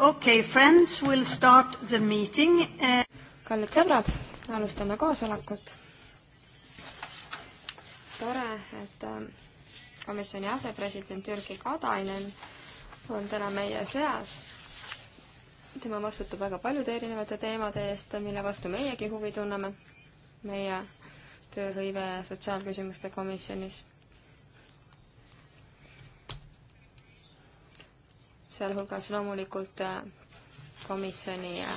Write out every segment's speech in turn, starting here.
okei okay,, friends, we'll start the meeting uh.... kallid sõbrad, alustame koosolekut. tore, et eh, komisjoni asepresident Jürgi Katainen on täna meie seas. tema vastutab väga paljude erinevate teemade eest, mille vastu meiegi huvi tunneme, meie tööhõive ja sotsiaalküsimuste komisjonis sealhulgas loomulikult äh, komisjoni äh,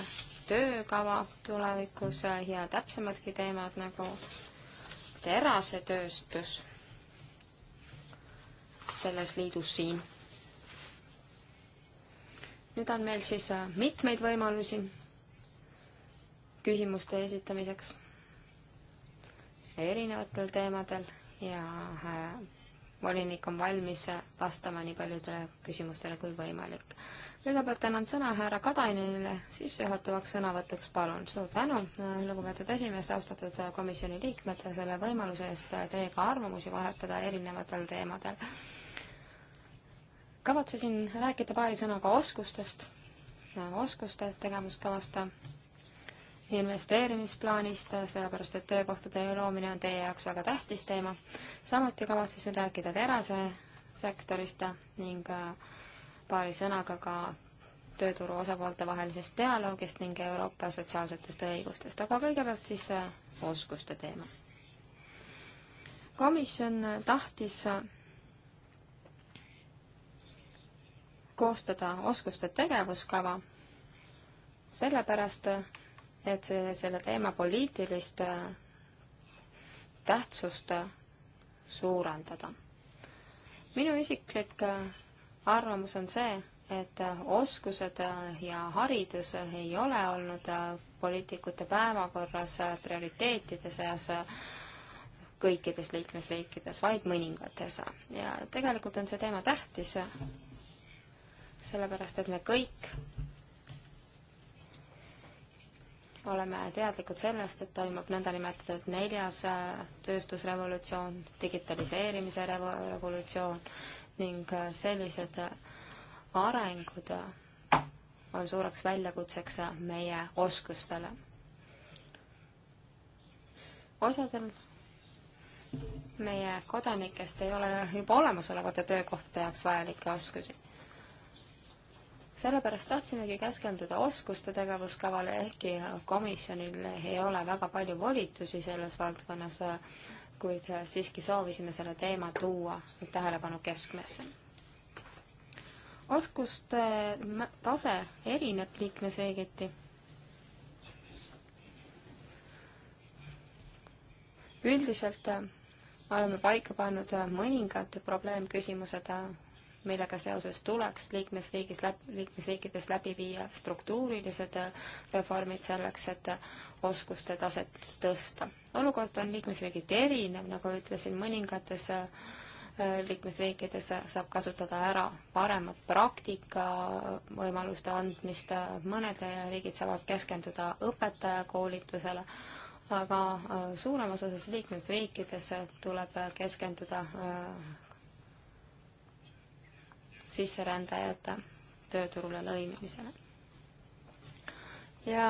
töökava tulevikus äh, ja täpsemadki teemad nagu terasetööstus selles liidus siin. nüüd on meil siis mitmeid võimalusi küsimuste esitamiseks erinevatel teemadel ja volinik on valmis vastama nii paljudele küsimustele kui võimalik. kõigepealt annan sõna härra Kadainile sissejuhatavaks sõnavõtuks, palun. suur tänu, lugupeetud esimees, austatud komisjoni liikmed, selle võimaluse eest teiega arvamusi vahetada erinevatel teemadel. kavatsesin rääkida paari sõnaga oskustest, oskuste tegevuskavast investeerimisplaanist, sellepärast et töökohtade loomine on teie jaoks väga tähtis teema. samuti kavatsesin rääkida terasesektorist ning äh, paari sõnaga ka tööturu osapoolte vahelisest dialoogist ning Euroopa sotsiaalsetest õigustest, aga kõigepealt siis äh, oskuste teema. komisjon tahtis äh, koostada oskuste tegevuskava, sellepärast et see, selle teema poliitilist äh, tähtsust äh, suurendada. minu isiklik äh, arvamus on see, et oskused ja haridus ei ole olnud poliitikute päevakorras prioriteetide seas kõikides liikmesriikides, vaid mõningates. ja tegelikult on see teema tähtis, sellepärast et me kõik oleme teadlikud sellest, et toimub nõndanimetatud neljas äh, tööstusrevolutsioon, digitaliseerimise revo-, revolutsioon ning äh, sellised äh, arengud on suureks väljakutseks meie oskustele. osadel meie kodanikest ei ole juba olemasolevate töökohtade jaoks vajalikke oskusi sellepärast tahtsimegi keskenduda oskuste tegevuskavale, ehkki komisjonil ei ole väga palju volitusi selles valdkonnas, kuid siiski soovisime selle teema tuua tähelepanu keskmesse. oskuste tase erineb liikmesriigiti. üldiselt oleme paika pannud mõningad probleemküsimused millega seoses tuleks liikmesriigis, liikmesriikides läbi viia struktuurilised äh, reformid selleks, et äh, oskuste taset tõsta. olukord on liikmesriigiti erinev, nagu ütlesin, mõningates äh, liikmesriikides saab kasutada ära paremat praktika võimaluste andmist, mõned riigid saavad keskenduda õpetajakoolitusele, aga suuremas osas liikmesriikides tuleb keskenduda sisserändajate tööturule lõimimisele. ja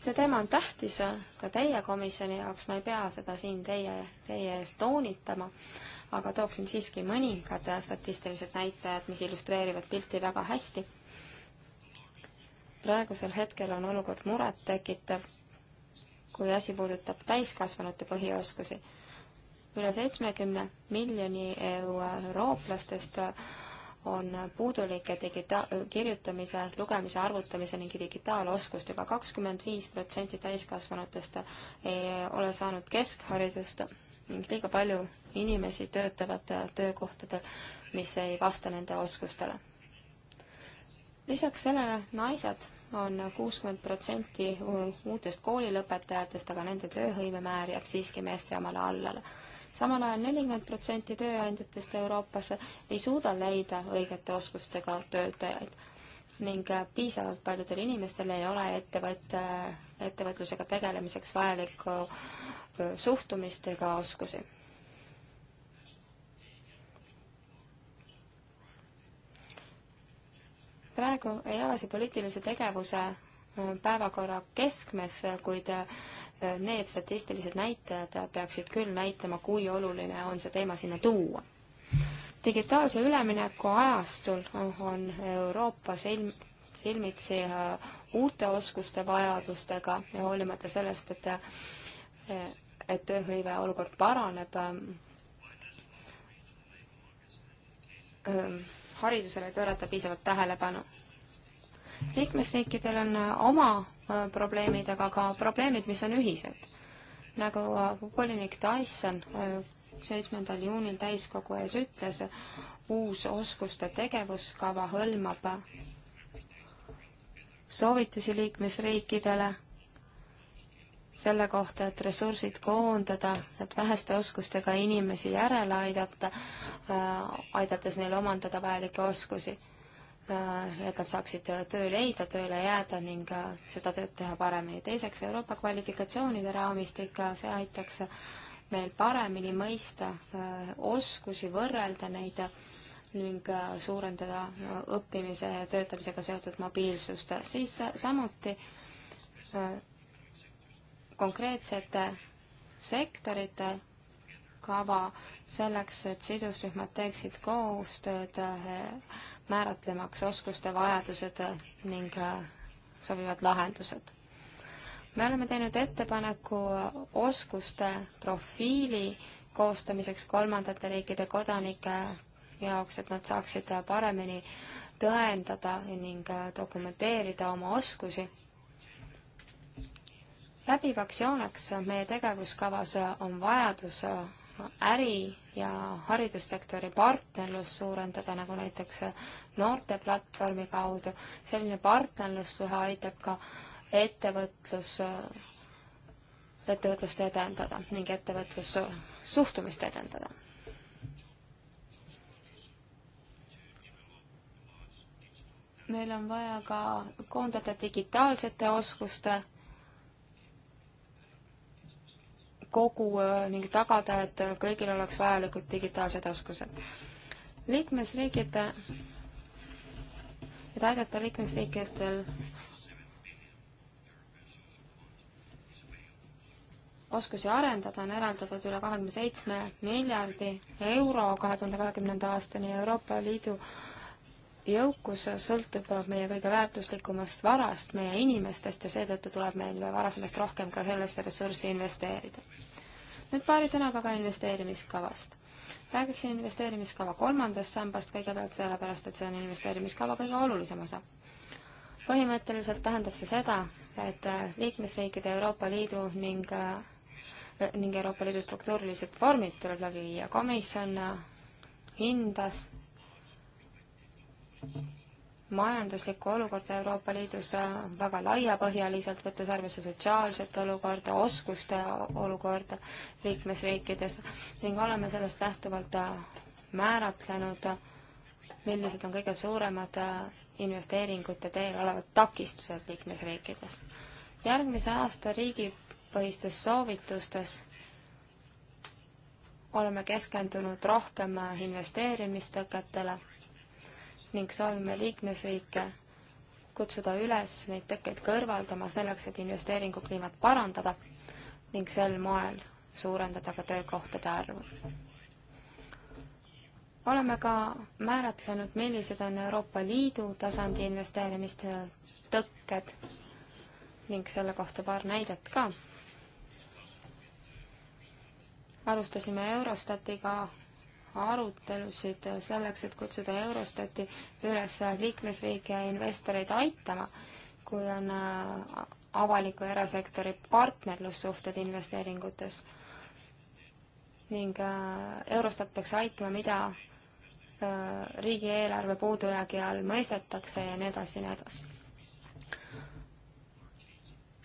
see teema on tähtis ka teie komisjoni jaoks, ma ei pea seda siin teie, teie ees toonitama, aga tooksin siiski mõningad statistilised näitajad, mis illustreerivad pilti väga hästi. praegusel hetkel on olukord murettekitav, kui asi puudutab täiskasvanute põhioskusi üle seitsmekümne miljoni eurooplastest on puudulike digita-, kirjutamise, lugemise, arvutamise ning digitaaloskustega. kakskümmend viis protsenti täiskasvanutest ei ole saanud keskharidust ning liiga palju inimesi töötavad töökohtadel, mis ei vasta nende oskustele. lisaks sellele naised on kuuskümmend protsenti uutest koolilõpetajatest, aga nende tööhõivemäär jääb siiski meeste omale allale samal ajal nelikümmend protsenti tööandjatest Euroopas ei suuda leida õigete oskustega töötajaid ning piisavalt paljudel inimestel ei ole ettevõtte, ettevõtlusega tegelemiseks vajalikku suhtumist ega oskusi. praegu ei ole see poliitilise tegevuse päevakorra keskmes, kuid need statistilised näitajad peaksid küll näitama, kui oluline on see teema sinna tuua. digitaalse ülemineku ajastul on Euroopas ilm, silmitsi äh, uute oskuste vajadustega ja hoolimata sellest, et äh, et tööhõive olukord paraneb, ähm, ähm, haridusele ei pöörata piisavalt tähelepanu liikmesriikidel on äh, oma äh, probleemid, aga ka probleemid, mis on ühised. nagu äh, volinik Tyson seitsmendal juunil täiskogu ees ütles, uus oskuste tegevuskava hõlmab soovitusi liikmesriikidele selle kohta, et ressursid koondada, et väheste oskustega inimesi järele aidata, aidates neil omandada vajalikke oskusi Äh, et nad saaksid töö leida, tööle jääda ning äh, seda tööd teha paremini. teiseks, Euroopa kvalifikatsioonide raamistik, äh, see aitaks meil paremini mõista oskusi, võrrelda neid ning suurendada õppimise ja töötamisega seotud mobiilsust. siis samuti konkreetsete sektorite kava selleks, et sidusrühmad teeksid koostööd eh, määratlemaks oskuste vajadused eh, ning eh, sobivad lahendused. me oleme teinud ettepaneku oskuste profiili koostamiseks kolmandate riikide kodanike jaoks, et nad saaksid paremini tõendada ning dokumenteerida oma oskusi. läbivaks jooneks meie tegevuskavas on vajadus äri- ja haridussektori partnerlust suurendada, nagu näiteks noorteplatvormi kaudu. selline partnerlussuhe aitab ka ettevõtlus, ettevõtlust edendada ning ettevõtlussuhtumist edendada. meil on vaja ka koondada digitaalsete oskuste kogu ning tagada, et kõigil oleks vajalikud digitaalsed oskused. liikmesriigid, et aidata liikmesriikidel oskusi arendada, on eraldatud üle kahekümne seitsme miljardi euro kahe tuhande kahekümnenda aastani Euroopa Liidu jõukus sõltub meie kõige väärtuslikumast varast, meie inimestest ja seetõttu tuleb meil varasemast rohkem ka sellesse ressurssi investeerida nüüd paari sõnaga ka investeerimiskavast. räägiksin investeerimiskava kolmandast sambast kõigepealt, sellepärast et see on investeerimiskava kõige olulisem osa. põhimõtteliselt tähendab see seda, et äh, liikmesriikide Euroopa Liidu ning äh, ning Euroopa Liidu struktuurilised reformid tuleb läbi viia. komisjon äh, hindas majanduslikku olukorda Euroopa Liidus äh, väga laiapõhjaliselt, võttes arvesse sotsiaalset olukorda, oskuste olukorda liikmesriikides ning oleme sellest lähtuvalt äh, määratlenud, millised on kõige suuremad äh, investeeringute teel olevad takistused liikmesriikides. järgmise aasta riigipõhistes soovitustes oleme keskendunud rohkem investeerimistõketele ning soovime liikmesriike kutsuda üles neid tõkkeid kõrvaldama selleks, et investeeringukliimat parandada ning sel moel suurendada ka töökohtade arvu. oleme ka määratlenud, millised on Euroopa Liidu tasandi investeerimiste tõkked ning selle kohta paar näidet ka. alustasime Eurostatiga arutelusid selleks, et kutsuda Eurostati üles liikmesriike ja investoreid aitama, kui on äh, avaliku erasektori partnerlussuhted investeeringutes. ning äh, Eurostat peaks aitama, mida äh, riigieelarve puudujäägi all mõistetakse ja nii edasi ja nii edasi.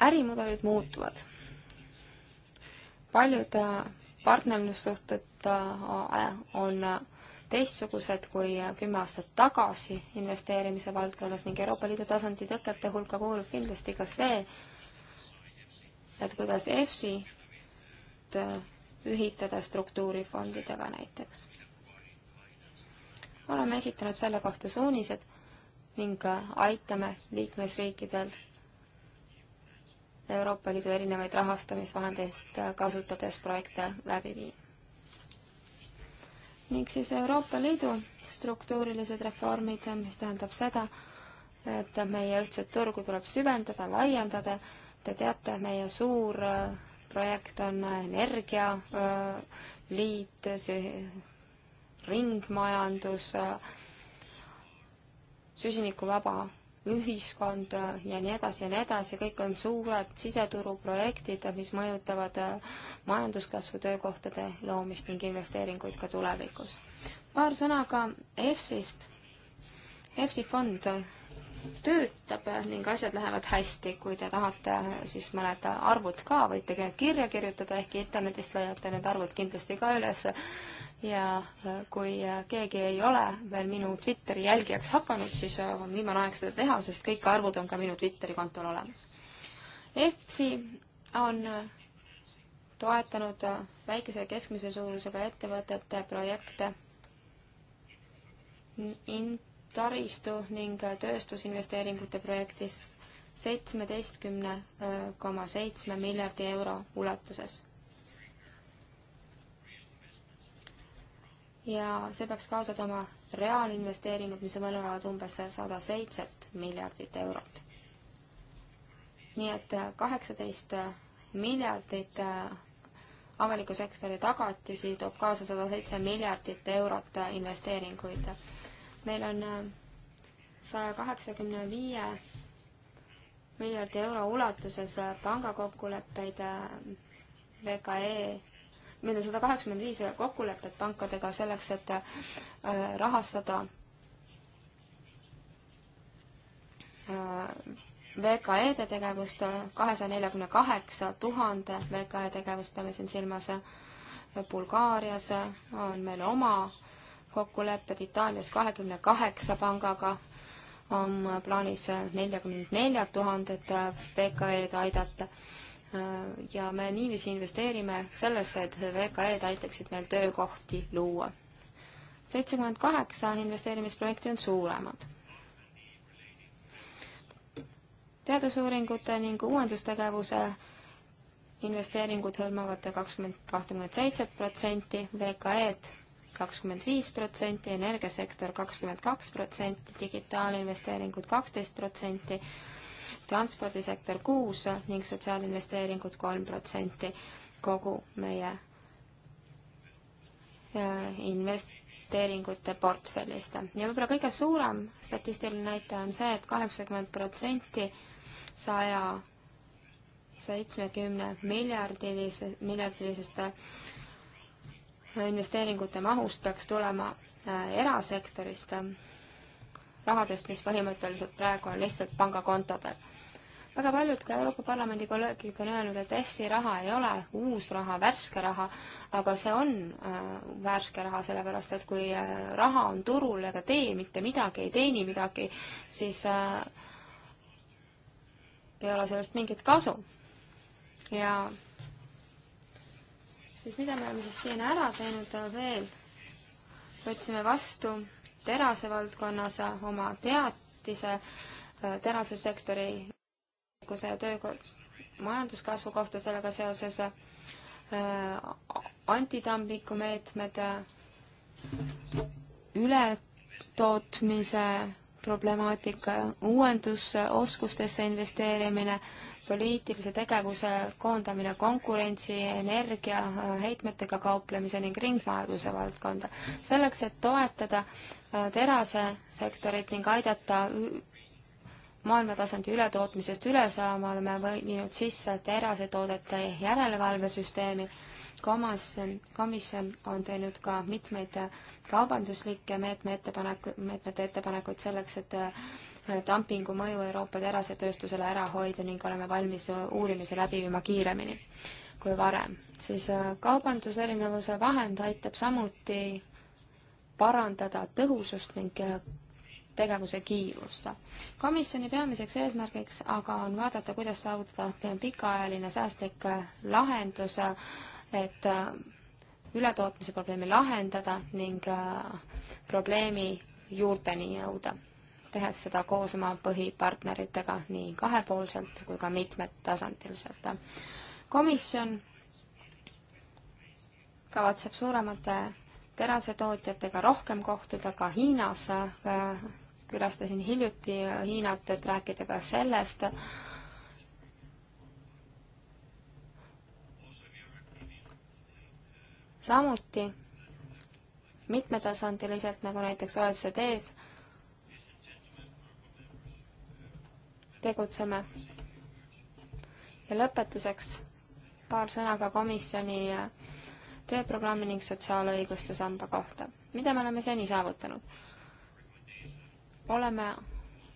ärimudelid muutuvad. paljud partnerlussuhted äh, on teistsugused kui kümme aastat tagasi investeerimise valdkonnas ning Euroopa Liidu tasandi tõkete hulka kuulub kindlasti ka see, et kuidas EFSI-t ühitada struktuurifondidega näiteks. oleme esitanud selle kohta suunised ning aitame liikmesriikidel Euroopa Liidu erinevaid rahastamisvahendeid kasutades projekte läbi viia. ning siis Euroopa Liidu struktuurilised reformid, mis tähendab seda, et meie ühtset turgu tuleb süvendada, laiendada. Te teate, meie suur äh, projekt on äh, energialiit, äh, ringmajandus, süsinikuvaba ühiskond ja nii edasi ja nii edasi, kõik on suured siseturuprojektid, mis mõjutavad äh, majanduskasvu, töökohtade loomist ning investeeringuid ka tulevikus. paar sõna ka EFSist. EFSi fond töötab ning asjad lähevad hästi. kui te tahate, äh, siis mõned arvud ka võite kirja kirjutada, ehkki internetist leiate need arvud kindlasti ka üles ja äh, kui äh, keegi ei ole veel minu Twitteri jälgijaks hakanud, siis äh, on viimane aeg seda teha, sest kõik arvud on ka minu Twitteri kontol olemas. EFSI on toetanud väikese ja keskmise suurusega ettevõtete projekte in-, taristu ning tööstusinvesteeringute projektis seitsmeteistkümne koma seitsme miljardi euro ulatuses. ja see peaks kaasa tooma reaalinvesteeringud, mis võlgnevad umbes sada seitset miljardit eurot. nii et äh, kaheksateist äh, miljardit äh, avaliku sektori tagatisi toob kaasa sada seitse miljardit eurot investeeringuid. meil on saja kaheksakümne viie miljardi euro ulatuses pangakokkuleppeid VKE meil on sada kaheksakümmend viis kokkulepet pankadega selleks, et äh, rahastada äh, VKE-de tegevust, kahesaja neljakümne kaheksa tuhande VKE tegevust peame siin silmas. Bulgaarias on meil oma kokkulepped, Itaalias kahekümne kaheksa pangaga on plaanis neljakümne nelja tuhandet VKE-d aidata Äh, ja me niiviisi investeerime sellesse, et VKE-d aitaksid meil töökohti luua. seitsekümmend kaheksa investeerimisprojekti on suuremad. teadusuuringute ning uuendustegevuse investeeringud hõlmavad kakskümmend, kahtekümmend seitse protsenti, VKE-d kakskümmend viis protsenti, energiasektor kakskümmend kaks protsenti, digitaalinvesteeringud kaksteist protsenti transpordisektor kuus ning sotsiaalinvesteeringud kolm protsenti kogu meie äh, investeeringute portfellist. ja võib-olla kõige suurem statistiline näitaja on see et, et kaheksakümmend protsenti saja seitsmekümne miljardilise, miljardilisest äh, investeeringute mahust peaks tulema äh, erasektorist rahadest, mis põhimõtteliselt praegu on lihtsalt pangakontodel. väga paljud ka Euroopa Parlamendi kolleegid on öelnud, et EFSI raha ei ole uus raha, värske raha, aga see on äh, värske raha, sellepärast et kui äh, raha on turul ega tee mitte midagi, ei teeni midagi, siis äh, ei ole sellest mingit kasu. ja siis mida me oleme siis siin ära teinud äh, veel? võtsime vastu terase valdkonnas oma teatise äh, terasesektori ja töö majanduskasvu kohta sellega seoses äh, antitambiku meetmed, äh, ületootmise problemaatika, uuendusoskustesse investeerimine, poliitilise tegevuse koondamine konkurentsi, energia, heitmetega kauplemise ning ringmajanduse valdkonda. selleks, et toetada Äh, terasesektorit ning aidata maailmatasandi ületootmisest üle saama, oleme viinud sisse terasetoodete järelevalvesüsteemi. komisjon, komisjon on teinud ka mitmeid kaubanduslikke meetme ettepaneku, meetmete ettepanekuid selleks, et äh, dumpingu mõju Euroopa terasetööstusele ära hoida ning oleme valmis äh, uurimise läbi viima kiiremini kui varem. siis kaubanduserinevuse vahend aitab samuti parandada tõhusust ning äh, tegevuse kiirust. komisjoni peamiseks eesmärgiks aga on vaadata, kuidas saavutada pikaajaline säästlik äh, lahendus, äh, et ületootmise probleemi lahendada ning probleemi juurteni jõuda, tehes seda koos oma põhipartneritega nii kahepoolselt kui ka mitmetasandiliselt. komisjon kavatseb suuremate terasetootjatega rohkem kohtuda, ka Hiinas. külastasin hiljuti Hiinat, et rääkida ka sellest. samuti mitmetasandiliselt, nagu näiteks OECD-s, tegutseme. ja lõpetuseks paar sõna ka komisjoni tööprogrammi ning sotsiaalõiguste samba kohta. mida me oleme seni saavutanud? oleme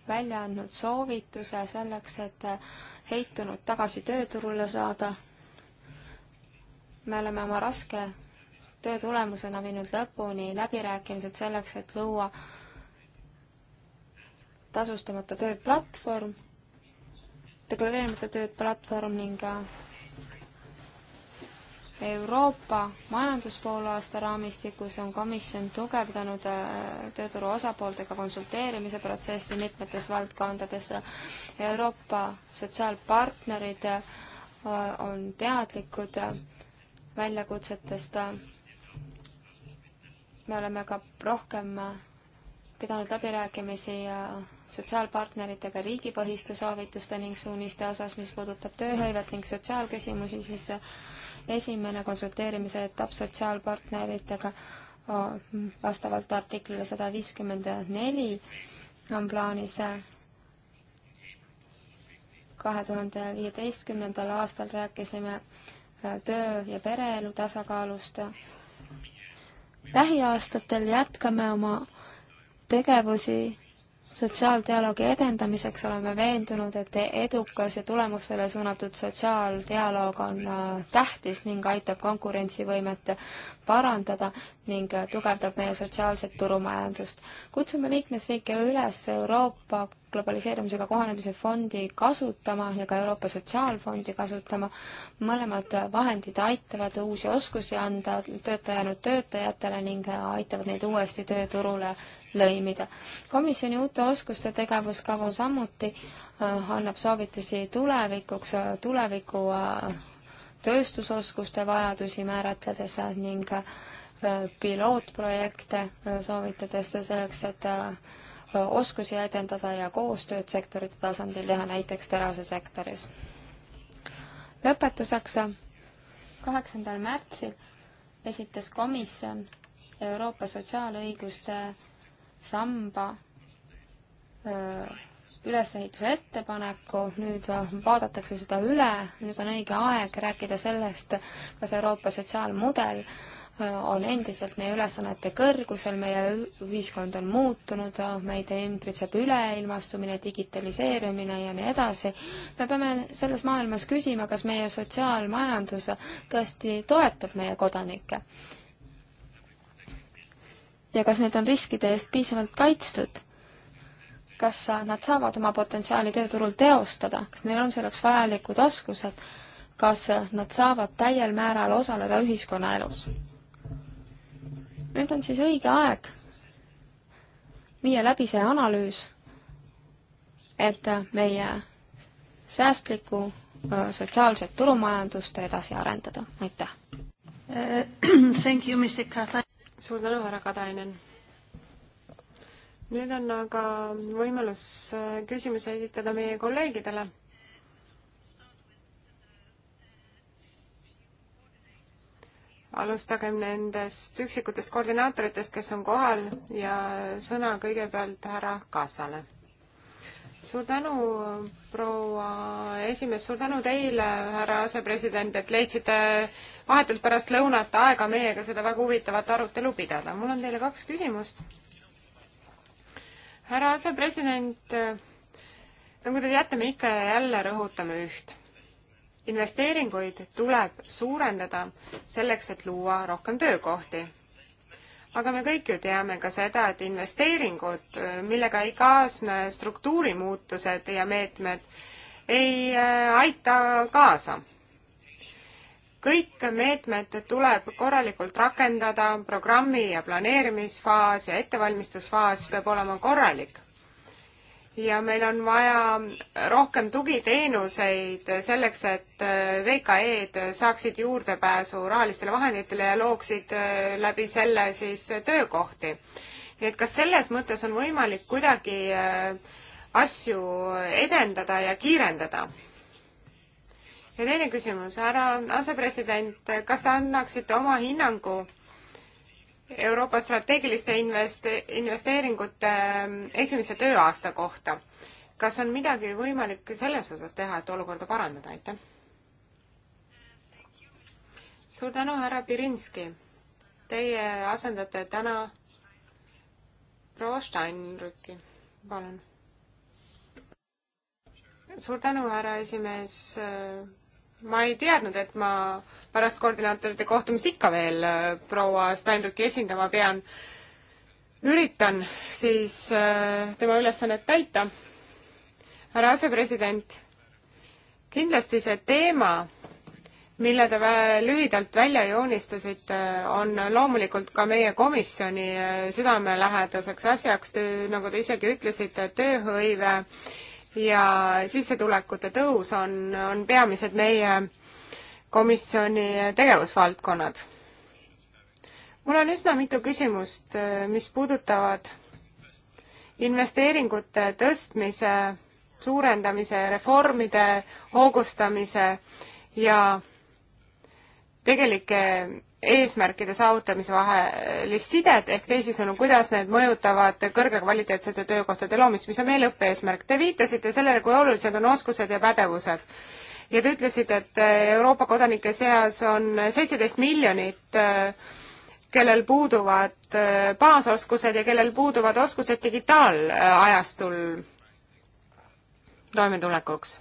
välja andnud soovituse selleks, et heitunud tagasi tööturule saada. me oleme oma raske töö tulemusena viinud lõpuni läbirääkimised selleks, et luua tasustamata tööplatvorm, deklareerimata tööd platvorm ning Euroopa majanduspoolaasta raamistikus on komisjon tugevdanud äh, tööturu osapooltega konsulteerimise protsessi mitmetes valdkondades. Euroopa sotsiaalpartnerid äh, on teadlikud äh, väljakutsetest. me oleme ka rohkem pidanud läbirääkimisi sotsiaalpartneritega riigipõhiste soovituste ning suuniste osas, mis puudutab tööhõivet ning sotsiaalküsimusi, siis esimene konsulteerimise etapp sotsiaalpartneritega vastavalt artiklile sada viiskümmend neli on plaanis äh, kahe tuhande viieteistkümnendal aastal rääkisime äh, töö ja pereelu tasakaalust. lähiaastatel jätkame oma tegevusi sotsiaaldialoogi edendamiseks oleme veendunud, et edukas ja tulemustele suunatud sotsiaaldialoog on äh, tähtis ning aitab konkurentsivõimet parandada ning tugevdab meie sotsiaalset turumajandust. kutsume liikmesriike üles Euroopa globaliseerumisega kohanemise fondi kasutama ja ka Euroopa Sotsiaalfondi kasutama. mõlemad vahendid aitavad uusi oskusi anda töötajanud töötajatele ning aitavad neid uuesti tööturule lõimida. komisjoni uute oskuste tegevuskavu samuti äh, annab soovitusi tulevikuks, äh, tuleviku äh, tööstusoskuste vajadusi määratledes ning pilootprojekte soovitades selleks, et oskusi edendada ja koostööd sektorite tasandil teha, näiteks terasesektoris. lõpetuseks, kaheksandal märtsil esitas komisjon Euroopa sotsiaalõiguste samba ülesehituse ettepaneku, nüüd vaadatakse seda üle, nüüd on õige aeg rääkida sellest, kas Euroopa sotsiaalmudel äh, on endiselt meie ülesannete kõrgusel, meie ühiskond on muutunud, meid ümbritseb üleilmastumine, digitaliseerimine ja nii edasi. me peame selles maailmas küsima, kas meie sotsiaalmajandus tõesti toetab meie kodanikke. ja kas need on riskide eest piisavalt kaitstud? kas nad saavad oma potentsiaali tööturul teostada, kas neil on selleks vajalikud oskused, kas nad saavad täiel määral osaleda ühiskonnaelus? nüüd on siis õige aeg viia läbi see analüüs, et meie säästlikku sotsiaalset turumajandust edasi arendada, aitäh! Äh, thank you, Mr Katainen. suur tänu, härra Katainen. nüüd on aga võimalus äh, küsimusi esitada meie kolleegidele alustagem nendest üksikutest koordinaatoritest, kes on kohal ja sõna kõigepealt härra Kaasale. suur tänu, proua esimees, suur tänu teile, härra asepresident, et leidsite vahetult pärast lõunat aega meiega seda väga huvitavat arutelu pidada. mul on teile kaks küsimust. härra asepresident, nagu te teate, me ikka ja jälle rõhutame üht investeeringuid tuleb suurendada selleks, et luua rohkem töökohti. aga me kõik ju teame ka seda, et investeeringud, millega ei kaasne struktuurimuutused ja meetmed, ei äh, aita kaasa. kõik meetmed tuleb korralikult rakendada, programmi ja planeerimisfaas ja ettevalmistusfaas peab olema korralik ja meil on vaja rohkem tugiteenuseid selleks, et äh, VKE-d saaksid juurdepääsu rahalistele vahenditele ja looksid äh, läbi selle siis töökohti. nii et kas selles mõttes on võimalik kuidagi äh, asju edendada ja kiirendada? ja teine küsimus, härra asepresident, kas te annaksite oma hinnangu Euroopa strateegiliste investe-, investeeringute ähm, esimese tööaasta kohta. kas on midagi võimalik selles osas teha, et olukorda parandada, aitäh? suur tänu, härra Pirinski. Teie asendate täna proua Steinrücki, palun. suur tänu, härra esimees ma ei teadnud, et ma pärast koordinaatorite kohtumist ikka veel äh, proua Steinrücki esindama pean. üritan siis äh, tema ülesannet täita. härra asepresident, kindlasti see teema, mille te lühidalt välja joonistasite, on loomulikult ka meie komisjoni äh, südamelähedaseks asjaks, nagu te isegi ütlesite, tööhõive ja sissetulekute tõus on, on peamised meie komisjoni tegevusvaldkonnad. mul on üsna mitu küsimust, mis puudutavad investeeringute tõstmise, suurendamise, reformide hoogustamise ja tegelike eesmärkide saavutamise vahelist sidet, ehk teisisõnu, kuidas need mõjutavad kõrgekvaliteetsete töökohtade loomist, mis on meie lõppeesmärk. Te viitasite sellele, kui olulised on oskused ja pädevused. ja te ütlesite, et äh, Euroopa kodanike seas on seitseteist miljonit äh, kellel puuduvad äh, baasoskused ja kellel puuduvad oskused digitaalajastul toimetulekuks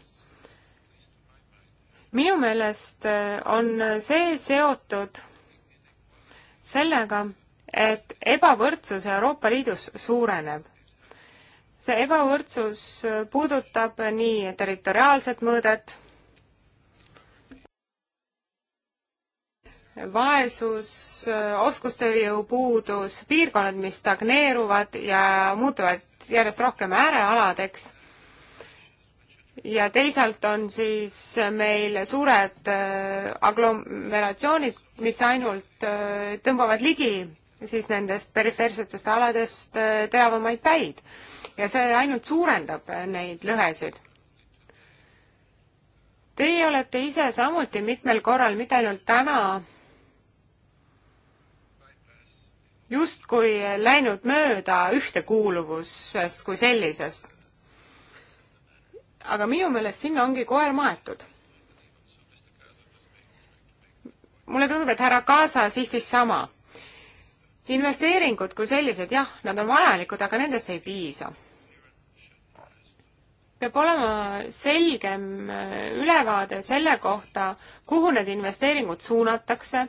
minu meelest on see seotud sellega, et ebavõrdsus Euroopa Liidus suureneb. see ebavõrdsus puudutab nii territoriaalset mõõdet, vaesus, oskustööjõu puudus, piirkonnad, mis stagneeruvad ja muutuvad järjest rohkem äärealadeks ja teisalt on siis meil suured äh, aglomeratsioonid, mis ainult äh, tõmbavad ligi siis nendest perifeersetest aladest äh, teravamaid päid. ja see ainult suurendab neid lõhesid. Teie olete ise samuti mitmel korral, mitte ainult täna, justkui läinud mööda ühtekuuluvusest kui sellisest aga minu meelest sinna ongi koer maetud. mulle tundub, et härra Kaasa sihtis sama. investeeringud kui sellised, jah, nad on vajalikud, aga nendest ei piisa. peab olema selgem äh, ülevaade selle kohta, kuhu need investeeringud suunatakse,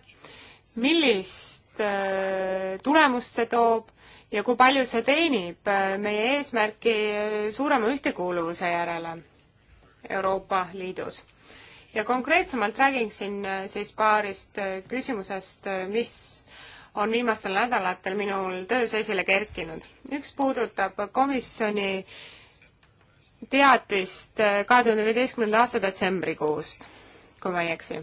millist äh, tulemust see toob ja kui palju see teenib äh, meie eesmärki suurema ühtekuuluvuse järele Euroopa Liidus. ja konkreetsemalt räägiksin äh, siis paarist äh, küsimusest, mis on viimastel nädalatel minul töös esile kerkinud. üks puudutab komisjoni teatist kahe tuhande viieteistkümnenda aasta detsembrikuust, kui ma ei eksi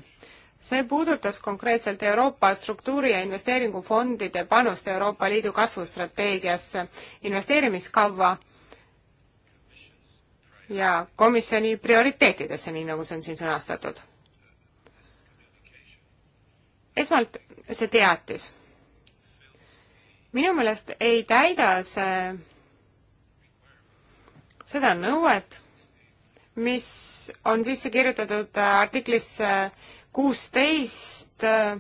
see puudutas konkreetselt Euroopa struktuuri- ja investeeringufondide panust Euroopa Liidu kasvustrateegiasse, investeerimiskava ja komisjoni prioriteetidesse, nii nagu see on siin sõnastatud. esmalt see teatis. minu meelest ei täida see seda nõuet, mis on sisse kirjutatud artiklisse kuusteist äh,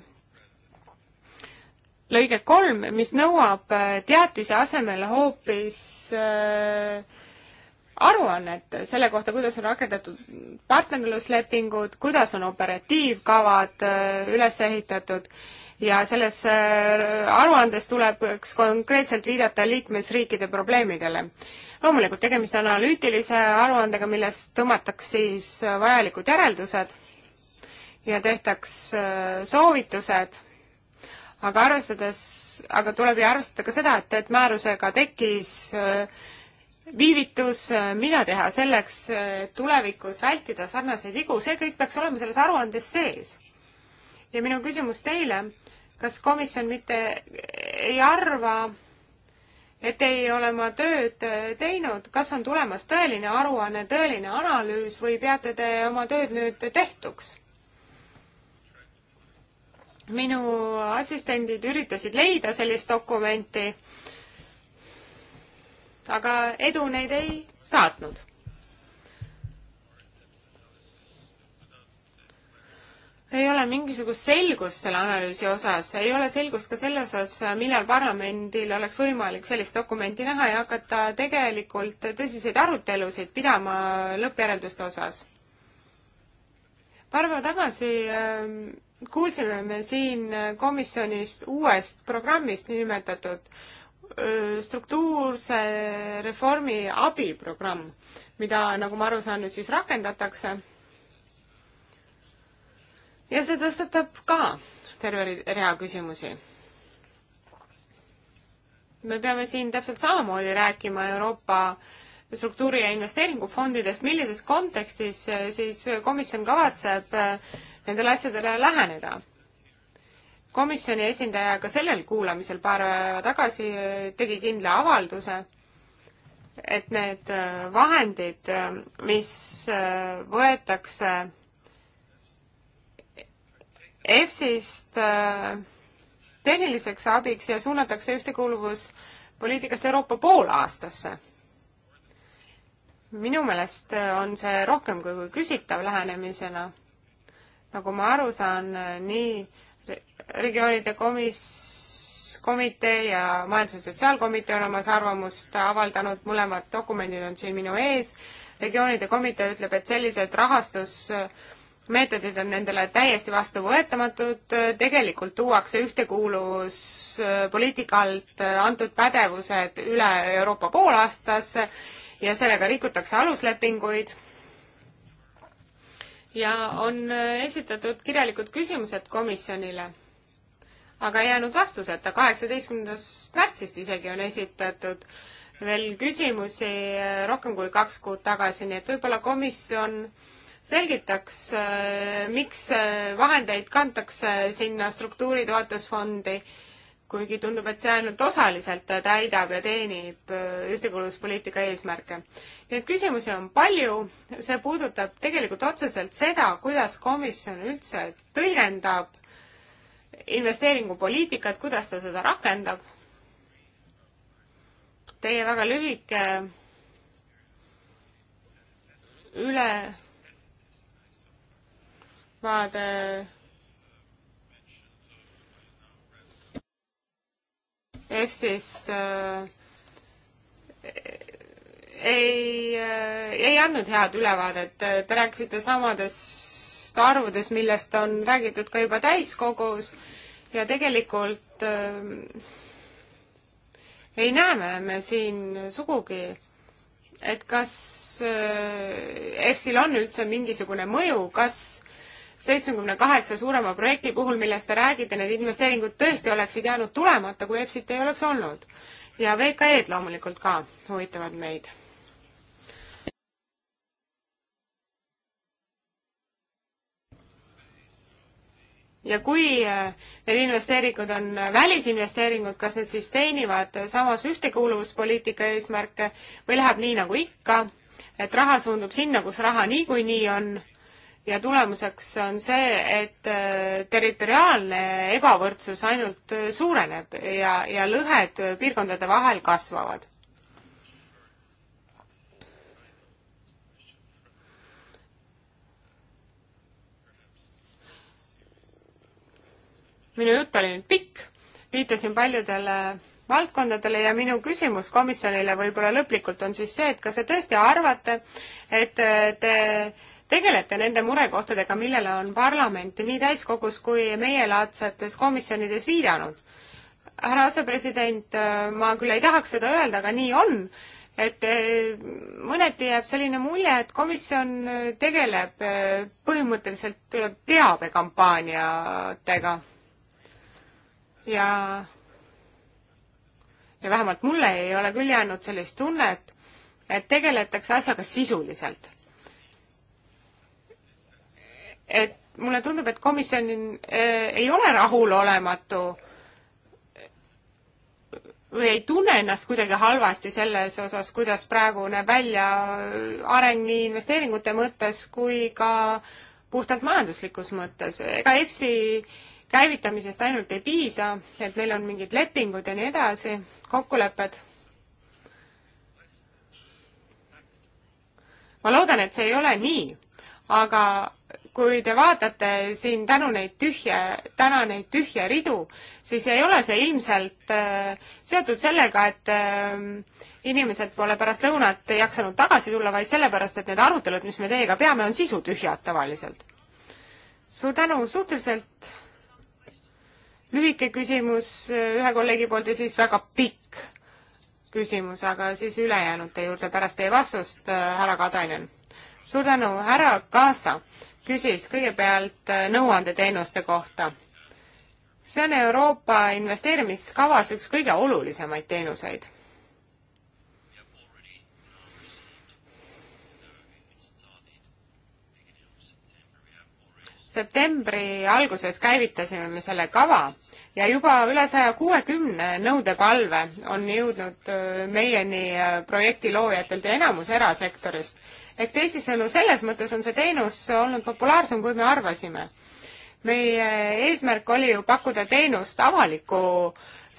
lõige kolm, mis nõuab äh, teatise asemel hoopis äh, aruannet selle kohta, kuidas on rakendatud partnerluslepingud, kuidas on operatiivkavad üles ehitatud ja selles aruandes tuleb üks konkreetselt viidata liikmesriikide probleemidele. loomulikult tegemist on analüütilise aruandega, millest tõmmataks siis vajalikud järeldused ja tehtaks äh, soovitused, aga arvestades, aga tuleb ju arvestada ka seda, et, et määrusega tekkis äh, viivitus, äh, mida teha selleks tulevikus vältida sarnaseid vigu, see kõik peaks olema selles aruandes sees. ja minu küsimus teile, kas komisjon mitte ei arva, et ei ole oma tööd teinud, kas on tulemas tõeline aruanne, tõeline analüüs või peate te oma tööd nüüd tehtuks? minu assistendid üritasid leida sellist dokumenti, aga edu neid ei saatnud. ei ole mingisugust selgust selle analüüsi osas, ei ole selgust ka selle osas, millal parlamendil oleks võimalik sellist dokumenti näha ja hakata tegelikult tõsiseid arutelusid pidama lõppjärelduste osas. paar päeva tagasi äh, kuulsime me siin komisjonist uuest programmist niinimetatud struktuurse reformi abiprogramm, mida, nagu ma aru saan, nüüd siis rakendatakse. ja see tõstatab ka terve rea küsimusi me peame siin täpselt samamoodi rääkima Euroopa struktuuri- ja investeeringufondidest, millises kontekstis siis komisjon kavatseb nendele asjadele läheneda. komisjoni esindaja ka sellel kuulamisel paar päeva tagasi äh, tegi kindla avalduse, et need äh, vahendid, äh, mis võetakse EFSist tehniliseks abiks ja suunatakse ühtekuuluvuspoliitikast Euroopa poolaastasse. minu meelest on see rohkem kui küsitav lähenemisena nagu ma aru saan, nii regioonide komis-, komitee ja Majandus- ja Sotsiaalkomitee on omas arvamust avaldanud, mõlemad dokumendid on siin minu ees, regioonide komitee ütleb, et sellised rahastusmeetodid on nendele täiesti vastuvõetamatud, tegelikult tuuakse ühtekuuluvuspoliitika alt antud pädevused üle Euroopa poolaastasse ja sellega rikutakse aluslepinguid ja on äh, esitatud kirjalikud küsimused komisjonile, aga jäänud vastuseta. kaheksateistkümnendast märtsist isegi on esitatud veel küsimusi äh, rohkem kui kaks kuud tagasi, nii et võib-olla komisjon selgitaks, äh, miks vahendeid kantakse sinna struktuuritoetusfondi kuigi tundub, et see ainult osaliselt täidab ja teenib äh, ühtekuuluvuspoliitika eesmärke. Neid küsimusi on palju, see puudutab tegelikult otseselt seda, kuidas komisjon üldse tõlgendab investeeringupoliitikat, kuidas ta seda rakendab. Teie väga lühike ülevaade EFSist äh, ei, äh, ei andnud head ülevaadet, te rääkisite samadest arvudest, millest on räägitud ka juba täiskogus ja tegelikult äh, ei näe me, me siin sugugi, et kas EFSil on üldse mingisugune mõju, kas seitsmekümne kaheksa suurema projekti puhul, millest te räägite, need investeeringud tõesti oleksid jäänud tulemata, kui EPSit ei oleks olnud. ja VKE-d loomulikult ka huvitavad meid. ja kui äh, need investeeringud on välisinvesteeringud, kas need siis teenivad samas ühtekuuluvuspoliitika eesmärke või läheb nii nagu ikka, et raha suundub sinna, kus raha niikuinii on ja tulemuseks on see, et äh, territoriaalne ebavõrdsus ainult äh, suureneb ja, ja lõhed äh, piirkondade vahel kasvavad. minu jutt oli nüüd pikk, viitasin paljudele valdkondadele ja minu küsimus komisjonile võib-olla lõplikult on siis see, et kas te tõesti arvate, et te tegelete nende murekohtadega, millele on parlament nii täiskogus kui meielaadsetes komisjonides viidanud. härra asepresident, ma küll ei tahaks seda öelda, aga nii on, et eh, mõneti jääb selline mulje, et komisjon eh, tegeleb eh, põhimõtteliselt teabekampaaniatega. ja, ja vähemalt mulle ei ole küll jäänud sellist tunnet, et tegeletakse asjaga sisuliselt et mulle tundub, et komisjon äh, ei ole rahulolematu või ei tunne ennast kuidagi halvasti selles osas, kuidas praegu näeb välja areng nii investeeringute mõttes kui ka puhtalt majanduslikus mõttes. ega EFSi käivitamisest ainult ei piisa, et meil on mingid lepingud ja nii edasi, kokkulepped. ma loodan, et see ei ole nii, aga kui te vaatate siin tänu neid tühje, täna neid tühje ridu, siis ei ole see ilmselt äh, seotud sellega, et äh, inimesed pole pärast lõunat jaksanud tagasi tulla, vaid sellepärast, et need arutelud, mis me teiega peame, on sisutühjad tavaliselt. suur tänu, suhteliselt lühike küsimus äh, ühe kolleegi poolt ja siis väga pikk küsimus, aga siis ülejäänute juurde pärast teie vastust, härra Katainen. suur tänu, härra Kaasa küsis kõigepealt äh, nõuandeteenuste kohta. see on Euroopa investeerimiskavas üks kõige olulisemaid teenuseid septembri alguses käivitasime me selle kava ja juba üle saja kuuekümne nõudepalve on jõudnud meieni projekti loojatelt ja enamus erasektorist. ehk teisisõnu, selles mõttes on see teenus olnud populaarsem, kui me arvasime. meie eesmärk oli ju pakkuda teenust avaliku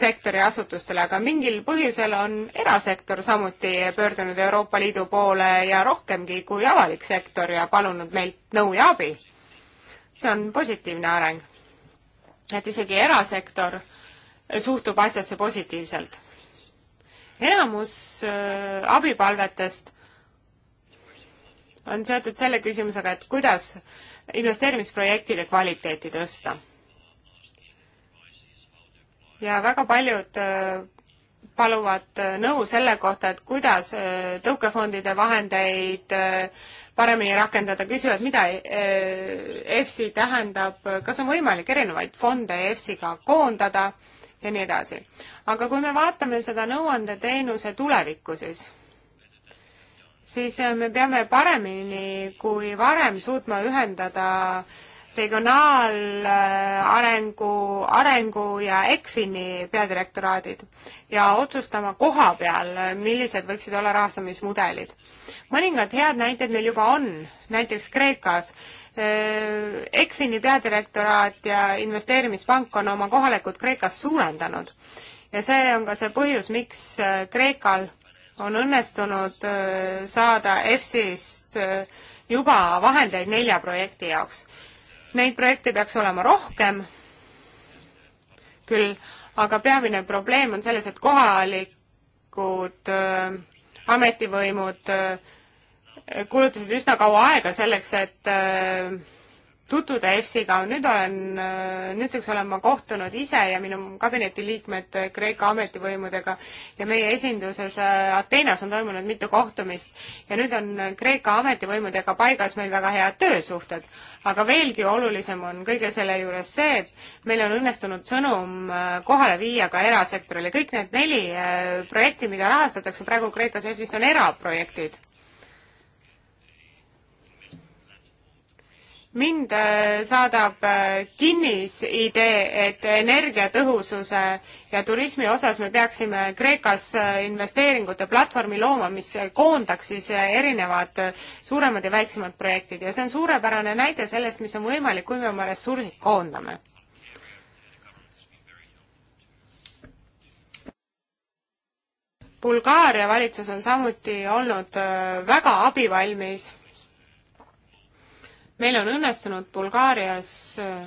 sektori asutustele, aga mingil põhjusel on erasektor samuti pöördunud Euroopa Liidu poole ja rohkemgi kui avalik sektor ja palunud meilt nõu ja abi see on positiivne areng. et isegi erasektor suhtub asjasse positiivselt. enamus äh, abipalvetest on seotud selle küsimusega, et kuidas investeerimisprojektide kvaliteeti tõsta. ja väga paljud äh, paluvad äh, nõu selle kohta, et kuidas äh, tõukefondide vahendeid äh, paremini rakendada, küsivad, mida EFSI tähendab, kas on võimalik erinevaid fonde EFSI-ga koondada ja nii edasi. aga kui me vaatame seda nõuandeteenuse tulevikku, siis siis me peame paremini kui varem suutma ühendada äh, regionaalarengu, arengu ja ECFIN-i peadirektoraadid ja otsustama koha peal, millised võiksid olla rahastamismudelid. mõningad head näited meil juba on, näiteks Kreekas. Äh, ECFIN-i peadirektoraat ja investeerimispank on oma kohalekut Kreekas suurendanud ja see on ka see põhjus, miks äh, Kreekal on õnnestunud äh, saada EFSI-st juba vahendeid nelja projekti jaoks Neid projekte peaks olema rohkem küll, aga peamine probleem on selles, et kohalikud äh, ametivõimud äh, kulutasid üsna kaua aega selleks, et äh, tutvuda EFSiga, nüüd olen, äh, nüüdseks olen ma kohtunud ise ja minu kabineti liikmed äh, Kreeka ametivõimudega ja meie esinduses äh, Ateenas on toimunud mitu kohtumist ja nüüd on Kreeka ametivõimudega paigas meil väga head töösuhted. aga veelgi olulisem on kõige selle juures see, et meil on õnnestunud sõnum kohale viia ka erasektorile, kõik need neli projekti, mida rahastatakse praegu Kreekas EFSist, on eraprojektid mind äh, saadab äh, kinnisidee, et energiatõhususe ja turismi osas me peaksime Kreekas äh, investeeringute platvormi looma, mis koondaks siis erinevad suuremad ja väiksemad projektid ja see on suurepärane näide sellest, mis on võimalik, kui me oma ressursid koondame. Bulgaaria valitsus on samuti olnud väga abivalmis meil on õnnestunud Bulgaarias äh,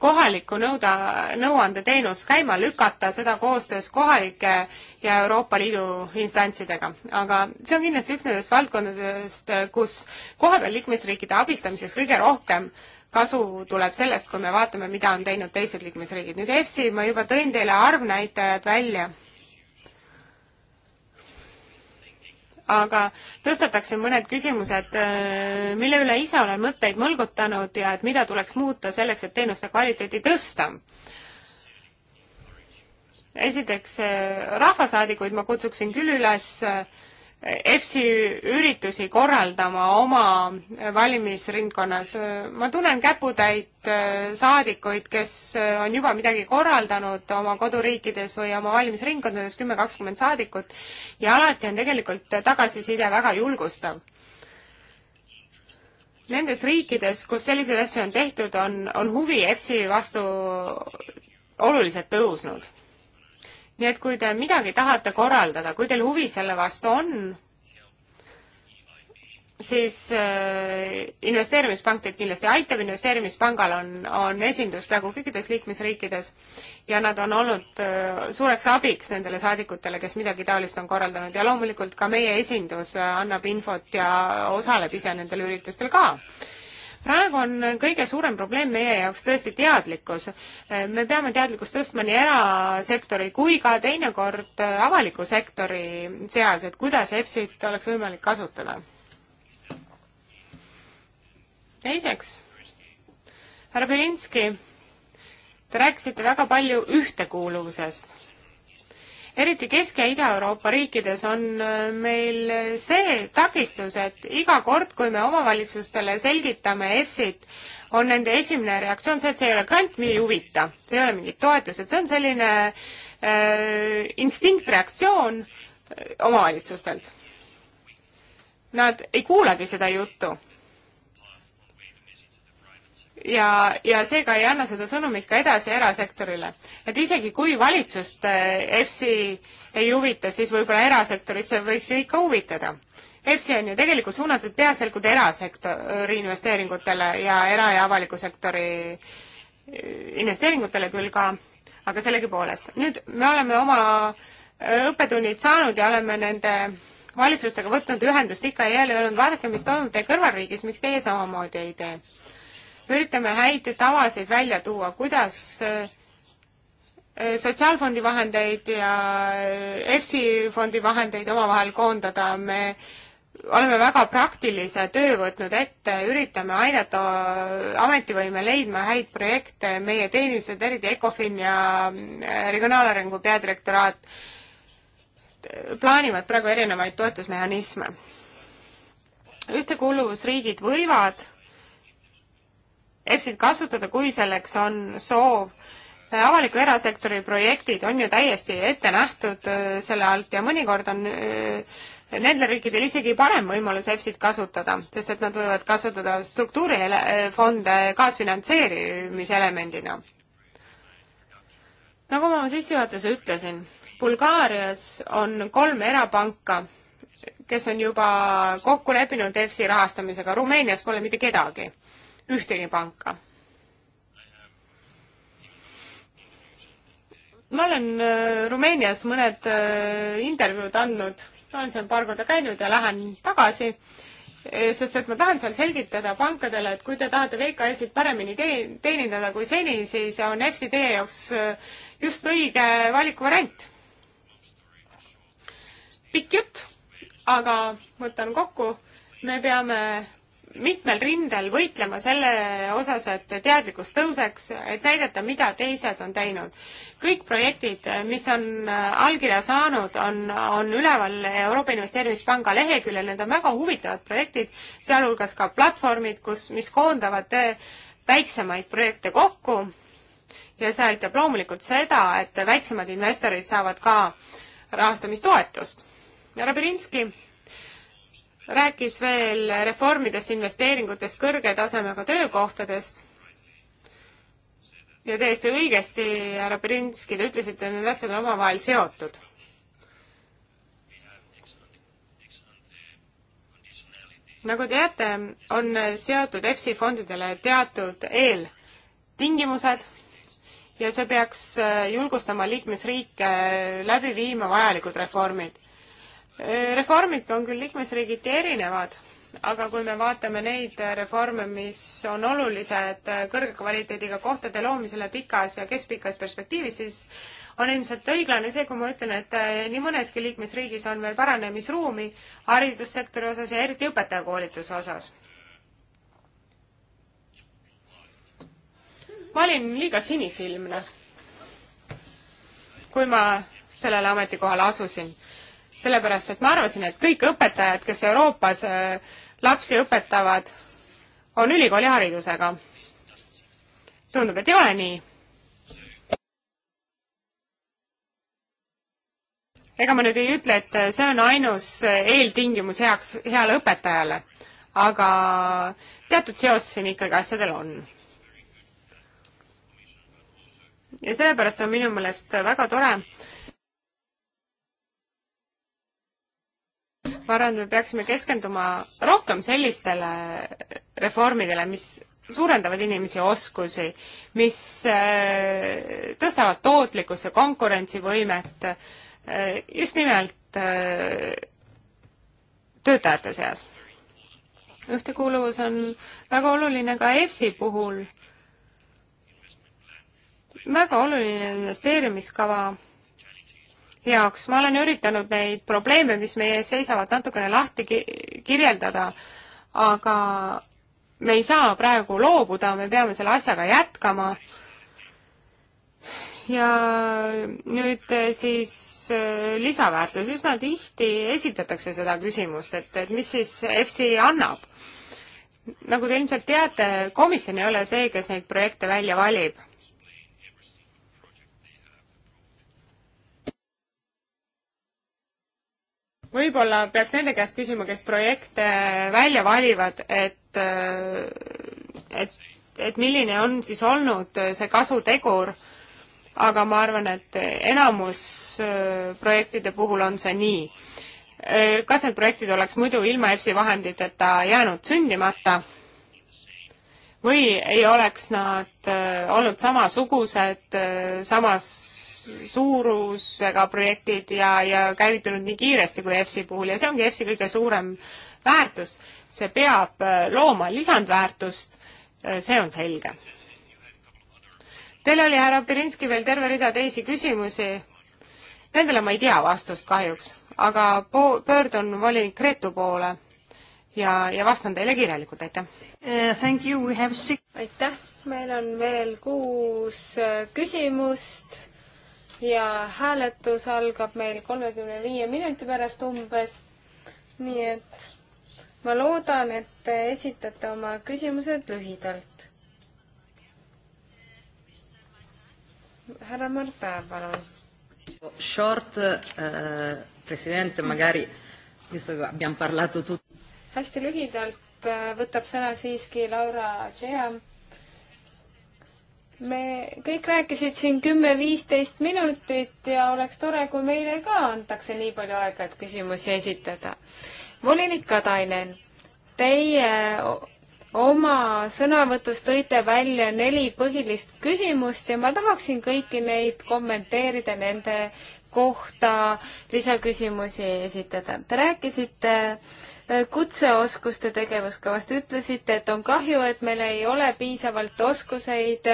kohaliku nõuda, nõuandeteenus käima lükata, seda koostöös kohalike ja Euroopa Liidu instantsidega. aga see on kindlasti üks nendest valdkondadest, kus kohapeal liikmesriikide abistamiseks kõige rohkem kasu tuleb sellest, kui me vaatame, mida on teinud teised liikmesriigid. nüüd EFSI, ma juba tõin teile arvnäitajad välja aga tõstatakse mõned küsimused, äh, mille üle ise olen mõtteid mõlgutanud ja et mida tuleks muuta selleks, et teenuste kvaliteeti tõsta. esiteks, äh, rahvasaadikuid ma kutsuksin küll üles äh, EFSi üritusi korraldama oma valimisringkonnas. ma tunnen käputäit äh, saadikuid, kes äh, on juba midagi korraldanud oma koduriikides või oma valimisringkondades, kümme, kakskümmend saadikut, ja alati on tegelikult tagasiside väga julgustav. Nendes riikides, kus selliseid asju on tehtud, on, on huvi EFSi vastu oluliselt tõusnud nii et kui te midagi tahate korraldada, kui teil huvi selle vastu on, siis äh, investeerimispank teid kindlasti aitab, investeerimispangal on, on esindus peaaegu kõikides liikmesriikides ja nad on olnud äh, suureks abiks nendele saadikutele, kes midagi taolist on korraldanud ja loomulikult ka meie esindus äh, annab infot ja osaleb ise nendel üritustel ka praegu on kõige suurem probleem meie jaoks tõesti teadlikkus. me peame teadlikkust tõstma nii erasektori kui ka teinekord avaliku sektori seas, et kuidas EFSit oleks võimalik kasutada. teiseks, härra Belinski, te rääkisite väga palju ühtekuuluvusest eriti Kesk- ja Ida-Euroopa riikides on äh, meil see takistus, et iga kord, kui me omavalitsustele selgitame EFSit, on nende esimene reaktsioon see, et see ei ole grant, mind ei huvita, see ei ole mingid toetused, see on selline äh, instinktreaktsioon äh, omavalitsustelt. Nad ei kuulagi seda juttu ja, ja seega ei anna seda sõnumit ka edasi erasektorile. et isegi kui valitsust eh, EFSI ei huvita, siis võib-olla erasektorit see võiks ju ikka huvitada. EFSI on ju tegelikult suunatud peaasjalikult erasektori investeeringutele ja era- ja avaliku sektori eh, investeeringutele küll ka, aga sellegipoolest. nüüd me oleme oma eh, õppetunnid saanud ja oleme nende valitsustega võtnud ühendust ikka ja jälle öelnud, vaadake, mis toimub teie kõrvalriigis, miks teie samamoodi ei tee üritame häid tavasid välja tuua, kuidas äh, äh, sotsiaalfondi vahendeid ja äh, EFSI fondi vahendeid omavahel koondada, me oleme väga praktilise töö võtnud ette, üritame aidata ametivõime leidma häid projekte, meie teenistused, eriti Ecofin ja Regionaalarengu peadirektoraat, plaanivad praegu erinevaid toetusmehhanisme. ühtekuuluvusriigid võivad EFSit kasutada, kui selleks on soov. avaliku erasektori projektid on ju täiesti ette nähtud äh, selle alt ja mõnikord on äh, nendel riikidel isegi parem võimalus EFSit kasutada, sest et nad võivad kasutada struktuurifonde äh, kaasfinantseerimiselemendina. nagu ma oma sissejuhatuse ütlesin, Bulgaarias on kolm erapanka, kes on juba kokku leppinud EFSi rahastamisega, Rumeenias pole mitte kedagi yhtekin pankka. ma olen äh, Rumeenias mõned äh, intervjuud andnud, olen seal paar korda käinud ja lähen tagasi, äh, sest et ma tahan seal selgitada pankadele, et kui te tahate VKS-id paremini te-, teenindada kui seni, siis on EFSI teie jaoks just õige valikuvariant. pikk jutt, aga võtan kokku, me peame mitmel rindel võitlema selle osas, et teadlikkus tõuseks, et näidata, mida teised on teinud. kõik projektid, mis on äh, allkirja saanud, on, on üleval Euroopa Investeerimispanga leheküljel, need on väga huvitavad projektid, sealhulgas ka platvormid, kus, mis koondavad äh, väiksemaid projekte kokku ja see aitab loomulikult seda, et väiksemad investorid saavad ka rahastamistoetust. härra Belinski rääkis veel reformidest, investeeringutest, kõrge tasemega töökohtadest. ja täiesti õigesti, härra Berinski, te ütlesite, et need asjad on omavahel seotud. nagu teate, on seatud EFSI fondidele teatud eeltingimused ja see peaks julgustama liikmesriike läbi viima vajalikud reformid reformid on küll liikmesriigiti erinevad, aga kui me vaatame neid reforme, mis on olulised kõrge kvaliteediga kohtade loomisele pikas ja keskpikas perspektiivis, siis on ilmselt õiglane see, kui ma ütlen, et eh, nii mõneski liikmesriigis on veel paranemisruumi haridussektori osas ja eriti õpetajakoolituse osas. ma olin liiga sinisilmne, kui ma sellele ametikohale asusin sellepärast et ma arvasin, et kõik õpetajad, kes Euroopas äh, lapsi õpetavad, on ülikooliharidusega. tundub, et ei ole nii. ega ma nüüd ei ütle, et see on ainus eeltingimus heaks, heale õpetajale, aga teatud seos siin ikkagi asjadel on ja sellepärast on minu meelest väga tore, ma arvan, et me peaksime keskenduma rohkem sellistele reformidele, mis suurendavad inimesi oskusi, mis äh, tõstavad tootlikkust ja konkurentsivõimet äh, just nimelt äh, töötajate seas. ühtekuuluvus on väga oluline ka EFSi puhul. väga oluline investeerimiskava heaks, ma olen üritanud neid probleeme, mis meie ees seisavad, natukene lahti ki kirjeldada, aga me ei saa praegu loobuda, me peame selle asjaga jätkama. ja nüüd eh, siis eh, lisaväärtus, üsna tihti esitatakse seda küsimust, et, et mis siis EFSI annab. nagu te ilmselt teate, komisjon ei ole see, kes neid projekte välja valib võib-olla peaks nende käest küsima, kes projekte välja valivad, et, et, et milline on siis olnud see kasutegur, aga ma arvan, et enamus äh, projektide puhul on see nii. Äh, kas need projektid oleks muidu ilma EPS-i vahenditeta jäänud sündimata või ei oleks nad äh, olnud samasugused, samas suurusega projektid ja, ja käivitunud nii kiiresti kui EFSi puhul ja see ongi EFSi kõige suurem väärtus. see peab äh, looma lisandväärtust, äh, see on selge. Teil oli, härra Pirinski, veel terve rida teisi küsimusi. Nendele ma ei tea vastust kahjuks, aga po-, pöördun volinik Gretu poole ja, ja vastan teile kirjalikult, aitäh uh,! Thank you, we have six aitäh, meil on veel kuus äh, küsimust ja hääletus algab meil kolmekümne viie minuti pärast umbes. nii et ma loodan, et te esitate oma küsimused lühidalt. härra Mart Päev, palun. Short äh,, eh, president, magari, abbiamo parlato tut-. hästi lühidalt eh, võtab sõna siiski Laura Tšehhan me kõik rääkisid siin kümme-viisteist minutit ja oleks tore, kui meile ka antakse nii palju aega, et küsimusi esitada. volinik Katainen, teie oma sõnavõtus tõite välja neli põhilist küsimust ja ma tahaksin kõiki neid kommenteerida, nende kohta lisaküsimusi esitada. Te rääkisite äh, kutseoskuste tegevuskavast, ütlesite, et on kahju, et meil ei ole piisavalt oskuseid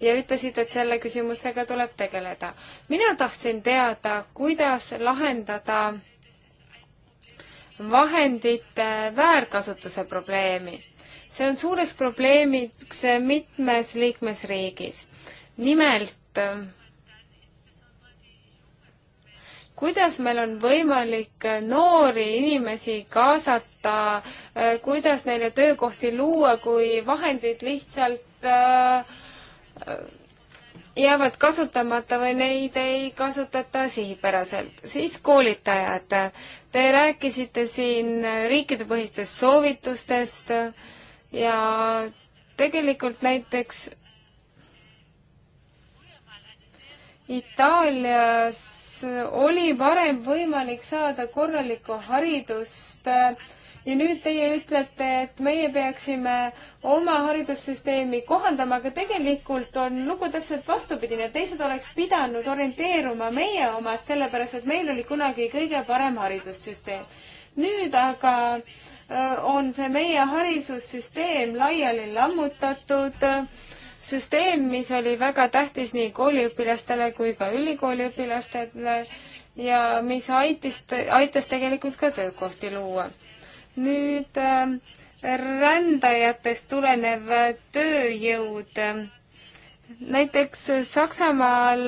ja ütlesite, et selle küsimusega tuleb tegeleda. mina tahtsin teada, kuidas lahendada vahendite väärkasutuse probleemi. see on suureks probleemiks mitmes liikmesriigis. nimelt kuidas meil on võimalik noori inimesi kaasata, äh, kuidas neile töökohti luua, kui vahendid lihtsalt äh, jäävad kasutamata või neid ei kasutata sihipäraselt. siis koolitajad. Te rääkisite siin riikidepõhistest soovitustest ja tegelikult näiteks Itaalias oli varem võimalik saada korralikku haridust äh, ja nüüd teie ütlete, et meie peaksime oma haridussüsteemi kohandama, aga tegelikult on lugu täpselt vastupidine. teised oleks pidanud orienteeruma meie omas, sellepärast et meil oli kunagi kõige parem haridussüsteem. nüüd aga äh, on see meie haridussüsteem laiali lammutatud äh, süsteem, mis oli väga tähtis nii kooliõpilastele kui ka ülikooliõpilastele ja mis aitis, aitas tegelikult ka töökohti luua. nüüd ähm, rändajatest tulenev tööjõud. näiteks Saksamaal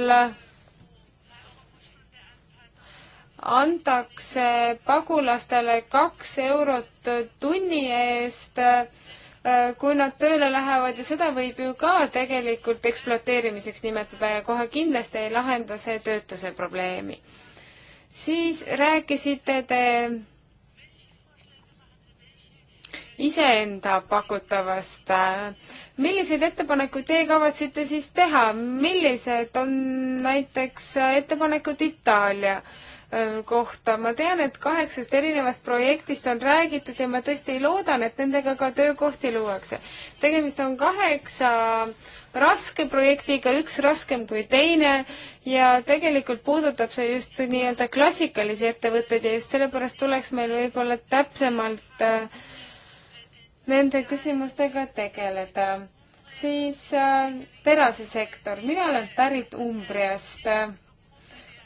antakse pagulastele kaks eurot tunni eest Äh, kui nad tööle lähevad ja seda võib ju ka tegelikult ekspluateerimiseks nimetada ja kohe kindlasti ei lahenda see töötuse probleemi. siis rääkisite te iseenda pakutavast. Äh, milliseid ettepanekuid teie kavatsete siis teha, millised on näiteks äh, ettepanekud Itaalia äh, kohta. ma tean, et kaheksast erinevast projektist on räägitud ja ma tõesti loodan, et nendega ka töökohti luuakse. tegemist on kaheksa raske projektiga, üks raskem kui teine ja tegelikult puudutab see just nii-öelda klassikalisi ettevõtteid ja just sellepärast tuleks meil võib-olla täpsemalt nende küsimustega tegeleda. siis terasesektor, mina olen pärit Umbriast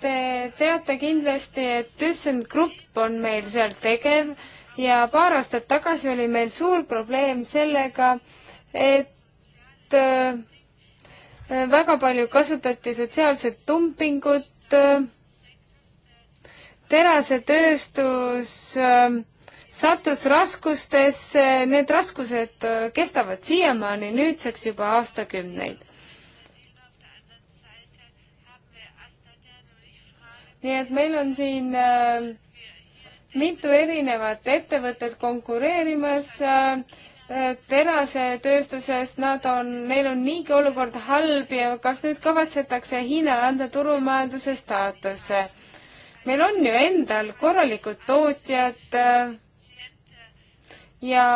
Te teate kindlasti, et ThyssenKrupp on meil seal tegev ja paar aastat tagasi oli meil suur probleem sellega, et äh, väga palju kasutati sotsiaalset dumpingut, äh, terasetööstus äh, sattus raskustesse, need raskused kestavad siiamaani, nüüdseks juba aastakümneid nii et meil on siin äh, mitu erinevat ettevõtet konkureerimas äh, äh terasetööstuses, nad on, neil on niigi olukord halb ja kas nüüd kavatsetakse Hiinale anda turumajanduse staatus? meil on ju endal korralikud tootjad äh, ja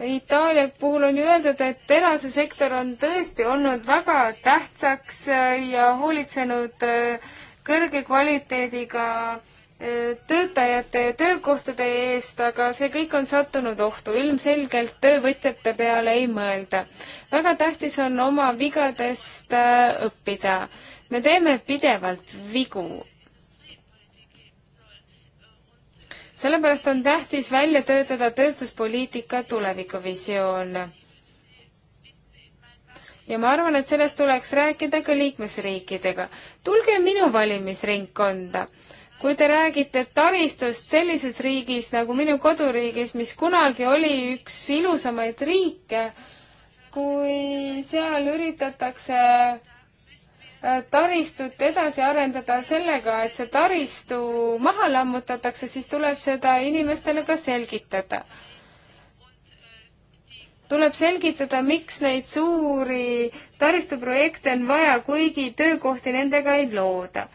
Itaalia puhul on ju öeldud, et terasesektor on tõesti olnud väga tähtsaks äh, ja hoolitsenud äh, kõrge kvaliteediga äh, töötajate ja töökohtade eest, aga see kõik on sattunud ohtu. ilmselgelt töövõtjate peale ei mõelda. väga tähtis on oma vigadest õppida. me teeme pidevalt vigu sellepärast on tähtis välja töötada tööstuspoliitika tulevikuvisioon. ja ma arvan, et sellest tuleks rääkida ka liikmesriikidega. tulge minu valimisringkonda. kui te räägite taristust sellises riigis nagu minu koduriigis, mis kunagi oli üks ilusamaid riike, kui seal üritatakse taristut edasi arendada sellega, et see taristu maha lammutatakse, siis tuleb seda inimestele ka selgitada. tuleb selgitada, miks neid suuri taristuprojekte on vaja, kuigi töökohti nendega ei looda.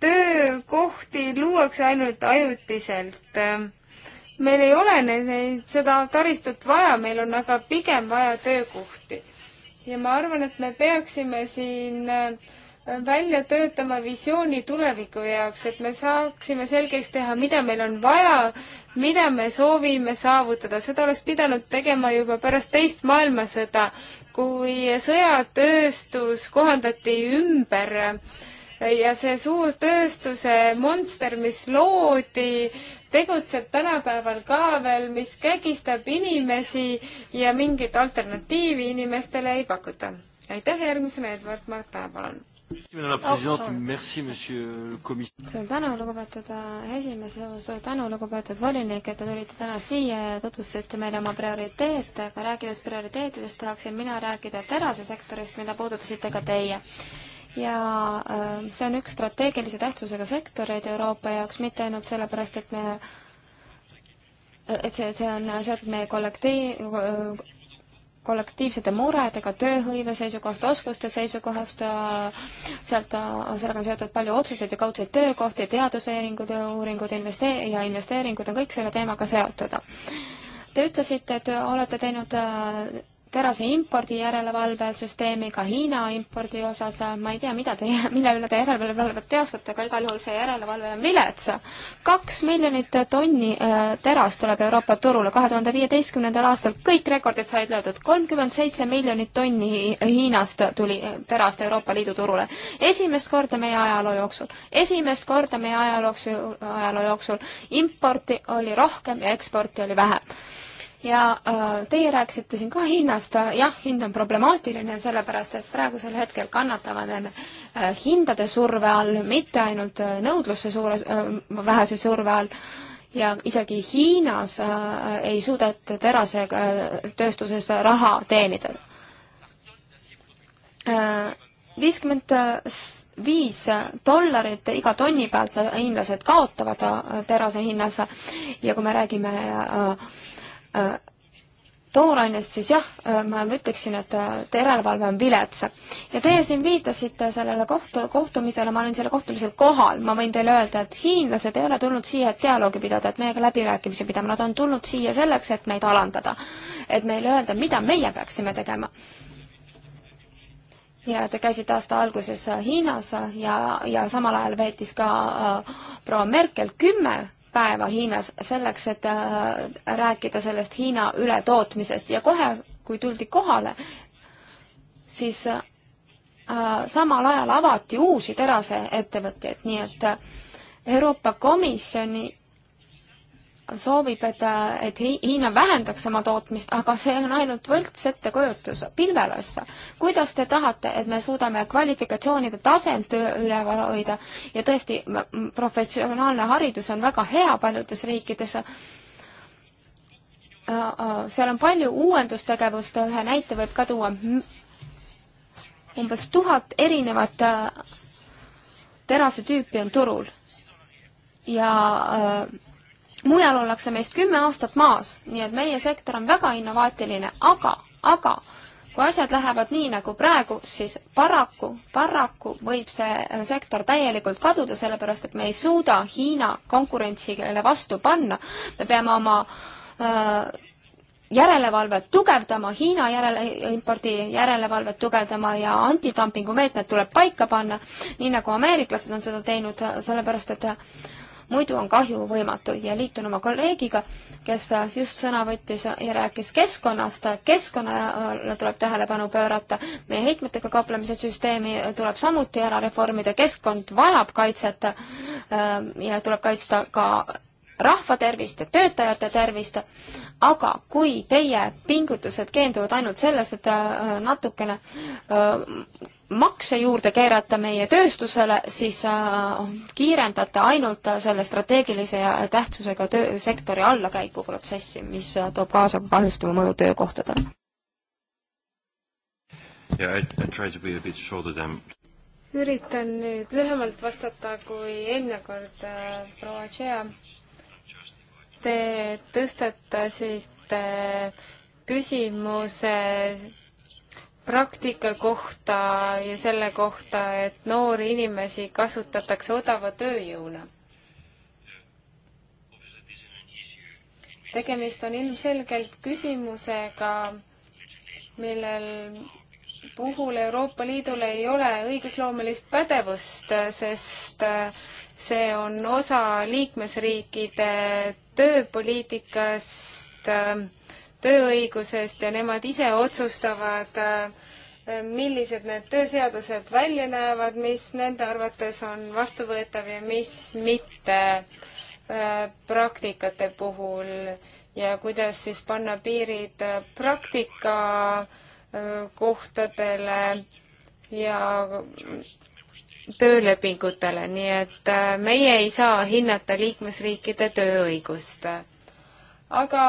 töökohti luuakse ainult ajutiselt meil ei ole neid, seda taristut vaja, meil on aga pigem vaja töökohti ja ma arvan, et me peaksime siin äh, välja töötama visiooni tuleviku jaoks, et me saaksime selgeks teha, mida meil on vaja, mida me soovime saavutada. seda oleks pidanud tegema juba pärast teist maailmasõda, kui sõjatööstus kohandati ümber äh, ja see suur tööstuse monster, mis loodi, tegutseb tänapäeval ka veel, mis kägistab inimesi ja mingit alternatiivi inimestele ei pakuta. aitäh, järgmisena Edward Marta, palun. Oh, suur tänu, lugupeetud äh, esimees, suur tänu, lugupeetud volinik, et te tulite täna siia ja tutvustasite meile oma prioriteete, aga rääkides prioriteetidest, tahaksin mina rääkida terasesektorist, mida puudutasite ka teie ja äh, see on üks strateegilise tähtsusega sektoreid Euroopa jaoks, mitte ainult sellepärast, et me, et see, see on seotud meie kollektiiv, kollektiivsete muredega, tööhõive seisukohast, oskuste seisukohast, äh, sealt, äh, sellega on seotud palju otseseid ja kaudseid töökohti, teadusuuringud, uuringud, investee- ja investeeringud on kõik selle teemaga seotud. Te ütlesite, et olete teinud terase impordi järelevalvesüsteemiga Hiina impordi osas, ma ei tea, mida te, mille üle te järelevalvet teostate, aga igal juhul see järelevalve on vilets. kaks miljonit tonni äh, terast tuleb Euroopa turule kahe tuhande viieteistkümnendal aastal, kõik rekordid said löödud, kolmkümmend seitse miljonit tonni Hiinast tuli äh, terast Euroopa Liidu turule. esimest korda meie ajaloo jooksul, esimest korda meie ajaloo jooksul, ajaloo jooksul importi oli rohkem ja eksporti oli vähem ja äh, teie rääkisite siin ka hinnast, äh, jah, hind on problemaatiline, sellepärast et praegusel hetkel kannatavad äh, hindade surve all, mitte ainult nõudluse suure, vähese surve all, ja isegi Hiinas ei suudeta terasetööstuses raha teenida. viiskümmend viis dollarit iga tonni pealt hiinlased kaotavad terase hinnas ja kui me räägime äh, Äh, toorainest, siis jah, äh, ma ütleksin, et äh, järelevalve on vilets. ja teie siin viitasite sellele kohtu, kohtumisele, ma olin sellel kohtumisel kohal, ma võin teile öelda, et hiinlased ei ole tulnud siia, et dialoogi pidada, et meiega läbirääkimisi pidama, nad on tulnud siia selleks, et meid alandada. et meile öelda, mida meie peaksime tegema. ja te käisite aasta alguses Hiinas ja, ja samal ajal veetis ka äh, proua Merkel kümme päeva Hiinas selleks, et äh, rääkida sellest Hiina ületootmisest ja kohe, kui tuldi kohale, siis äh, samal ajal avati uusi teraseettevõtteid, nii et äh, Euroopa Komisjoni soovib, et, et Hiina vähendaks oma tootmist, aga see on ainult võlts ettekujutus, pilvelossa. kuidas te tahate, et me suudame kvalifikatsioonide tasent üleval hoida ja tõesti, professionaalne haridus on väga hea paljudes riikides, äh, äh, seal on palju uuendustegevust, ühe näite võib ka tuua, umbes tuhat erinevat äh, terase tüüpi on turul ja öö, mujal ollakse meist kümme aastat maas, nii et meie sektor on väga innovaatiline, aga, aga kui asjad lähevad nii nagu praegu, siis paraku, paraku võib see äh, sektor täielikult kaduda, sellepärast et me ei suuda Hiina konkurentsile vastu panna. me peame oma äh, järelevalvet tugevdama, Hiina järele, impordi järelevalvet tugevdama ja antidumpingu meetmed tuleb paika panna, nii nagu ameeriklased on seda teinud, sellepärast et äh, muidu on kahju võimatu ja liitun oma kolleegiga, kes just sõna võttis ja rääkis keskkonnast, keskkonnale tuleb tähelepanu pöörata, meie heitmetega kauplemise süsteemi tuleb samuti ära reformida, keskkond vajab kaitset ähm, ja tuleb kaitsta ka rahva tervist ja töötajate tervist, aga kui teie pingutused keenduvad ainult selles, et äh, natukene äh, makse juurde keerata meie tööstusele, siis äh, kiirendate ainult selle strateegilise tähtsusega töö, sektori allakäiguprotsessi, mis äh, toob kaasa kahjustava mõju töökohtadele. üritan nüüd lühemalt vastata kui eelmine kord äh,, proua Tšea. Te tõstatasite küsimuse praktika kohta ja selle kohta, et noori inimesi kasutatakse odava tööjõuna. tegemist on ilmselgelt küsimusega, millel puhul Euroopa Liidul ei ole õigusloomelist pädevust, sest äh, see on osa liikmesriikide tööpoliitikast äh, tööõigusest ja nemad ise otsustavad, äh, millised need tööseadused välja näevad, mis nende arvates on vastuvõetav ja mis mitte äh, praktikate puhul ja kuidas siis panna piirid äh, praktika kohtadele ja töölepingutele, nii et meie ei saa hinnata liikmesriikide tööõigust. aga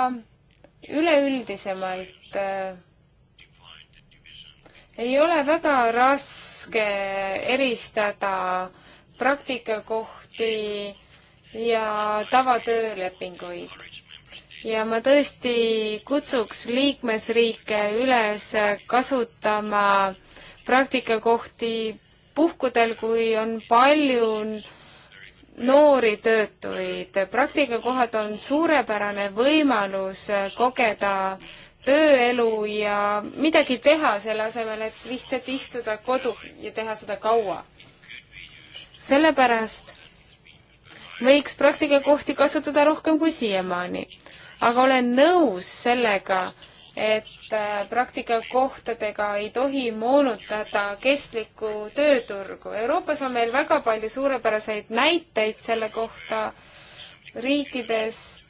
üleüldisemalt äh, ei ole väga raske eristada praktikakohti ja tavatöölepinguid. ja ma tõesti kutsuks liikmesriike üles kasutama praktikakohti puhkudel, kui on palju noori töötuid. praktikakohad on suurepärane võimalus kogeda tööelu ja midagi teha, selle asemel, et lihtsalt istuda kodus ja teha seda kaua. sellepärast võiks praktikakohti kasutada rohkem kui siiamaani. aga olen nõus sellega, et äh, praktikakohtadega ei tohi moonutada kestlikku tööturgu. Euroopas on meil väga palju suurepäraseid näiteid selle kohta riikidest,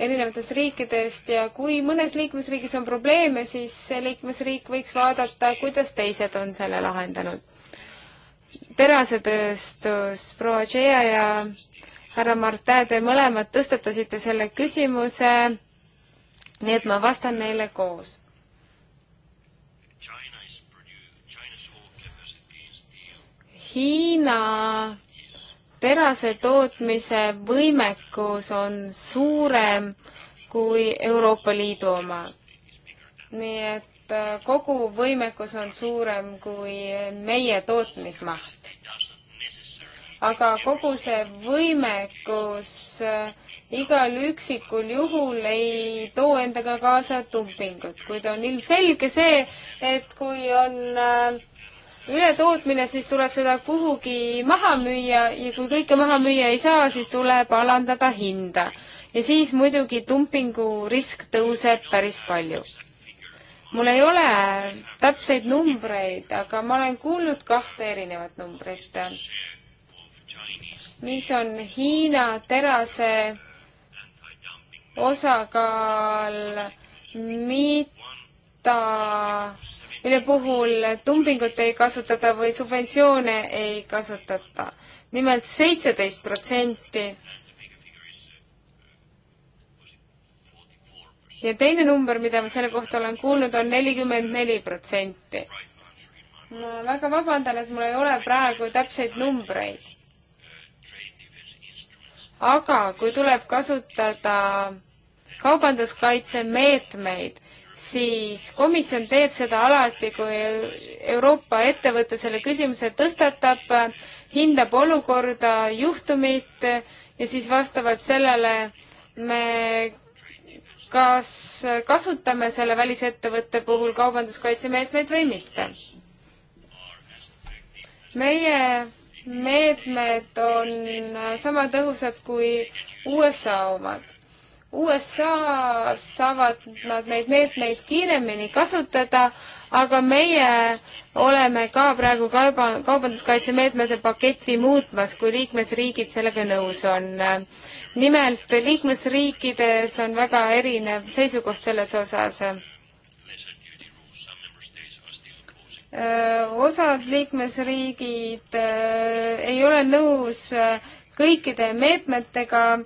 erinevatest riikidest ja kui mõnes liikmesriigis on probleeme, siis see liikmesriik võiks vaadata, kuidas teised on selle lahendanud. terasetööstus, proua Tšeia ja härra Martin, te mõlemad tõstatasite selle küsimuse, nii et ma vastan neile koos. Hiina terase tootmise võimekus on suurem kui Euroopa Liidu oma. nii et äh, kogu võimekus on suurem kui meie tootmismaht aga kogu see võimekus äh, igal üksikul juhul ei too endaga kaasa dumpingut, kuid on ilmselge see, et kui on äh, ületootmine, siis tuleb seda kuhugi maha müüa ja kui kõike maha müüa ei saa, siis tuleb alandada hinda. ja siis muidugi dumpingu risk tõuseb päris palju. mul ei ole täpseid numbreid, aga ma olen kuulnud kahte erinevat numbrit mis on Hiina terase osakaal, mida, mille puhul dumpingut ei kasutata või subventsioone ei kasutata. nimelt seitseteist protsenti. ja teine number, mida ma selle kohta olen kuulnud, on nelikümmend neli protsenti. ma väga vabandan, et mul ei ole praegu täpseid numbreid aga kui tuleb kasutada kaubanduskaitsemeetmeid, siis komisjon teeb seda alati, kui Euroopa ettevõte selle küsimuse tõstatab, hindab olukorda, juhtumit ja siis vastavalt sellele me kas kasutame selle välisettevõtte puhul kaubanduskaitsemeetmeid või mitte. meie meetmed on sama tõhusad kui USA omad. USA-s saavad nad neid meetmeid kiiremini kasutada, aga meie oleme ka praegu kauba, kaubanduskaitsemeetmete paketti muutmas, kui liikmesriigid sellega nõus on. nimelt liikmesriikides on väga erinev seisukoht selles osas Äh, osad liikmesriigid äh, ei ole nõus äh, kõikide meetmetega,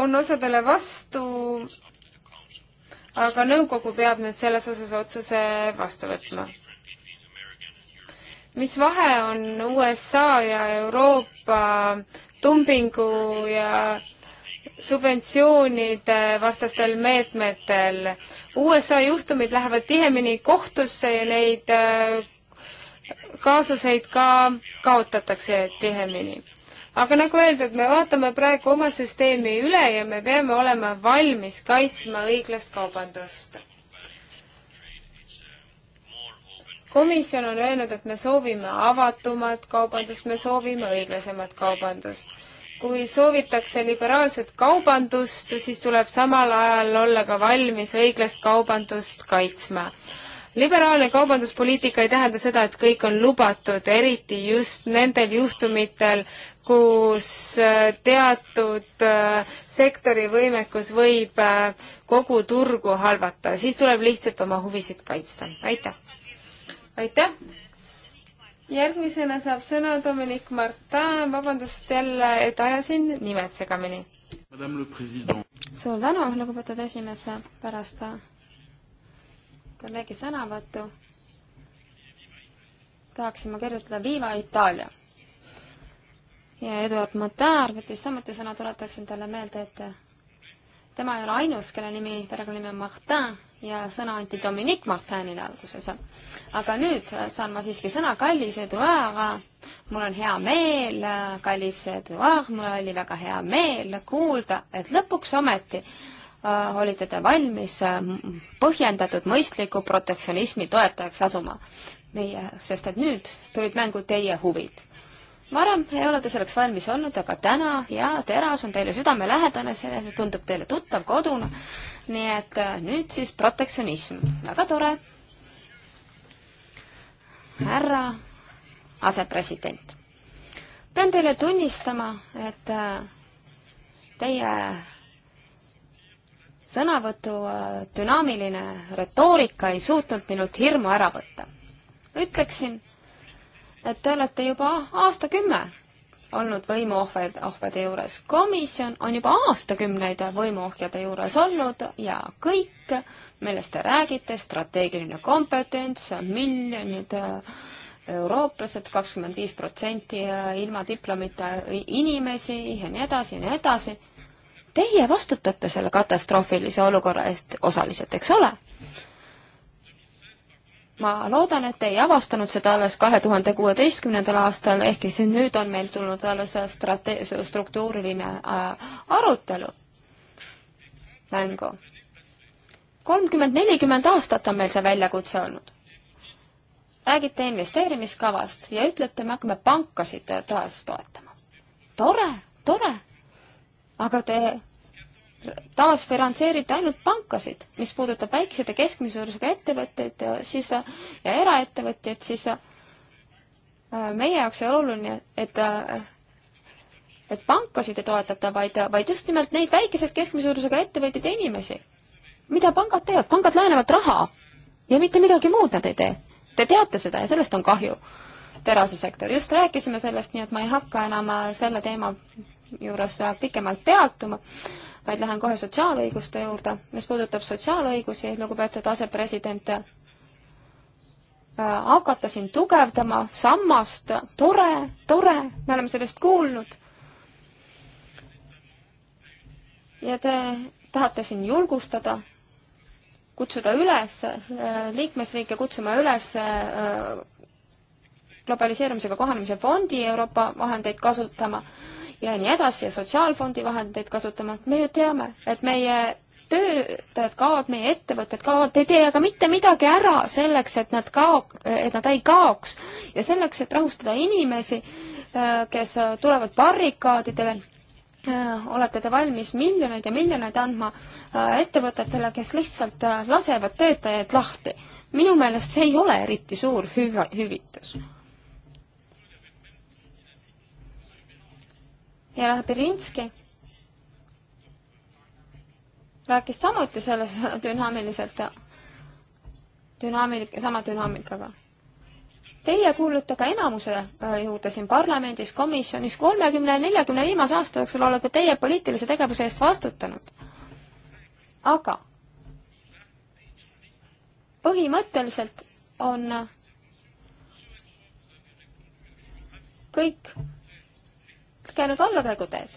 on osadele vastu, aga nõukogu peab nüüd selles osas otsuse vastu võtma. mis vahe on USA ja Euroopa tumbingu ja äh, subventsioonide vastastel meetmetel. USA juhtumid lähevad tihemini kohtusse ja neid äh, kaasuseid ka kaotatakse tihemini. aga nagu öeldud, me vaatame praegu oma süsteemi üle ja me peame olema valmis kaitsma õiglast kaubandust. komisjon on öelnud, et me soovime avatumat kaubandust, me soovime õiglasemat kaubandust kui soovitakse liberaalset kaubandust, siis tuleb samal ajal olla ka valmis õiglast kaubandust kaitsma. liberaalne kaubanduspoliitika ei tähenda seda, et kõik on lubatud, eriti just nendel juhtumitel, kus äh, teatud äh, sektori võimekus võib äh, kogu turgu halvata, siis tuleb lihtsalt oma huvisid kaitsta. aitäh! aitäh! järgmisena saab sõna Dominic Martin, vabandust jälle, et ajasin nimed segamini. suur tänu, lugupeetud esimees, pärast kolleegi sõnavõttu tahaksin ma kirjutada Viva Itaalia. ja Eduard Matar võttis samuti sõna, tuletaksin talle meelde, et tema ei ole ainus, kelle nimi, perekonnanimi on Martin ja sõna anti Dominic Martinile alguses. aga nüüd saan ma siiski sõna kallis Eduard, mul on hea meel, kallis Eduard, mul oli väga hea meel kuulda, et lõpuks ometi äh, olite te valmis äh, põhjendatud mõistliku protektsionismi toetajaks asuma. meie, sest et nüüd tulid mängu teie huvid varem ei ole te selleks valmis olnud, aga täna ja teras on teile südamelähedane, see tundub teile tuttav, kodune nii et äh, nüüd siis protektsionism, väga tore. härra asepresident, pean teile tunnistama, et äh, teie sõnavõtu äh, dünaamiline retoorika ei suutnud minult hirmu ära võtta. ütleksin, et te olete juba aastakümme olnud võimuohved, ohvede juures. komisjon on juba aastakümneid võimuohjade juures olnud ja kõik, millest te räägite, strateegiline kompetents, miljonid äh, eurooplased, kakskümmend viis protsenti äh, ilma diplomita äh, inimesi ja nii edasi ja nii edasi. Teie vastutate selle katastroofilise olukorra eest osaliselt, eks ole? ma loodan, et ei avastanud seda alles kahe tuhande kuueteistkümnendal aastal, ehkki siin nüüd on meil tulnud alles strate-, struktuuriline äh, arutelu mängu. kolmkümmend, nelikümmend aastat on meil see väljakutse olnud. räägite investeerimiskavast ja ütlete, me hakkame pankasid taas toetama. tore, tore, aga te taasfinantseerite ainult pankasid, mis puudutab väikseid ja keskmise suurusega ettevõtteid, siis ja eraettevõtjaid, siis äh, meie jaoks ei ole oluline, et äh, et pankasid ei toetata, vaid, vaid just nimelt neid väikeseid keskmise suurusega ettevõtjaid ja inimesi. mida pangad teevad? pangad laenavad raha ja mitte midagi muud nad ei tee. Te teate seda ja sellest on kahju. terasesektor, just rääkisime sellest, nii et ma ei hakka enam äh, selle teema juures pikemalt peatuma vaid lähen kohe sotsiaalõiguste juurde. mis puudutab sotsiaalõigusi, lugupeetud asepresident, äh, hakata siin tugevdama sammast, tore, tore, me oleme sellest kuulnud. ja te tahate siin julgustada kutsuda üles, äh, liikmesriike kutsuma üles äh, globaliseerumisega kohanemise fondi Euroopa vahendeid kasutama ja nii edasi ja sotsiaalfondi vahendeid kasutama, me ju teame, et meie töötajad kaovad, meie ettevõtted kaovad, te ei tee aga mitte midagi ära selleks, et nad kao-, et nad ei kaoks. ja selleks, et rahustada inimesi, äh, kes äh, tulevad barrikaadidele, äh, olete te valmis miljoneid ja miljoneid andma ettevõtetele, kes lihtsalt lasevad töötajaid lahti. minu meelest see ei ole eriti suur hüva, hüvitus ja Pirinski rääkis samuti selles dünaamiliselt, dünaamilike, sama dünaamikaga. Teie kuulute ka enamuse äh, juurde siin parlamendis, komisjonis, kolmekümne, neljakümne viimase aasta jooksul olete teie poliitilise tegevuse eest vastutanud. aga põhimõtteliselt on kõik käinud allakäiguteed.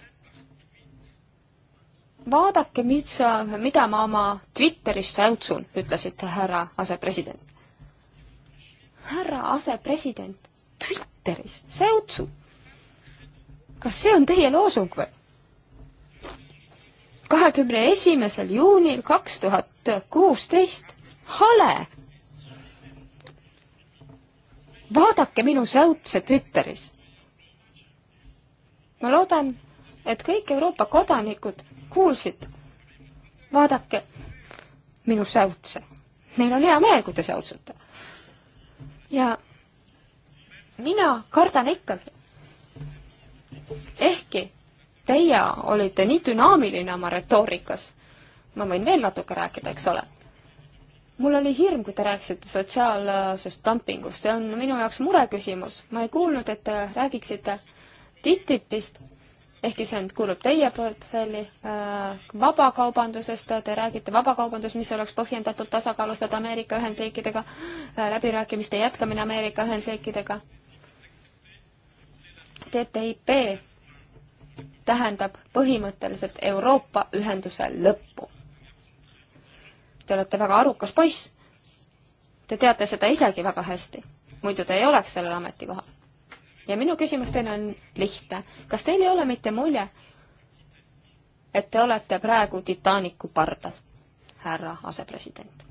vaadake, mis, mida ma oma Twitteris säutsun, ütlesite härra asepresident. härra asepresident Twitteris säutsu? kas see on teie loosung või? kahekümne esimesel juunil kaks tuhat kuusteist, hale! vaadake minu säutse Twitteris ma loodan, et kõik Euroopa kodanikud kuulsid, vaadake minu säutse. Neil on hea meel, kui te säutsute. ja mina kardan ikkagi. ehkki teie olite nii dünaamiline oma retoorikas, ma võin veel natuke rääkida, eks ole. mul oli hirm, kui te rääkisite sotsiaalsest dumpingust, see on minu jaoks mureküsimus. ma ei kuulnud, et te räägiksite TTIP-ist, ehkki see on, kuulub teie portfelli, äh, vabakaubandusest, te räägite vabakaubandus, mis oleks põhjendatud tasakaalustada Ameerika Ühendriikidega, äh, läbirääkimiste jätkamine Ameerika Ühendriikidega. TTIP tähendab põhimõtteliselt Euroopa ühenduse lõppu. Te olete väga arukas poiss. Te teate seda isegi väga hästi, muidu te ei oleks sellel ametikohal ja minu küsimus teile on lihtne. kas teil ei ole mitte mulje, et te olete praegu Titanicu pardal, härra asepresident?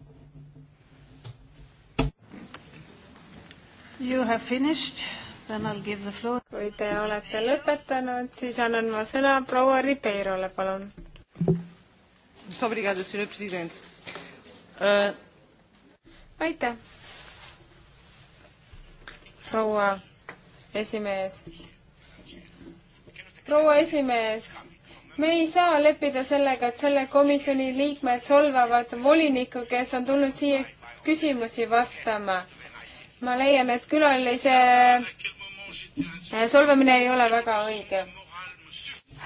You have finished, then I will give the floor. kui te olete lõpetanud, siis annan ma sõna proua Ribeirole, palun. Obrigada, senhor president uh.... aitäh, proua esimees. proua esimees, me ei saa leppida sellega, et selle komisjoni liikmed solvavad volinikku, kes on tulnud siia küsimusi vastama. ma leian, et külalise äh, solvamine ei ole väga õige.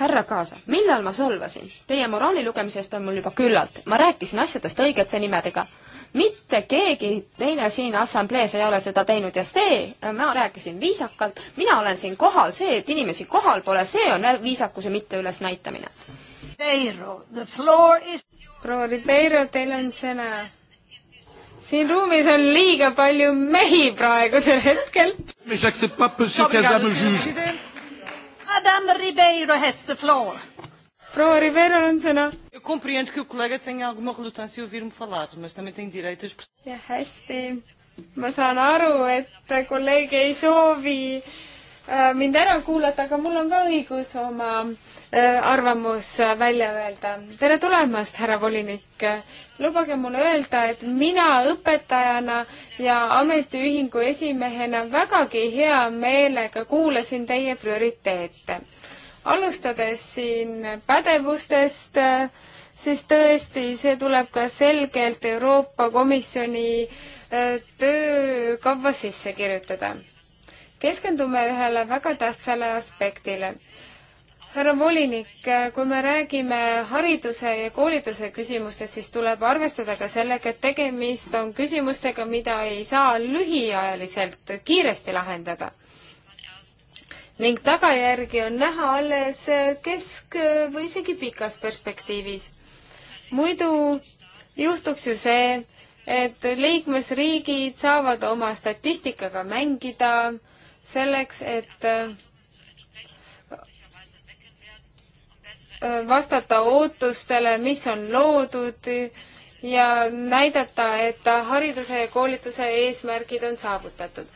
härra Kaasa, millal ma solvasin? Teie moraali lugemisest on mul juba küllalt. ma rääkisin asjadest õigete nimedega mitte keegi teine siin assamblees ei ole seda teinud ja see, ma rääkisin viisakalt, mina olen siin kohal, see, et inimesi kohal pole, see on viisakuse mitte ülesnäitamine. proua Ribeiro, teil on sõna. siin ruumis on liiga palju mehi praegusel hetkel. Madame Ribeiro has the floor proua Ribeiro on sõna. jah, hästi. ma saan aru, et kolleeg ei soovi äh, mind ära kuulata, aga mul on ka õigus oma äh, arvamus välja öelda. tere tulemast, härra volinik! lubage mulle öelda, et mina õpetajana ja ametiühingu esimehena vägagi hea meelega kuulasin teie prioriteete alustades siin pädevustest, siis tõesti, see tuleb ka selgelt Euroopa Komisjoni äh, töökavva sisse kirjutada. keskendume ühele väga tähtsale aspektile. härra volinik, äh, kui me räägime hariduse ja koolituse küsimustest, siis tuleb arvestada ka sellega, et tegemist on küsimustega, mida ei saa lühiajaliselt kiiresti lahendada ning tagajärgi on näha alles kesk- või isegi pikas perspektiivis. muidu juhtuks ju see, et liikmesriigid saavad oma statistikaga mängida selleks, et äh, vastata ootustele, mis on loodud ja näidata, et hariduse ja koolituse eesmärgid on saavutatud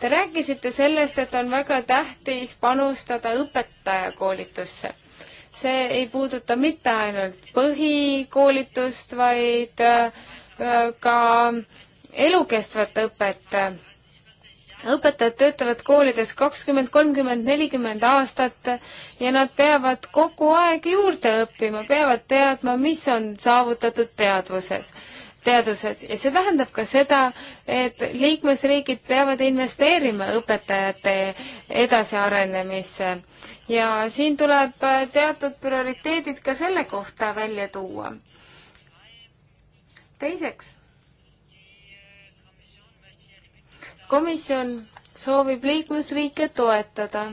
Te rääkisite sellest, et on väga tähtis panustada õpetajakoolitusse. see ei puuduta mitte ainult põhikoolitust, vaid äh, ka elukestvat õpet. õpetajad töötavad koolides kakskümmend, kolmkümmend, nelikümmend aastat ja nad peavad kogu aeg juurde õppima, peavad teadma, mis on saavutatud teadvuses teaduses ja see tähendab ka seda, et liikmesriigid peavad investeerima õpetajate edasiarenemisse ja siin tuleb teatud prioriteedid ka selle kohta välja tuua. teiseks, komisjon soovib liikmesriike toetada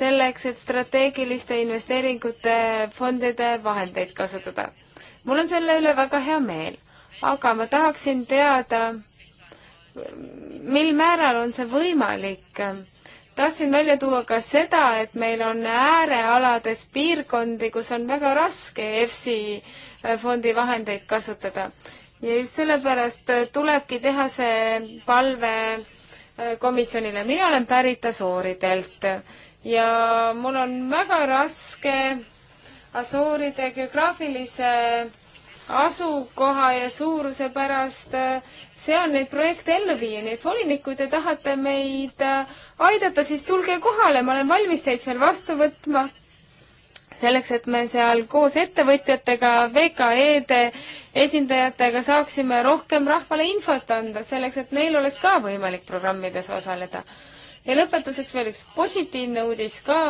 selleks, et strateegiliste investeeringute fondide vahendeid kasutada mul on selle üle väga hea meel, aga ma tahaksin teada, mil määral on see võimalik. tahtsin välja tuua ka seda, et meil on äärealades piirkondi, kus on väga raske EFSI fondi vahendeid kasutada. ja just sellepärast tulebki teha see palve komisjonile. mina olen pärit Asooridelt ja mul on väga raske Asooride geograafilise asukoha ja suuruse pärast, äh, see on neid projekte ellu viia, nii et volinik, kui te tahate meid äh, aidata, siis tulge kohale, ma olen valmis teid seal vastu võtma. selleks, et me seal koos ettevõtjatega, VKE-de esindajatega saaksime rohkem rahvale infot anda, selleks et neil oleks ka võimalik programmides osaleda ja lõpetuseks veel üks positiivne uudis ka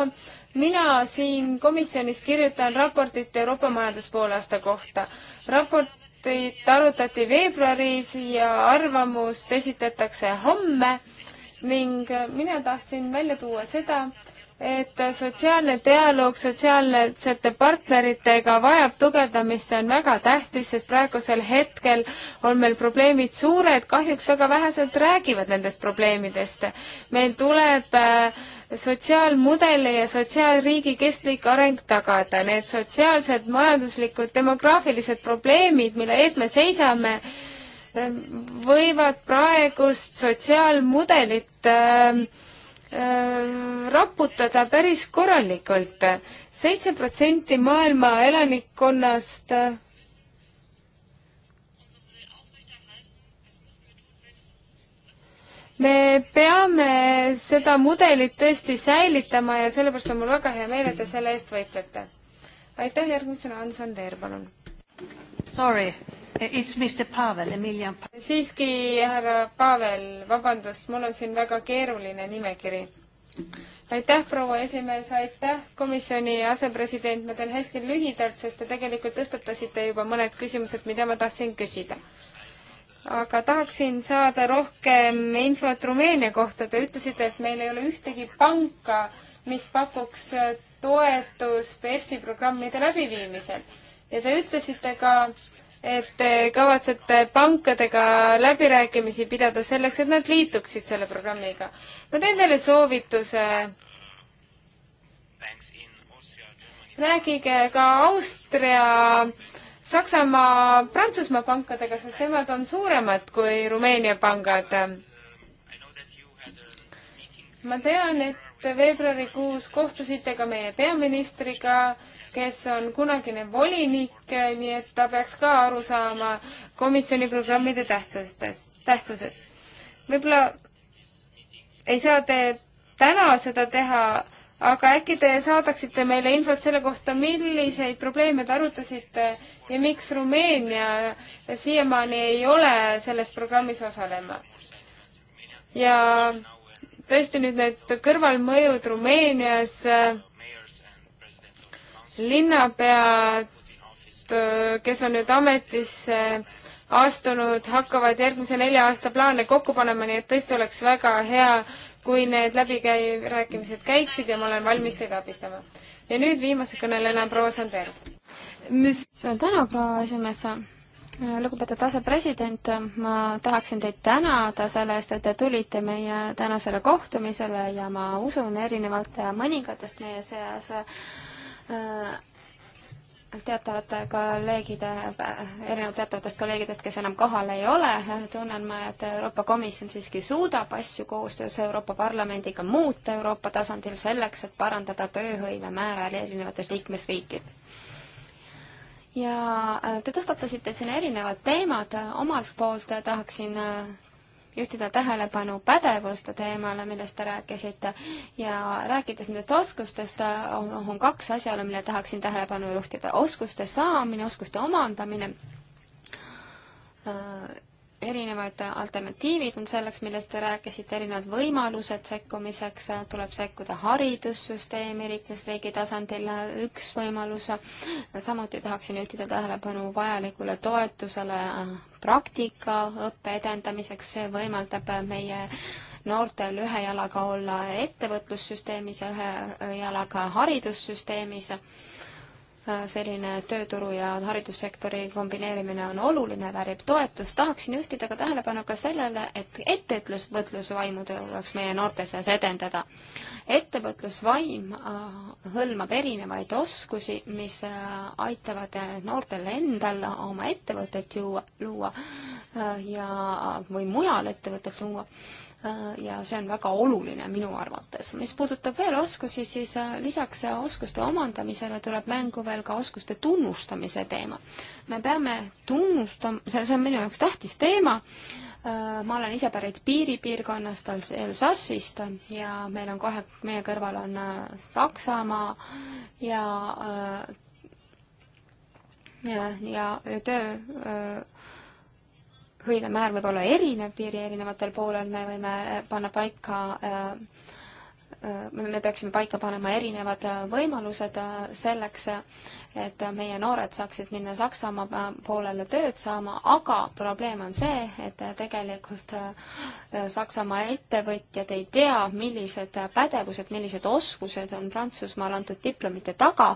mina siin komisjonis kirjutan raportit Euroopa majanduspoolaasta kohta. raportit arutati veebruaris ja arvamust esitatakse homme ning mina tahtsin välja tuua seda, et sotsiaalne dialoog sotsiaalsete partneritega vajab tugevdamist, see on väga tähtis, sest praegusel hetkel on meil probleemid suured, kahjuks väga vähesed räägivad nendest probleemidest. meil tuleb äh, sotsiaalmudeli ja sotsiaalriigi kestlik areng tagada. Need sotsiaalsed, majanduslikud, demograafilised probleemid, mille ees me seisame, ähm, võivad praegust sotsiaalmudelit ähm, äh, raputada päris korralikult. seitse protsenti maailma elanikkonnast äh, me peame seda mudelit tõesti säilitama ja sellepärast on mul väga hea meel, et te selle eest võitlete. aitäh, järgmisena Hans Ander, palun. Sorry, it's Mr Pavel, Emilian. siiski, härra Pavel, vabandust, mul on siin väga keeruline nimekiri. aitäh, proua esimees, aitäh, komisjoni asepresident, ma teen hästi lühidalt, sest te tegelikult tõstatasite juba mõned küsimused, mida ma tahtsin küsida aga tahaksin saada rohkem infot Rumeenia kohta. Te ütlesite, et meil ei ole ühtegi panka, mis pakuks toetust EFSI programmide läbiviimisel. ja te ütlesite ka, et te kavatsete pankadega läbirääkimisi pidada selleks, et nad liituksid selle programmiga. ma teen teile soovituse. rääkige ka Austria Saksamaa, Prantsusmaa pankadega, sest nemad on suuremad kui Rumeenia pangad. ma tean, et veebruarikuus kohtusite ka meie peaministriga, kes on kunagine volinik, nii et ta peaks ka aru saama komisjoni programmide tähtsustest, tähtsusest. võib-olla ei saa te täna seda teha, aga äkki te saadaksite meile infot selle kohta, milliseid probleeme te arutasite ja miks Rumeenia siiamaani ei ole selles programmis osalema? ja tõesti nüüd need kõrvalmõjud Rumeenias, linnapead, kes on nüüd ametisse astunud, hakkavad järgmise nelja aasta plaane kokku panema, nii et tõesti oleks väga hea, kui need läbikäirääkimised käiksid ja ma olen valmis teid abistama. ja nüüd viimase kõnelejana proua Sander. mis, suur tänu, proua esimees lugupeetud asepresident, ma tahaksin teid tänada selle eest, et te tulite meie tänasele kohtumisele ja ma usun, erinevalt mõningatest meie seas äh, teatavate kolleegide, erinevalt teatavatest kolleegidest, kes enam kohal ei ole, tunnen ma, et Euroopa Komisjon siiski suudab asju koostöös Euroopa Parlamendiga muuta Euroopa tasandil selleks, et parandada tööhõive määra erinevates liikmesriikides ja te tõstatasite siin erinevad teemad, omalt poolt tahaksin juhtida tähelepanu pädevuste teemale, millest te rääkisite, ja rääkides nendest oskustest, on kaks asjaolu, mille tahaksin tähelepanu juhtida. oskuste saamine, oskuste omandamine äh, erinevad alternatiivid on selleks, millest te rääkisite, erinevad võimalused sekkumiseks, tuleb sekkuda haridussüsteemi liikmesriigi tasandil, üks võimalus. samuti tahaksin juhtida tähelepanu vajalikule toetusele praktikaõppe edendamiseks, see võimaldab meie noortel ühe jalaga olla ettevõtlussüsteemis ja ühe jalaga haridussüsteemis Äh, selline tööturu ja haridussektori kombineerimine on oluline, väärib toetust, tahaksin juhtida ka tähelepanu ka sellele, et ettevõtlusvaimu tuleks meie noorte seas edendada. ettevõtlusvaim äh, hõlmab erinevaid oskusi, mis äh, aitavad noortel endal oma ettevõtet juua, luua ja, või mujal ettevõtet luua Äh, ja see on väga oluline minu arvates. mis puudutab veel oskusi, siis äh, lisaks äh, oskuste omandamisele tuleb mängu veel ka oskuste tunnustamise teema. me peame tunnustama, see, see on minu jaoks tähtis teema, ma olen ise pärit piiripiirkonnast, Elsassist ja meil on kohe, meie kõrval on Saksamaa ja ja, ja töö hõivemäär võib olla erinev piiri erinevatel poolel, me võime panna paika äh, äh, me peaksime paika panema erinevad äh, võimalused selleks, et meie noored saaksid minna Saksamaa poolele tööd saama, aga probleem on see, et tegelikult äh, Saksamaa ettevõtjad ei tea, millised pädevused, millised oskused on Prantsusmaal antud diplomite taga,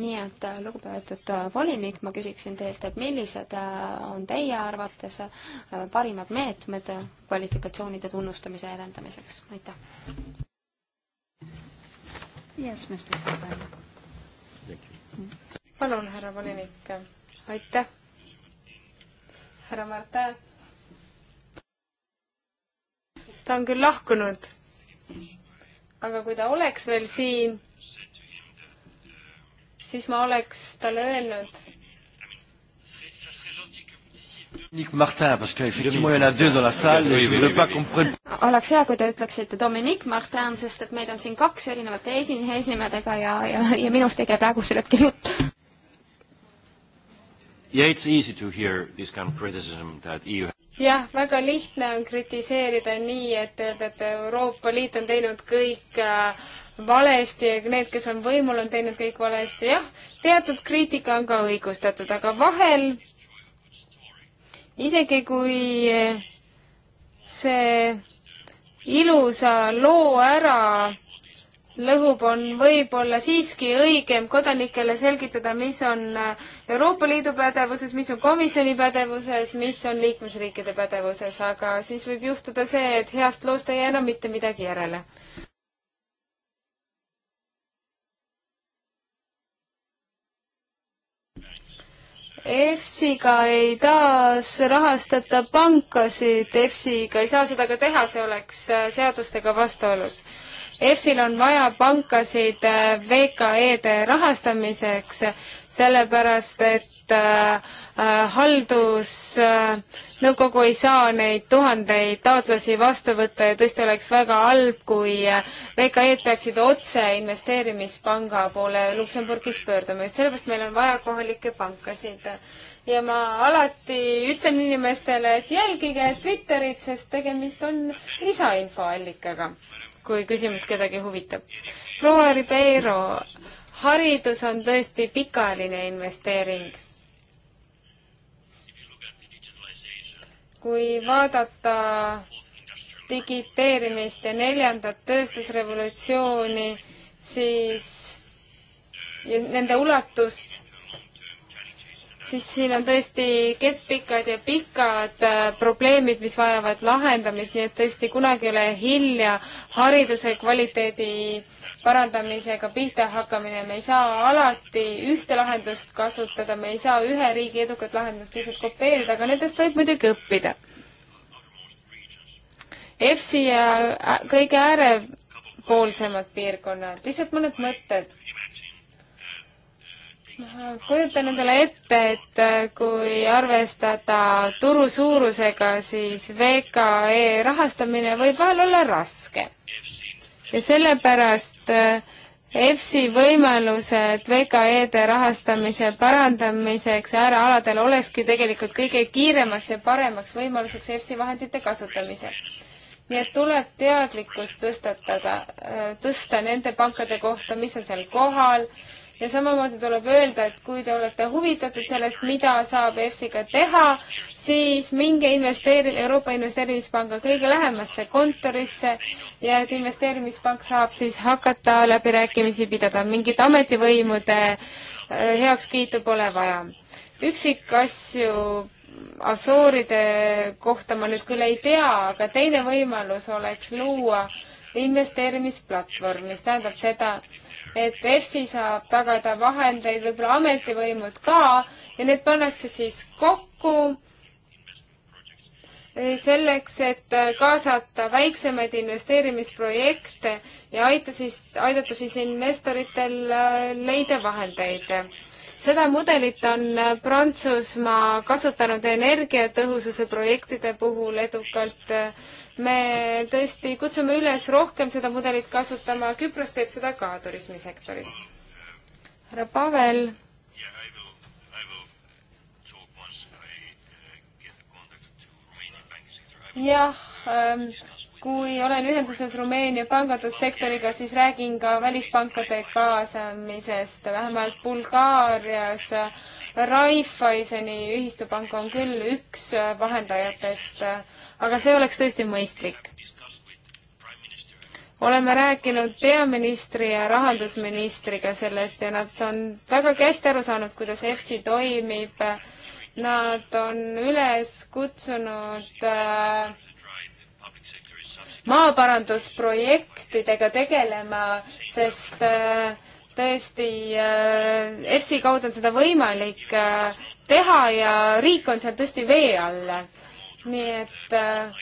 nii et äh, lugupeetud äh, volinik, ma küsiksin teilt, et millised on teie arvates parimad meetmed kvalifikatsioonide tunnustamise edendamiseks, aitäh! Yes, Mr. Thank you. Mm palun, härra volinik. aitäh, härra Martin. ta on küll lahkunud, aga kui ta oleks veel siin, siis ma oleks talle öelnud. Martin, parce qu'effectivement il y en a deux dans la salle et je voudrais pas qu'on prenne oleks hea, kui te ütleksite Dominic Martin, sest et meid on siin kaks erinevate esinimetega ja, ja, ja minust ei käi praegusel hetkel jutt. Yeah, it's easy to hear this kind of criticism that EU jah, väga lihtne on kritiseerida nii, et öelda, et Euroopa Liit on teinud kõik äh, valesti ja need, kes on võimul, on teinud kõik valesti, jah, teatud kriitika on ka õigustatud, aga vahel isegi kui see ilusa loo ära lõhub, on võib-olla siiski õigem kodanikele selgitada, mis on Euroopa Liidu pädevuses, mis on komisjoni pädevuses, mis on liikmesriikide pädevuses, aga siis võib juhtuda see, et heast loost ei jää enam mitte midagi järele. EFSiga ei taasrahastata pankasid, EFSiga ei saa seda ka teha, see oleks seadustega vastuolus EFSil on vaja pankasid äh, VKE-de rahastamiseks, sellepärast et äh, äh haldusnõukogu äh, ei saa neid tuhandeid taotlusi vastu võtta ja tõesti oleks väga halb, kui VKE-d peaksid otse investeerimispanga poole Luksemburgis pöörduma, just sellepärast meil on vaja kohalikke pankasid. ja ma alati ütlen inimestele, et jälgige Twitterit, sest tegemist on lisainfoallikaga kui küsimus kedagi huvitab. proua Ribeiro, haridus on tõesti pikaajaline investeering. kui vaadata digiteerimist ja neljandat tööstusrevolutsiooni, siis ja nende ulatust siis siin on tõesti keskpikad ja pikad äh, probleemid, mis vajavad lahendamist, nii et tõesti kunagi ei ole hilja hariduse kvaliteedi parandamisega pihta hakkamine, me ei saa alati ühte lahendust kasutada, me ei saa ühe riigi edukat lahendust lihtsalt kopeerida, aga nendest võib muidugi õppida. EFSI ja äh, kõige äärepoolsemad piirkonnad, lihtsalt mõned mõtted kujutan endale ette, et äh, kui arvestada turu suurusega, siis VKE rahastamine võib vahel olla raske. ja sellepärast EFSI äh, võimalused VKE-de rahastamise parandamiseks äärealadel olekski tegelikult kõige kiiremaks ja paremaks võimaluseks EFSI vahendite kasutamisel. nii et tuleb teadlikkust tõstatada, äh, tõsta nende pankade kohta, mis on seal kohal, ja samamoodi tuleb öelda, et kui te olete huvitatud sellest, mida saab EFSiga teha, siis minge investeeri-, Euroopa Investeerimispanga kõige lähemasse kontorisse ja et investeerimispank saab siis hakata läbirääkimisi pidada, mingit ametivõimude äh, heakskiitu pole vaja. üksikasju Asooride kohta ma nüüd küll ei tea, aga teine võimalus oleks luua investeerimisplatvorm, mis tähendab seda, et EFSI saab tagada vahendeid, võib-olla ametivõimud ka, ja need pannakse siis kokku eh, selleks, et eh, kaasata väiksemaid investeerimisprojekte ja aita siis, aidata siis investoritel eh, leida vahendeid seda mudelit on Prantsusmaa kasutanud energiatõhususe projektide puhul edukalt me tõesti kutsume üles rohkem seda mudelit kasutama, Küpros teeb seda ka turismisektoris. härra Pavel. jah ähm,, kui olen ühenduses Rumeenia pangandussektoriga, siis räägin ka välispankade kaasamisest, vähemalt Bulgaarias. Raiffeiseni ühistupank on küll üks vahendajatest äh, aga see oleks tõesti mõistlik. oleme rääkinud peaministri ja rahandusministriga sellest ja nad on vägagi hästi aru saanud, kuidas EFSI toimib. Nad on üles kutsunud äh, maaparandusprojektidega tegelema, sest äh, tõesti äh, EFSI kaudu on seda võimalik äh, teha ja riik on seal tõesti vee all nii et äh,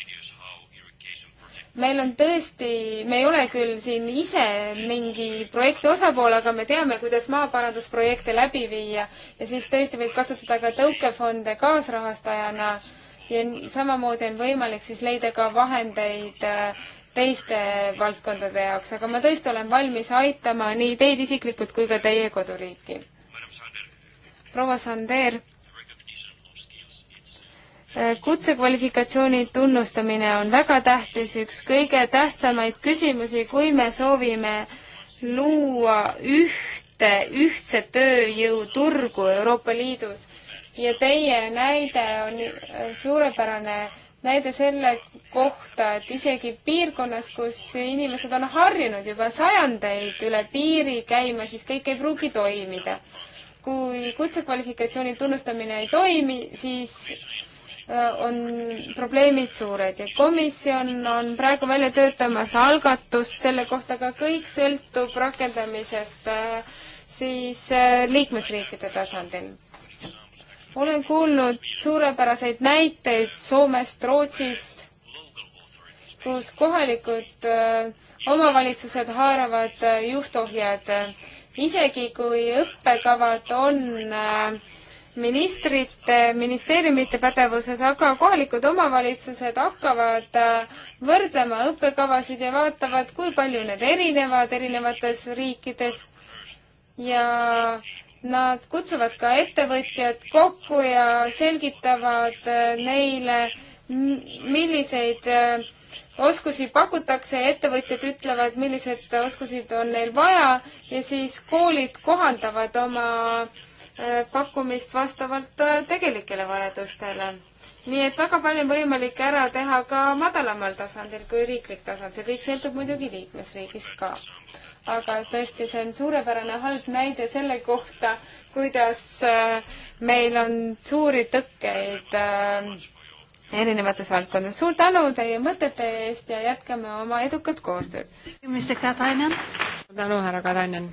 meil on tõesti, me ei ole küll siin ise mingi projekti osapool, aga me teame, kuidas maaparandusprojekte läbi viia ja siis tõesti võib kasutada ka tõukefonde kaasrahastajana ja samamoodi on võimalik siis leida ka vahendeid äh, teiste valdkondade jaoks, aga ma tõesti olen valmis aitama nii teid isiklikult kui ka teie koduriiki. proua Sander kutsekvalifikatsiooni tunnustamine on väga tähtis, üks kõige tähtsamaid küsimusi, kui me soovime luua ühte, ühtset tööjõuturgu Euroopa Liidus. ja teie näide on suurepärane näide selle kohta, et isegi piirkonnas, kus inimesed on harjunud juba sajandeid üle piiri käima, siis kõik ei pruugi toimida. kui kutsekvalifikatsiooni tunnustamine ei toimi, siis Äh, on probleemid suured ja komisjon on praegu välja töötamas algatust selle kohta, aga kõik sõltub rakendamisest äh, siis äh, liikmesriikide tasandil. olen kuulnud suurepäraseid näiteid Soomest, Rootsist, kus kohalikud omavalitsused haaravad juhtohjad, isegi kui õppekavad on äh, ministrite, ministeeriumite pädevuses, aga kohalikud omavalitsused hakkavad äh, võrdlema õppekavasid ja vaatavad, kui palju need erinevad erinevates riikides ja nad kutsuvad ka ettevõtjad kokku ja selgitavad äh, neile, milliseid äh, oskusi pakutakse ja ettevõtjad ütlevad, millised oskused on neil vaja ja siis koolid kohandavad oma äh, Äh, pakkumist vastavalt äh, tegelikele vajadustele. nii et väga palju on võimalik ära teha ka madalamal tasandil kui riiklik tasand, see kõik sõltub muidugi liikmesriigist ka. aga tõesti, see on suurepärane halb näide selle kohta, kuidas äh, meil on suuri tõkkeid erinevates valdkondades. suur tänu teie mõtete eest ja jätkame oma edukat koostööd. tänu, härra Katainen.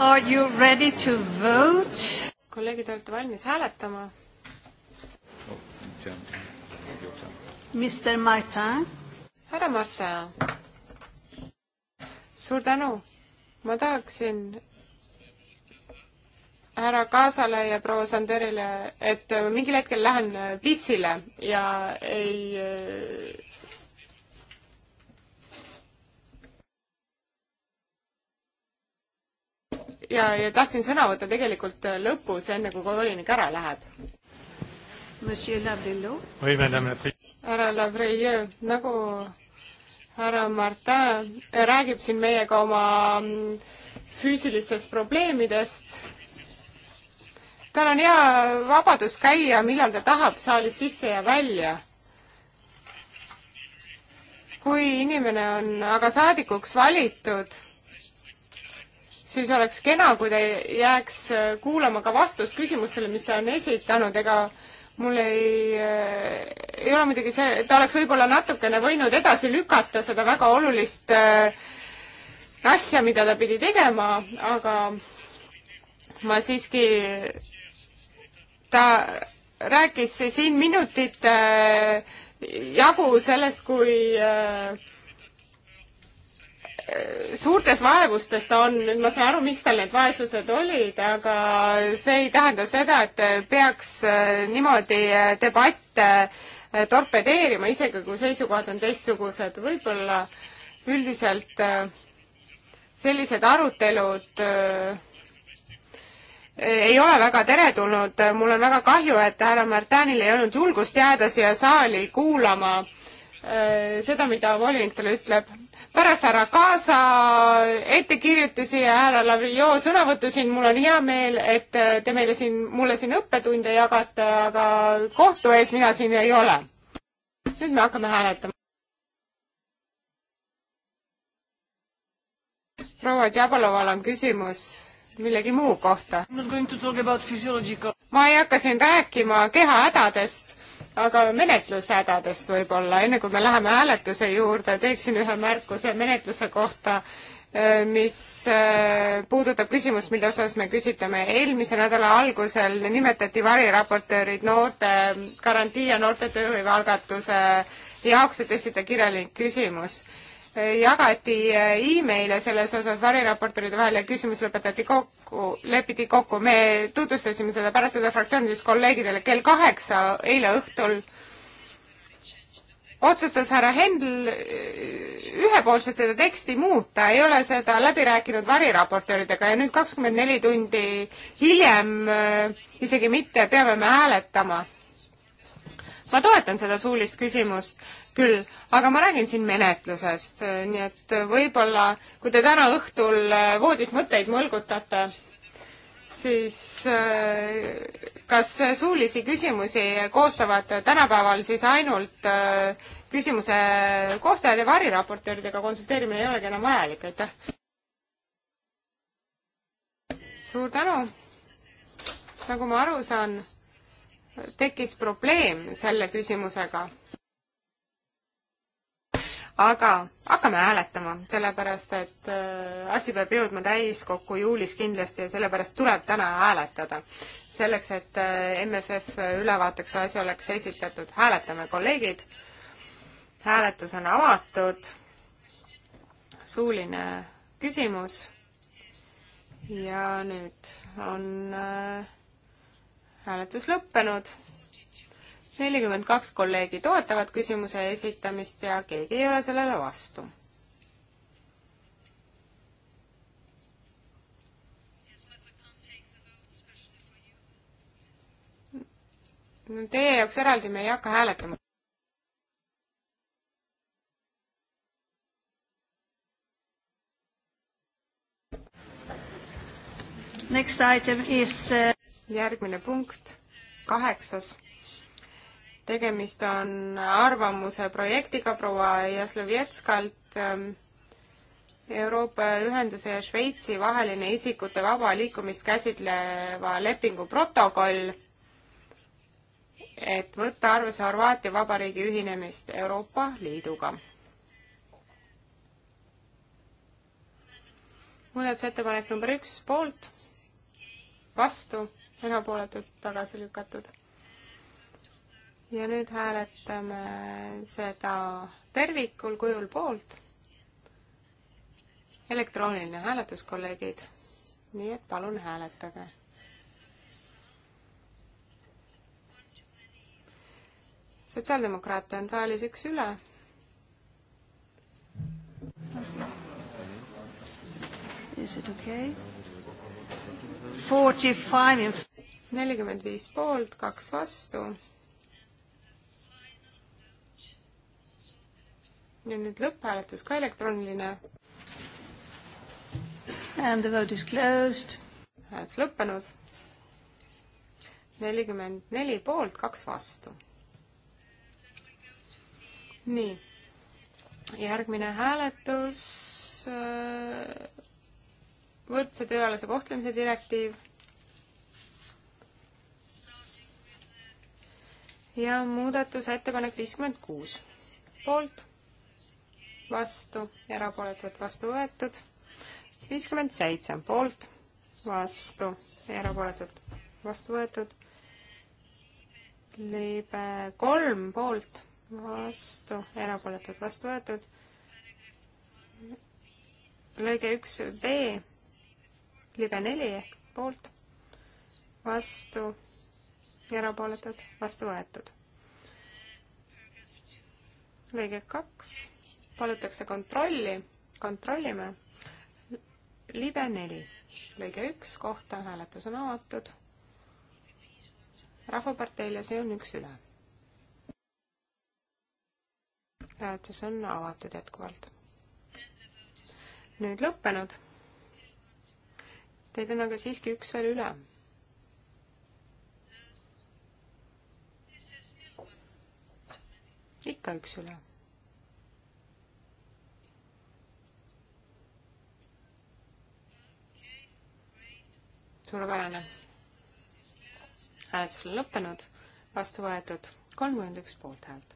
Are you ready to vote? kolleegid, olete valmis hääletama? Mr Martin. härra Martin. suur tänu. ma tahaksin härra Kaasale ja proua Sanderile, et mingil hetkel lähen pissile ja ei tahtsin sõna võtta tegelikult lõpus, enne kui volinik ära läheb. härra Lavriljeu, nagu härra Martin äh, räägib siin meiega oma mm, füüsilistest probleemidest. tal on hea vabadus käia, millal ta tahab, saalis sisse ja välja kui inimene on aga saadikuks valitud siis oleks kena, kui te jääks äh, kuulama ka vastust küsimustele, mis on esitanud, ega mul ei, äh, ei ole muidugi see, ta oleks võib-olla natukene võinud edasi lükata seda väga olulist äh, asja, mida ta pidi tegema, aga ma siiski, ta rääkis siin minutite jagu sellest, kui äh, suurtes vaevustes ta on, nüüd ma saan aru, miks tal need vaesused olid, aga see ei tähenda seda, et peaks äh, niimoodi äh, debatte äh, torpedeerima, isegi kui seisukohad on teistsugused, võib-olla üldiselt sellised arutelud ei ole väga teretulnud, mul on väga kahju, et härra Martinil ei olnud julgust jääda siia saali kuulama seda, mida volinik talle ütleb pärast härra Kaasa ettekirjutusi ja härra Lavrio sõnavõttu siin mul on hea meel, et te meile siin, mulle siin õppetunde jagate, aga kohtu ees mina siin ei ole. nüüd me hakkame hääletama. proua Tšabaloval on küsimus millegi muu kohta. ma ei hakka siin rääkima kehahädadest aga menetlushädadest võib-olla, enne kui me läheme hääletuse juurde, teeksin ühe märkuse menetluse kohta, äh, mis äh, puudutab küsimust, mille osas me küsitleme. eelmise nädala algusel nimetati variraportöörid noorte garantii ja noorte tööhõive algatuse jaoks, et esitada kirjalik küsimus jagati eh, emaile selles osas variraportoride vahel ja küsimus lõpetati kokku, lepiti kokku. me tutvustasime seda pärast seda fraktsioonides kolleegidele kell kaheksa eile õhtul otsustas härra Hendl eh, ühepoolselt seda teksti muuta, ei ole seda läbi rääkinud variraportööridega ja nüüd kakskümmend neli tundi hiljem eh, isegi mitte peame me hääletama. ma toetan seda suulist küsimust küll, aga ma räägin siin menetlusest, nii et võib-olla kui te täna õhtul äh, voodis mõtteid mõlgutate, siis äh, kas suulisi küsimusi koostavad tänapäeval siis ainult äh, küsimuse koostajad ja variraportööridega konsulteerimine ei olegi enam vajalik, aitäh! suur tänu! nagu ma aru saan, tekkis probleem selle küsimusega aga hakkame hääletama, sellepärast et äh, asi peab jõudma täiskokku juulis kindlasti ja sellepärast tuleb täna hääletada. selleks, et äh, MFF ülevaateks asi oleks esitatud, hääletame, kolleegid. hääletus on avatud. suuline küsimus ja nüüd on äh, hääletus lõppenud nelikümmend kaks kolleegi toetavad küsimuse esitamist ja keegi ei ole sellele vastu. Teie jaoks eraldi me ei hakka hääletama. Next item is uh, järgmine punkt, kaheksas tegemist on arvamuse projektiga proua Jaslovjetskalt ähm, Euroopa Ühenduse ja Šveitsi vaheline isikute vaba liikumist käsitleva lepingu protokoll, et võtta arvesse Horvaatia Vabariigi ühinemist Euroopa Liiduga. muudatusettepanek number üks, poolt, vastu, erapooletult tagasi lükatud ja nüüd hääletame seda tervikul kujul poolt. elektrooniline hääletus, kolleegid. nii et palun hääletage. sotsiaaldemokraate on saalis üks üle. Is it okay? nelikümmend viis poolt, kaks vastu ja nüüd lõpphääletus ka elektrooniline. And the vote is closed. hääletus lõppenud. nelikümmend neli poolt, kaks vastu. nii, järgmine hääletus. Äh, võrdse tööalase kohtlemise direktiiv ja muudatusettepanek viiskümmend kuus. poolt, vastu, erapooletud, vastu võetud. viiskümmend seitse poolt, vastu, erapooletud, vastu võetud. liibe kolm poolt, vastu, erapooletud, vastu võetud. lõige üks B, liibe neli ehk poolt, vastu, erapooletud, vastu võetud. lõige kaks palutakse kontrolli, kontrollime. libe neli, lõige üks kohta, hääletus on avatud. rahvaparteil ja see on üks üle. hääletus on avatud jätkuvalt. nüüd lõppenud. Teid on aga siiski üks veel üle ikka üks üle. suurepärane. hääletus on lõppenud, vastu võetud kolmkümmend üks poolthäält.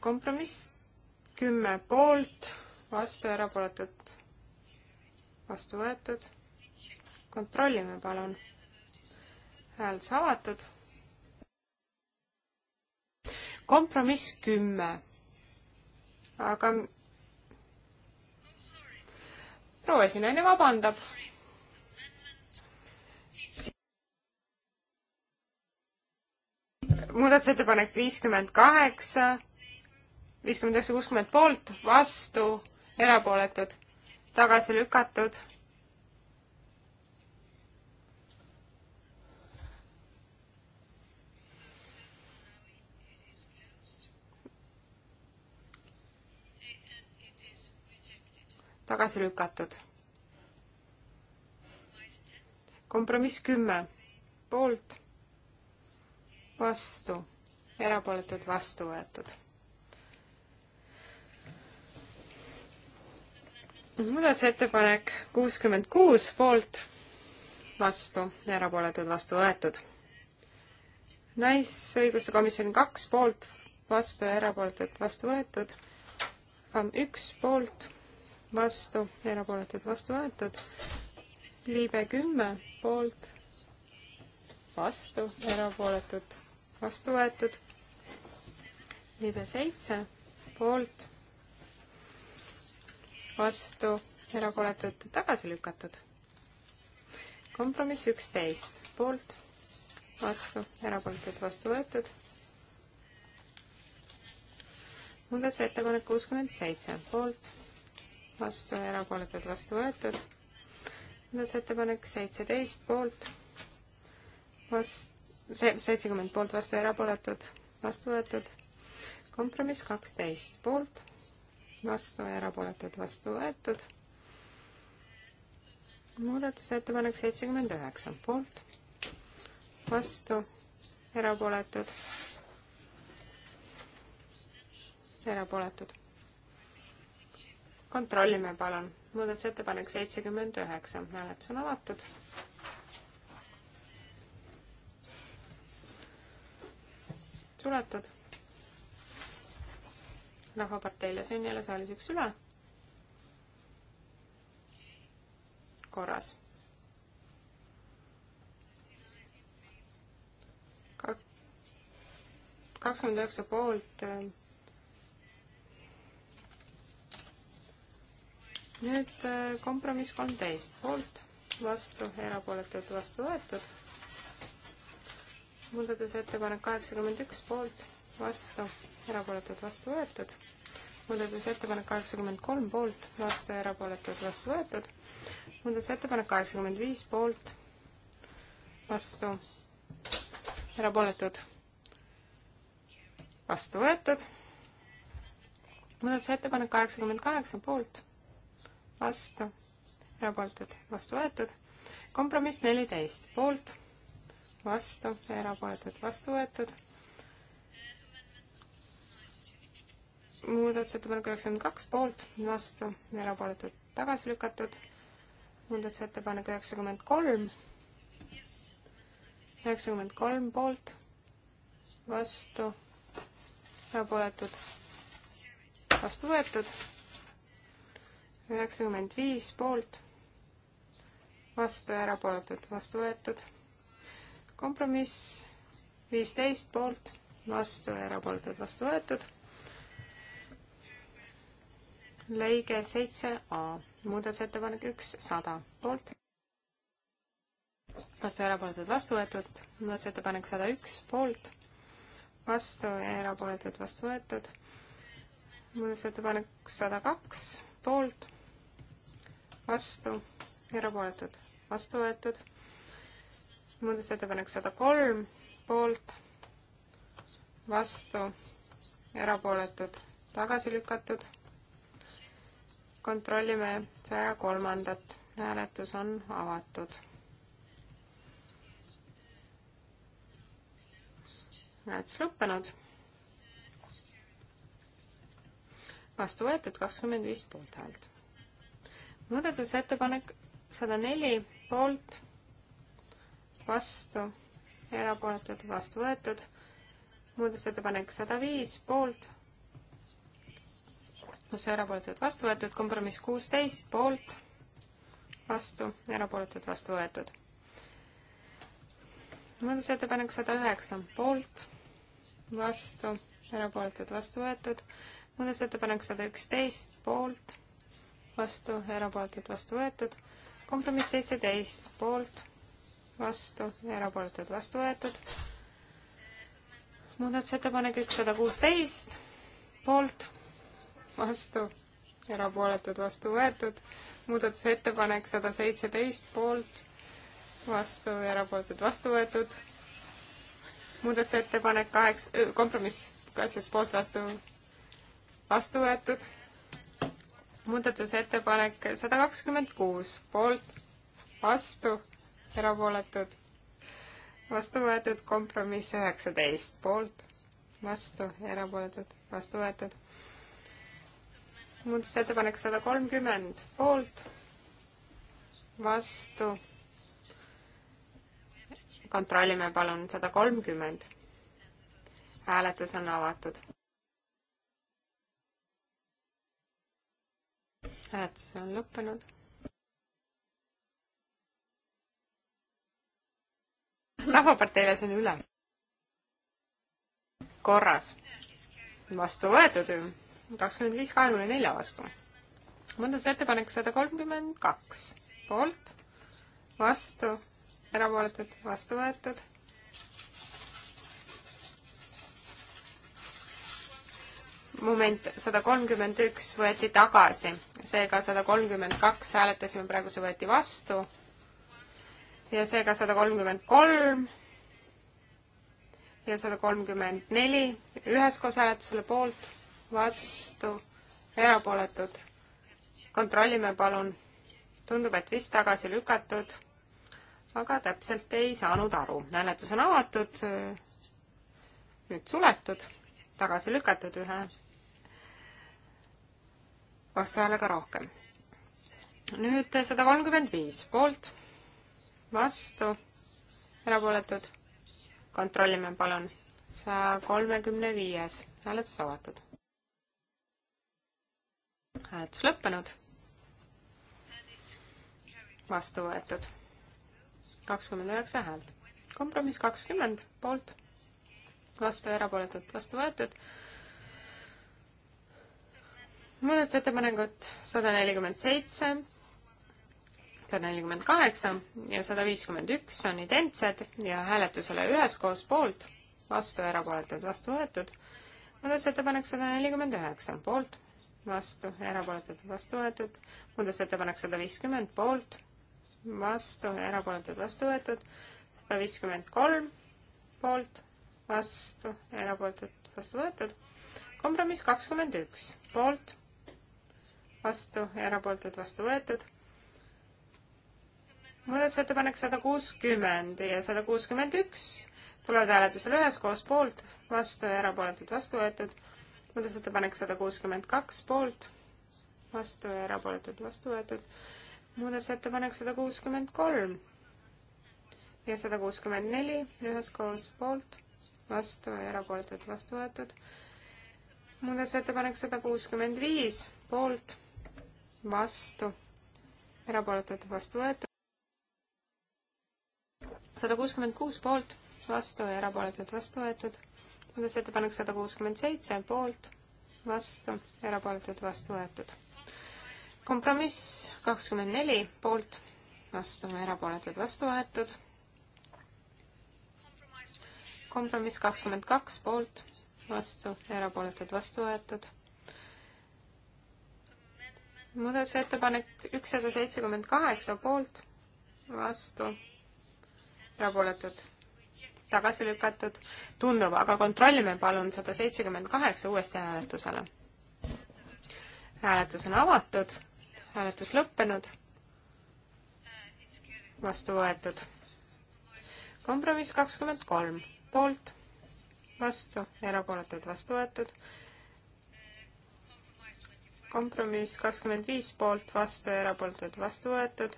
kompromiss kümme poolt, vastu erapooletud, vastu võetud. kontrollime palun. hääletus avatud. kompromiss kümme. aga proua esinaine vabandab. muudatusettepanek viiskümmend kaheksa, viiskümmend üheksa, kuuskümmend poolt, vastu, erapooletud, tagasi lükatud tagasi lükatud. kompromiss kümme, poolt, vastu, erapooletud, vastu võetud. muudatusettepanek kuuskümmend kuus, poolt, vastu, erapooletud, vastu võetud. naisõiguste komisjon kaks, poolt, vastu ja erapooletud, vastu võetud. üks poolt vastu, erapooletud vastu võetud. liibe kümme poolt, vastu, erapooletud vastu võetud. liibe seitse poolt, vastu, erapooletud tagasi lükatud. kompromiss üksteist poolt, vastu, erapooletud vastu võetud muudatusettepanek kuuskümmend seitse, poolt, vastu, erapooletud, vastu võetud. muudatusettepanek seitseteist poolt, vast-, see, seitsekümmend poolt, vastu, erapooletud, vastu võetud. kompromiss kaksteist poolt, vastu, erapooletud, vastu võetud. muudatusettepanek seitsekümmend üheksa poolt, vastu, erapooletud, erapooletud kontrollime palun. muudatusettepanek seitsekümmend üheksa, hääletus on avatud. suletud. rahvaparteile siin jälle saalis üks üle. korras. kakskümmend üheksa poolt nüüd äh, kompromiss kolmteist, poolt, vastu, erapooletud, vastu võetud. muudatusettepanek kaheksakümmend üks, poolt, vastu, erapooletud, vastu võetud. muudatusettepanek kaheksakümmend kolm, poolt, vastu, erapooletud, vastu võetud. muudatusettepanek kaheksakümmend viis, poolt, vastu, erapooletud, vastu võetud. muudatusettepanek kaheksakümmend kaheksa, poolt vastu, erapooletud, vastu võetud. kompromiss neliteist, poolt, vastu, erapooletud, vastu võetud. muudatusettepanek üheksakümmend kaks, poolt, vastu, erapooletud, tagasi lükatud. muudatusettepanek üheksakümmend kolm, üheksakümmend kolm poolt, vastu, erapooletud, vastu võetud üheksakümmend viis poolt, vastu ja erapooletud, vastu võetud. kompromiss viisteist poolt, vastu ja erapooletud, vastu võetud. lõige seitse A, muudatusettepanek üks, sada poolt, vastu ja erapooletud, vastu võetud. muudatusettepanek sada üks poolt, vastu ja erapooletud, vastu võetud. muudatusettepanek sada kaks poolt vastu, erapooletud, vastu võetud. muudatusettepanek sada kolm, poolt, vastu, erapooletud, tagasi lükatud. kontrollime saja kolmandat, hääletus on avatud. hääletus lõppenud vastu võetud kakskümmend viis poolthäält muudatusettepanek sada neli poolt, vastu, erapooletud, vastu võetud. muudatusettepanek sada viis poolt, vastu, erapooletud, vastu võetud. kompromiss kuusteist poolt, vastu, erapooletud, vastu võetud. muudatusettepanek sada üheksa poolt, vastu, erapooletud, vastu võetud. muudatusettepanek sada üksteist poolt vastu, erapooletud, vastu võetud. kompromiss seitseteist poolt, vastu, erapooletud, vastu võetud. muudatusettepanek ükssada kuusteist poolt, vastu, erapooletud, vastu võetud. muudatusettepanek sada seitseteist poolt, vastu, erapooletud, vastu võetud. muudatusettepanek kaheksa, kompromiss, kas siis poolt, vastu, vastu võetud muudatusettepanek sada kakskümmend kuus, poolt, vastu, erapooletud, vastu võetud, kompromiss üheksateist, poolt, vastu, erapooletud, vastu võetud. muudatusettepanek sada kolmkümmend, poolt, vastu, kontrollime palun, sada kolmkümmend. hääletus on avatud. hääletus on lõppenud. rahvaparteile see on üle. korras. vastu võetud ju. kakskümmend viis kahekümne nelja vastu. muudatusettepanek sada kolmkümmend kaks. poolt, vastu, erapooletud, vastu võetud moment sada kolmkümmend üks võeti tagasi, seega sada kolmkümmend kaks hääletasime, praegu see võeti vastu. ja seega sada kolmkümmend kolm ja sada kolmkümmend neli üheskoos hääletusele poolt, vastu, erapooletud. kontrollime palun. tundub, et vist tagasi lükatud, aga täpselt ei saanud aru. hääletus on avatud, nüüd suletud, tagasi lükatud ühe vastuhäälega rohkem. nüüd sada kolmkümmend viis poolt, vastu, erapooletud. kontrollime palun. saja kolmekümne viies hääletus avatud. hääletus lõppenud. vastu võetud. kakskümmend üheksa häält. kompromiss kakskümmend poolt, vastu, erapooletud, vastu võetud muudatusettepanekud sada nelikümmend seitse, sada nelikümmend kaheksa ja sada viiskümmend üks on identsed ja hääletusele üheskoos poolt, vastu erapooletud, vastu võetud. muudatusettepanek sada nelikümmend üheksa poolt, vastu erapooletud, vastu võetud. muudatusettepanek sada viiskümmend poolt, vastu erapooletud, vastu võetud. sada viiskümmend kolm poolt vastu, erapooletud vastu võetud. kompromiss kakskümmend üks, poolt, vastu, erapooletud, vastu võetud. muudatusettepanek sada kuuskümmend ja sada kuuskümmend üks tulevad hääletusele üheskoos poolt, vastu ja erapooletud, vastu võetud. muudatusettepanek sada kuuskümmend kaks poolt, vastu ja erapooletud, vastu võetud. muudatusettepanek sada kuuskümmend kolm ja sada kuuskümmend neli üheskoos poolt, vastu ja erapooletud, vastu võetud muudatusettepanek sada kuuskümmend viis, poolt, vastu, erapooletud, vastu võetud. sada kuuskümmend kuus poolt, vastu ja erapooletud, vastu võetud. muudatusettepanek sada kuuskümmend seitse poolt, vastu, erapooletud, vastu võetud. kompromiss kakskümmend neli poolt, vastu, erapooletud, vastu võetud. kompromiss kakskümmend kaks poolt, vastu, erapooletud, vastu võetud muudatusettepanek ükssada seitsekümmend kaheksa poolt, vastu, erapooletud, tagasi lükatud, tundub, aga kontrollime palun sada seitsekümmend kaheksa uuesti hääletusele. hääletus on avatud, hääletus lõppenud, vastu võetud. kompromiss kakskümmend kolm, poolt, vastu, erapooletud, vastu võetud kompromiss kakskümmend viis poolt, vastu ja erapooletud, vastu võetud.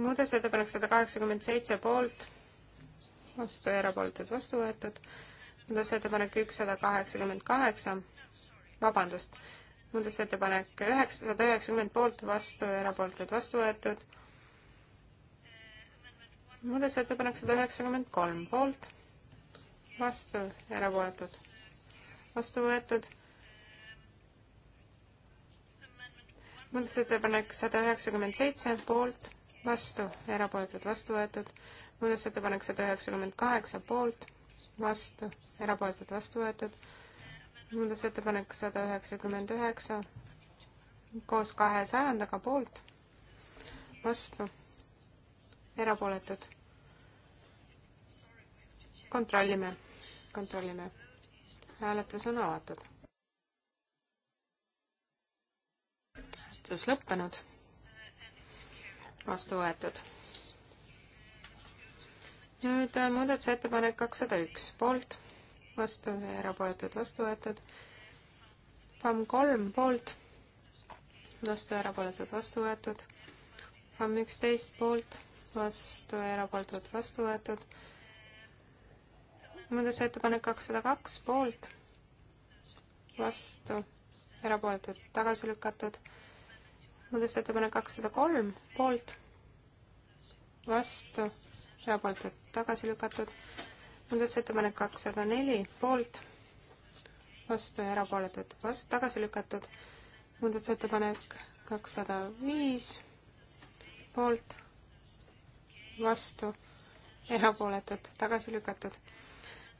muudatusettepanek sada kaheksakümmend seitse poolt, vastu ja erapooletud, vastu võetud. muudatusettepanek ükssada kaheksakümmend kaheksa, vabandust, muudatusettepanek üheksasada üheksakümmend poolt, vastu ja erapooletud, vastu võetud. muudatusettepanek sada üheksakümmend kolm poolt, vastu, erapooletud, vastu võetud muudatusettepanek sada üheksakümmend seitse poolt, vastu, erapooletud, vastu võetud. muudatusettepanek sada üheksakümmend kaheksa poolt, vastu, erapooletud, vastu võetud. muudatusettepanek sada üheksakümmend üheksa koos kahesajandaga poolt, vastu, erapooletud. kontrollime, kontrollime. hääletus on avatud. hääletus lõppenud. vastu võetud. nüüd äh, muudatusettepanek kakssada üks, poolt, vastu, erapooletud, vastu võetud. FAM kolm poolt, vastu, erapooletud, vastu võetud. FAM üksteist poolt, vastu, erapooletud, vastu võetud muudatusettepanek kakssada kaks poolt, vastu, erapooletud, tagasi lükatud muudatusettepanek kakssada kolm poolt, vastu, erapooletud, tagasi lükatud. muudatusettepanek kakssada neli poolt, vastu ja erapooletud, vastu, tagasi lükatud. muudatusettepanek kakssada viis poolt, vastu, erapooletud, tagasi lükatud.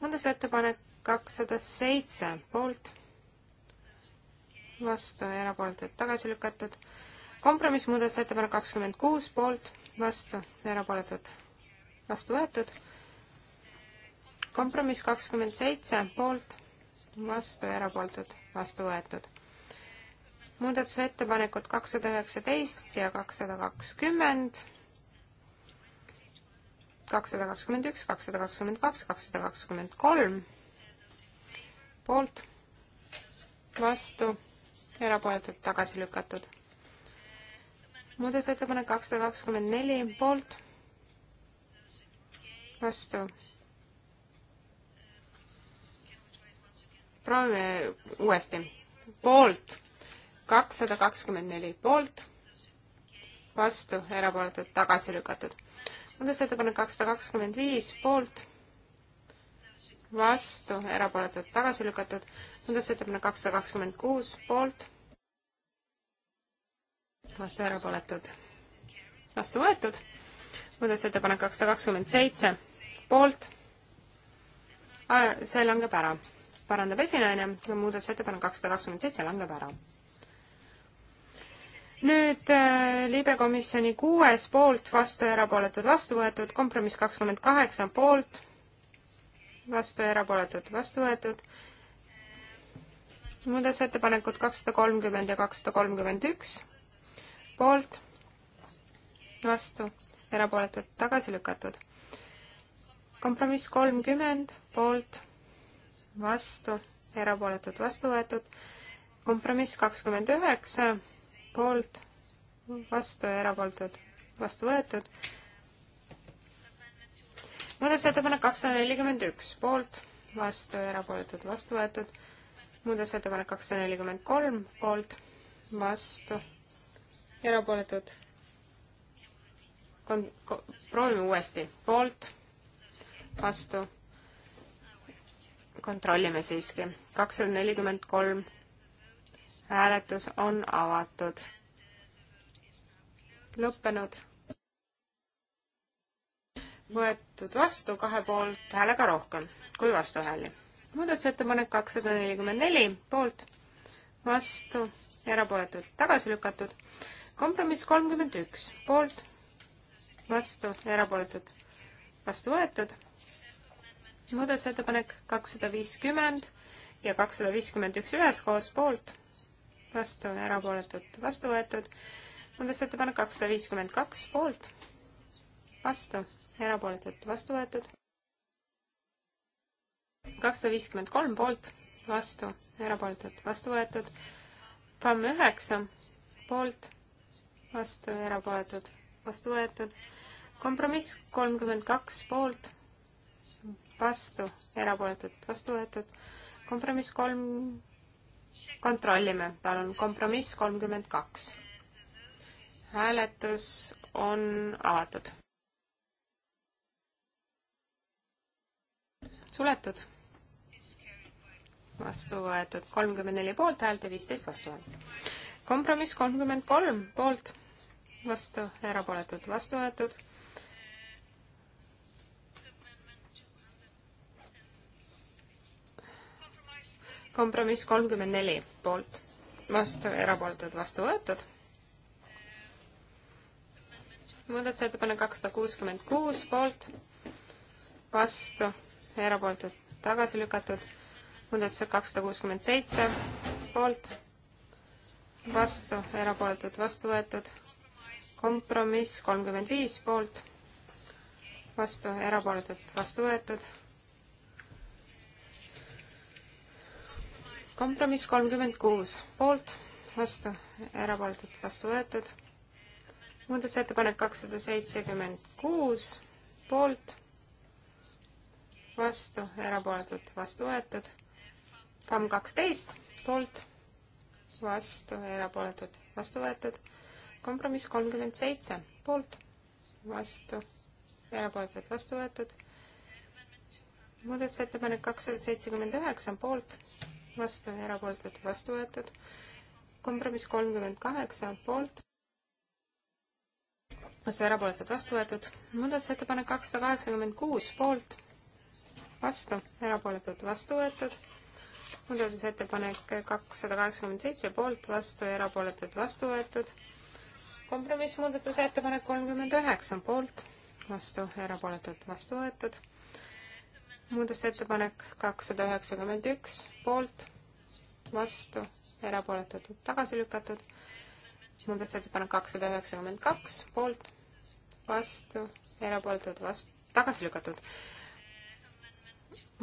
muudatusettepanek kakssada seitse poolt, vastu ja erapooletud, tagasi lükatud kompromissmuudatusettepanek kakskümmend kuus poolt, vastu, erapooletud, vastu võetud. kompromiss kakskümmend seitse poolt, vastu, erapooletud, vastu võetud. muudatusettepanekud kakssada üheksateist ja kakssada kakskümmend kakssada kakskümmend üks, kakssada kakskümmend kaks, kakssada kakskümmend kolm. poolt, vastu, erapooletud, tagasi lükatud muudatusettepanek kakssada kakskümmend neli poolt, vastu. proovime uuesti. poolt, kakssada kakskümmend neli poolt, vastu, erapooletud, tagasi lükatud. muudatusettepanek kakssada kakskümmend viis poolt, vastu, erapooletud, tagasi lükatud. muudatusettepanek kakssada kakskümmend kuus poolt vastu erapooletud, vastu võetud. muudatusettepanek kakssada kakskümmend seitse, poolt. see langeb ära, parandab esinaine, muudatusettepanek kakssada kakskümmend seitse langeb ära. nüüd äh, libekomisjoni kuues poolt, vastu erapooletud, vastu võetud, kompromiss kakskümmend kaheksa poolt, vastu erapooletud, vastu võetud muudatusettepanekud kakssada kolmkümmend ja kakssada kolmkümmend üks poolt, vastu, erapooletud, tagasi lükatud. kompromiss kolmkümmend, poolt, vastu, erapooletud, vastu võetud. kompromiss kakskümmend üheksa, poolt, vastu ja erapooletud, vastu võetud. muudatusettepanek kakssada nelikümmend üks, poolt, vastu ja erapooletud, vastu võetud muudatusettepanek kakssada nelikümmend kolm, poolt, vastu, erapooletud. Kon-, ko-, proovime uuesti, poolt, vastu, kontrollime siiski. kakssada nelikümmend kolm hääletus on avatud. lõppenud. võetud vastu kahe poolt häälega rohkem kui vastuhääli. muudatusettepanek kakssada nelikümmend neli poolt, vastu, erapooletud, tagasi lükatud kompromiss kolmkümmend üks, poolt, vastu, erapooletud, vastu võetud. muudatusettepanek kakssada viiskümmend ja kakssada viiskümmend üks üheskoos, poolt, vastu, erapooletud, vastu võetud. muudatusettepanek kakssada viiskümmend kaks, poolt, vastu, erapooletud, vastu võetud. kakssada viiskümmend kolm poolt, vastu, erapooletud, vastu võetud. FAM üheksa poolt vastu ja erapooletud, vastu võetud. kompromiss kolmkümmend kaks poolt, vastu, erapooletud, vastu võetud. kompromiss kolm, kontrollime, palun, kompromiss kolmkümmend kaks. hääletus on avatud. suletud vastu võetud kolmkümmend neli poolthäält ja viisteist vastuhäält. kompromiss kolmkümmend kolm poolt, vastu, erapooletud, vastu võetud. kompromiss kolmkümmend neli poolt, vastu, erapooletud, vastu võetud. muudatusettepanek kakssada kuuskümmend kuus poolt, vastu, erapooletud, tagasi lükatud. muudatused kakssada kuuskümmend seitse poolt, vastu, erapooletud, vastu võetud kompromiss kolmkümmend viis poolt, vastu, erapooletud, vastu võetud. kompromiss kolmkümmend kuus poolt, vastu, erapooletud, vastu võetud. muudatusettepanek kakssada seitsekümmend kuus poolt, vastu, erapooletud, vastu võetud. FAM kaksteist poolt, vastu, erapooletud, vastu võetud kompromiss kolmkümmend seitse poolt, vastu, erapooletud, vastu võetud. muudatusettepanek kakssada seitsekümmend üheksa poolt, vastu, erapooletud, vastu võetud. kompromiss kolmkümmend kaheksa poolt, vastu, erapooletud, vastu võetud. muudatusettepanek kakssada kaheksakümmend kuus poolt, vastu, erapooletud, vastu võetud muudatusettepanek kakssada kaheksakümmend seitse poolt, vastu ja erapooletud, vastu võetud kompromissmuudatuse ettepanek kolmkümmend üheksa on poolt, vastu, erapooletud, vastu võetud. muudatusettepanek kakssada üheksakümmend üks, poolt, vastu, erapooletud, tagasi lükatud. muudatusettepanek kakssada üheksakümmend kaks, poolt, vastu, erapooletud, vastu, tagasi lükatud.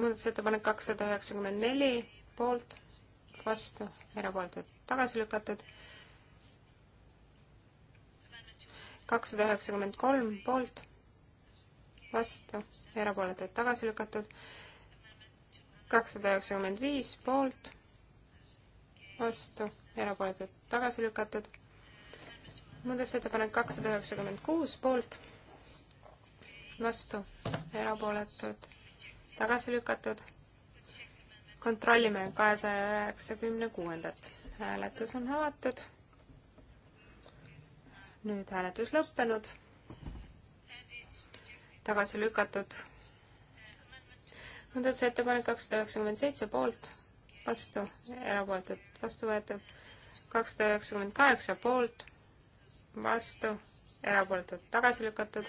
muudatusettepanek kakssada üheksakümmend neli, poolt, vastu, erapooletud, tagasi lükatud kakssada üheksakümmend kolm poolt, vastu, erapooletuid tagasi lükatud, kakssada üheksakümmend viis poolt, vastu, erapooletuid tagasi lükatud, muudatusettepanek kakssada üheksakümmend kuus poolt, vastu, erapooletud, tagasi lükatud, kontrollime kahesaja üheksakümne kuuendat. hääletus on avatud nüüd hääletus lõppenud. tagasi lükatud. muudatusettepanek kakssada üheksakümmend seitse poolt, vastu, erapooletud, vastu võetud. kakssada üheksakümmend kaheksa poolt, vastu, erapooletud, tagasi lükatud.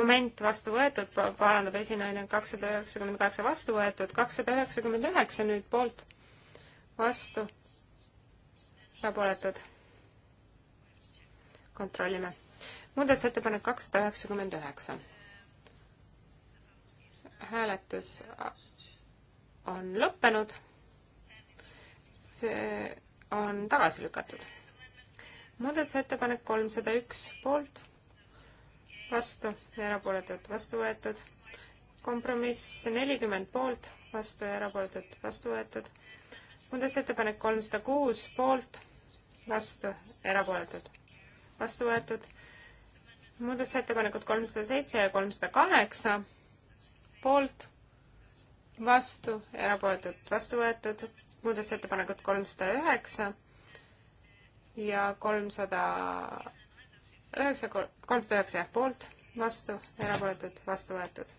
moment vastu võetud, parandab esinaine, kakssada üheksakümmend kaheksa vastu võetud, kakssada üheksakümmend üheksa nüüd poolt, vastu, erapooletud kontrollime. muudatusettepanek kakssada üheksakümmend üheksa. hääletus on lõppenud. see on tagasi lükatud. muudatusettepanek kolmsada üks poolt, vastu ja erapooletud, vastu võetud. kompromiss nelikümmend poolt, vastu ja erapooletud, vastu võetud muudatusettepanek kolmsada kuus poolt, vastu, erapooletud, vastu võetud. muudatusettepanekud kolmsada seitse ja kolmsada kaheksa poolt, vastu, erapooletud, vastu võetud. muudatusettepanekud kolmsada üheksa ja kolmsada üheksa, kolmsada üheksa jah, poolt, vastu, erapooletud, vastu võetud.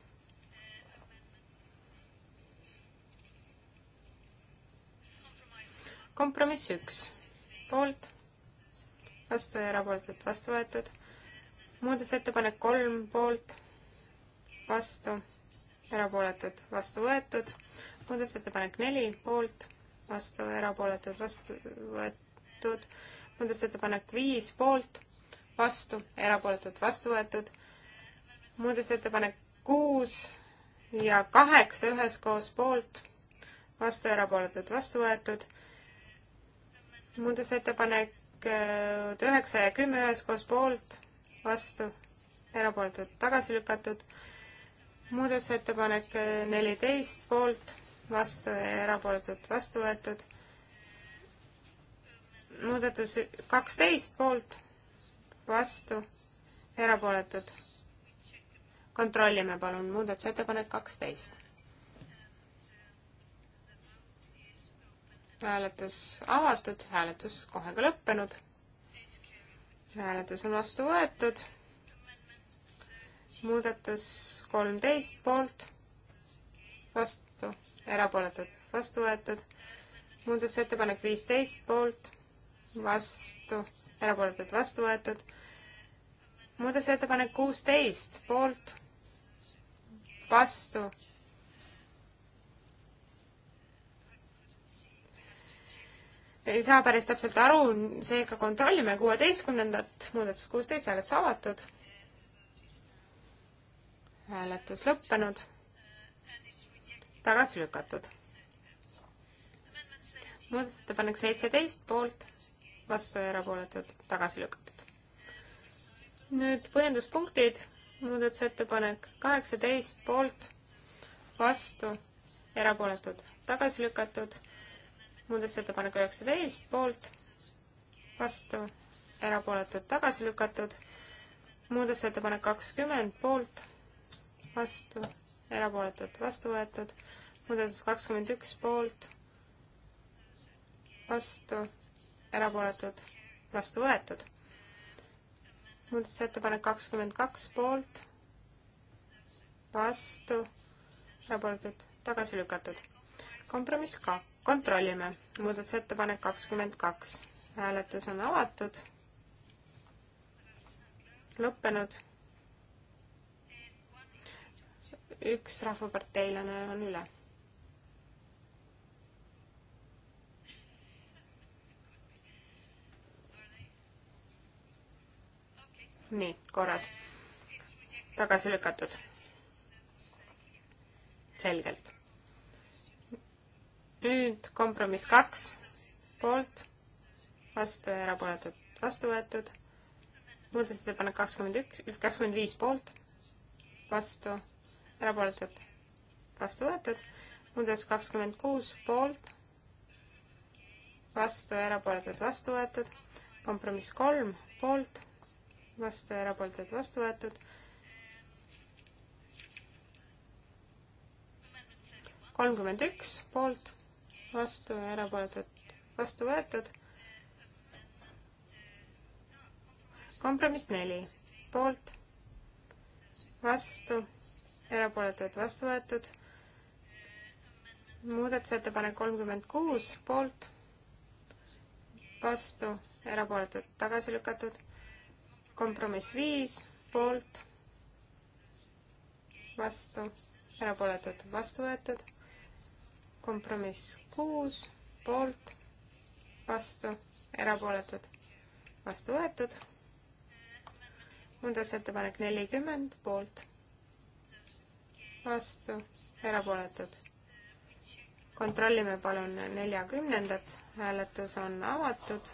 kompromiss üks, poolt vastu ja erapooletult vastu võetud. muudatusettepanek kolm poolt, vastu, erapooletult vastu võetud. muudatusettepanek neli poolt, vastu, erapooletult vastu võetud. muudatusettepanek viis poolt, vastu, erapooletult vastu võetud. muudatusettepanek kuus ja kaheksa üheskoos poolt, vastu, erapooletult vastu võetud muudatusettepanek üheksa ja kümme üheskoos poolt, vastu, erapooletud, tagasi lükatud. muudatusettepanek neliteist poolt, vastu ja erapooletud, vastu võetud. muudatus kaksteist poolt, vastu, erapooletud. kontrollime palun muudatusettepanek kaksteist hääletus avatud, hääletus kohe ka lõppenud. hääletus on vastu võetud. muudatus kolmteist poolt, vastu, erapooletud, vastu võetud. muudatusettepanek viisteist poolt, vastu, erapooletud, vastu võetud. muudatusettepanek kuusteist poolt, vastu ei saa päris täpselt aru, seega kontrollime kuueteistkümnendat, muudatus kuusteist, hääletus avatud. hääletus lõppenud. tagasi lükatud. muudatusettepanek seitseteist, poolt, vastu ja erapooletud, tagasi lükatud. nüüd põhjenduspunktid, muudatusettepanek kaheksateist, poolt, vastu, erapooletud, tagasi lükatud muudatusettepanek üheksateist poolt, vastu, erapooletud, tagasi lükatud. muudatusettepanek kakskümmend poolt, vastu, erapooletud, vastu võetud. muudatus kakskümmend üks poolt, vastu, erapooletud, vastu võetud. muudatusettepanek kakskümmend kaks poolt, vastu, erapooletud, tagasi lükatud. kompromiss kaks kontrollime. muudatusettepanek kakskümmend kaks. hääletus on avatud. lõppenud. üks rahvaparteilane on üle. nii, korras. tagasi lükatud. selgelt nüüd kompromiss kaks, poolt, vastu ja erapooletud, vastu võetud. muudatusettepanek kakskümmend üks, kakskümmend viis poolt, vastu, erapooletud, vastu võetud. muudatus kakskümmend kuus poolt, vastu ja erapooletud, vastu võetud. kompromiss kolm poolt, vastu ja erapooletud, vastu võetud kolmkümmend üks poolt, vastu ja erapooletud vastu võetud. kompromiss neli, poolt, vastu, erapooletud vastu võetud. muudatusettepanek kolmkümmend kuus, poolt, vastu, erapooletud tagasi lükatud. kompromiss viis, poolt, vastu, erapooletud vastu võetud kompromiss kuus, poolt, vastu, erapooletud, vastu võetud. muudatusettepanek nelikümmend, poolt, vastu, erapooletud. kontrollime palun neljakümnendat, hääletus on avatud.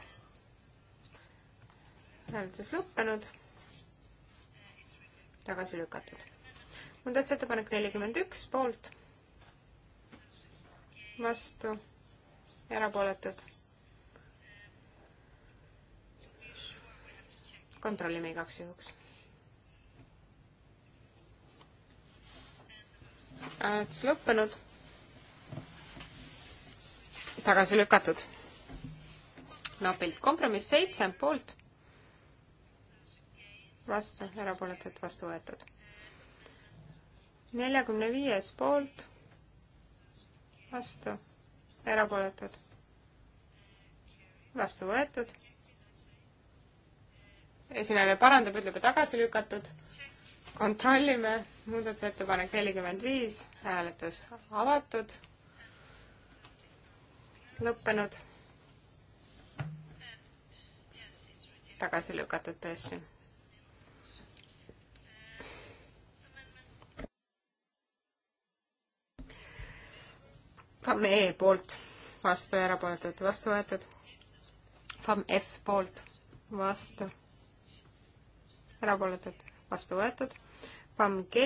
hääletus lõppenud, tagasi lükatud muudatusettepanek nelikümmend üks, poolt vastu, erapooletud. kontrollime igaks juhuks. hääletus lõppenud. tagasi lükatud. napilt kompromiss seitse poolt. vastu, erapooletud, vastu võetud neljakümne viies poolt, vastu, erapooletud, vastu võetud. esinejale parandab, ütleb, et tagasi lükatud. kontrollime, muudatusettepanek nelikümmend viis, hääletus avatud, lõppenud. tagasi lükatud tõesti FAM E poolt, vastu ja erapooletud, vastu võetud. FAM F poolt, vastu, erapooletud, vastu võetud. FAM G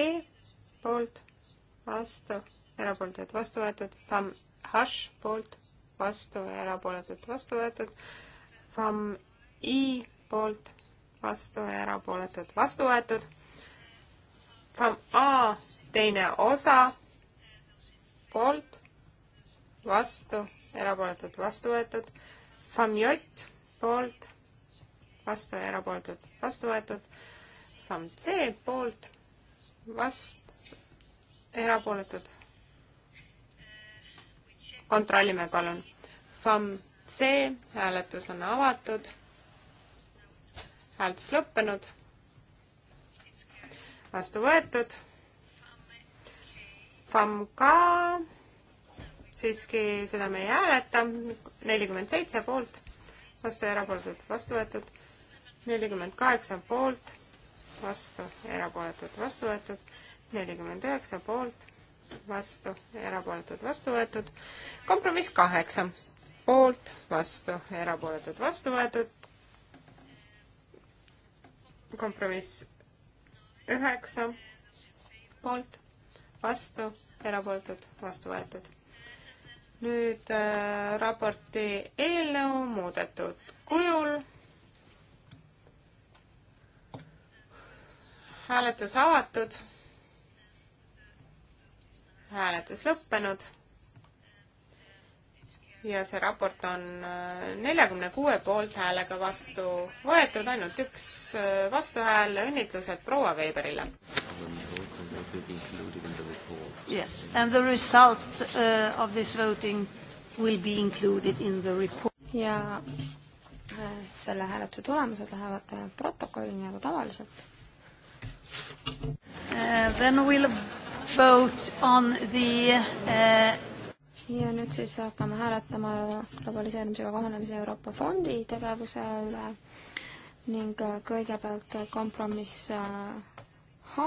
poolt, vastu, erapooletud, vastu võetud. FAM H poolt, vastu ja erapooletud, vastu võetud. FAM I poolt, vastu ja erapooletud, vastu võetud FAM A teine osa poolt, vastu, erapooletud, vastu võetud. FAMJ poolt, vastu ja erapooletud, vastu võetud. FAMC poolt, vastu, erapooletud. kontrollime palun. FAMC hääletus on avatud. hääletus lõppenud. vastu võetud. FAM ka siiski seda me ei hääleta, nelikümmend seitse poolt, vastu ja erapooletud, vastu võetud, nelikümmend kaheksa poolt, vastu, erapooletud, vastu võetud, nelikümmend üheksa poolt, vastu, erapooletud, vastu võetud, kompromiss kaheksa, poolt, vastu, erapooletud, vastu võetud, kompromiss üheksa, poolt, vastu, erapooletud, vastu võetud nüüd äh, raporti eelnõu muudetud kujul. hääletus avatud. hääletus lõppenud. ja see raport on neljakümne kuue poolthäälega vastu võetud, ainult üks vastuhääl, õnnitlused proua Veiberile. Yes, and the result uh, of this voting will be included in the report. ja äh, selle hääletuse tulemused lähevad äh, protokolli nagu tavaliselt uh,. Then we'll vote on the uh, ja nüüd siis hakkame hääletama globaliseerimisega kohanemise Euroopa Fondi tegevuse üle ning äh, kõigepealt kompromiss H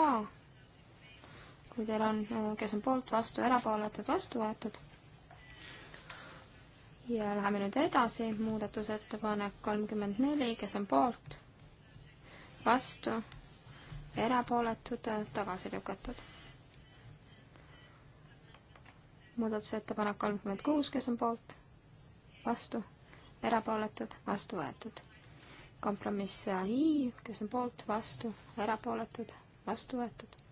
kui teil on, kes on poolt, vastu, erapooletud, vastu võetud. ja läheme nüüd edasi, muudatusettepanek kolmkümmend neli, kes on poolt, vastu, erapooletud, tagasi lükatud. muudatusettepanek kolmkümmend kuus, kes on poolt, vastu, erapooletud, vastu võetud. kompromiss I, kes on poolt, vastu, erapooletud, vastu võetud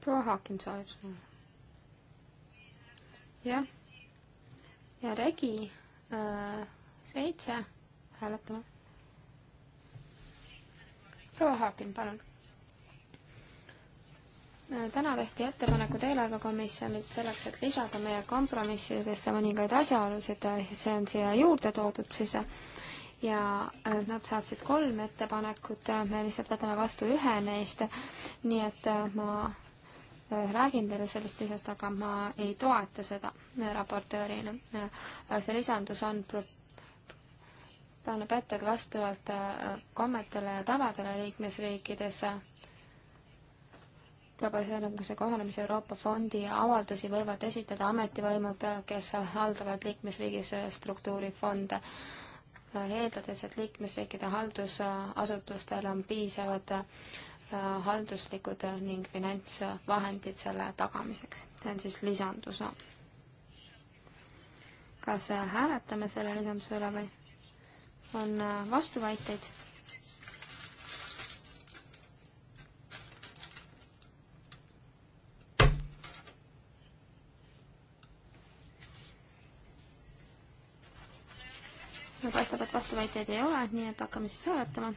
proua Haakin soovib sõna. jah. ja regi äh, seitse, hääletame. proua Haakin, palun äh, täna tehti ettepanekud eelarvekomisjonilt selleks, et lisada meie kompromissidesse mõningaid asjaolusid, see on siia juurde toodud siis, ja äh, nad saatsid kolm ettepanekut, me lihtsalt võtame vastu ühe neist, nii et äh, ma räägin teile sellest lisast, aga ma ei toeta seda raportöörina. see lisandus on pro-, annab ette, et vastavalt äh, kommetele ja tavadele liikmesriikides globaliseerumise kohanemise Euroopa Fondi avaldusi võivad esitada ametivõimud, kes haldavad liikmesriigis äh, struktuurifonde, eeldades, et liikmesriikide haldusasutustel on piisavad äh, Äh, halduslikud ning finantsvahendid selle tagamiseks. see on siis lisandus. kas äh, hääletame selle lisanduse üle või on äh, vastuväiteid? no paistab, et vastuväiteid ei ole, nii et hakkame siis hääletama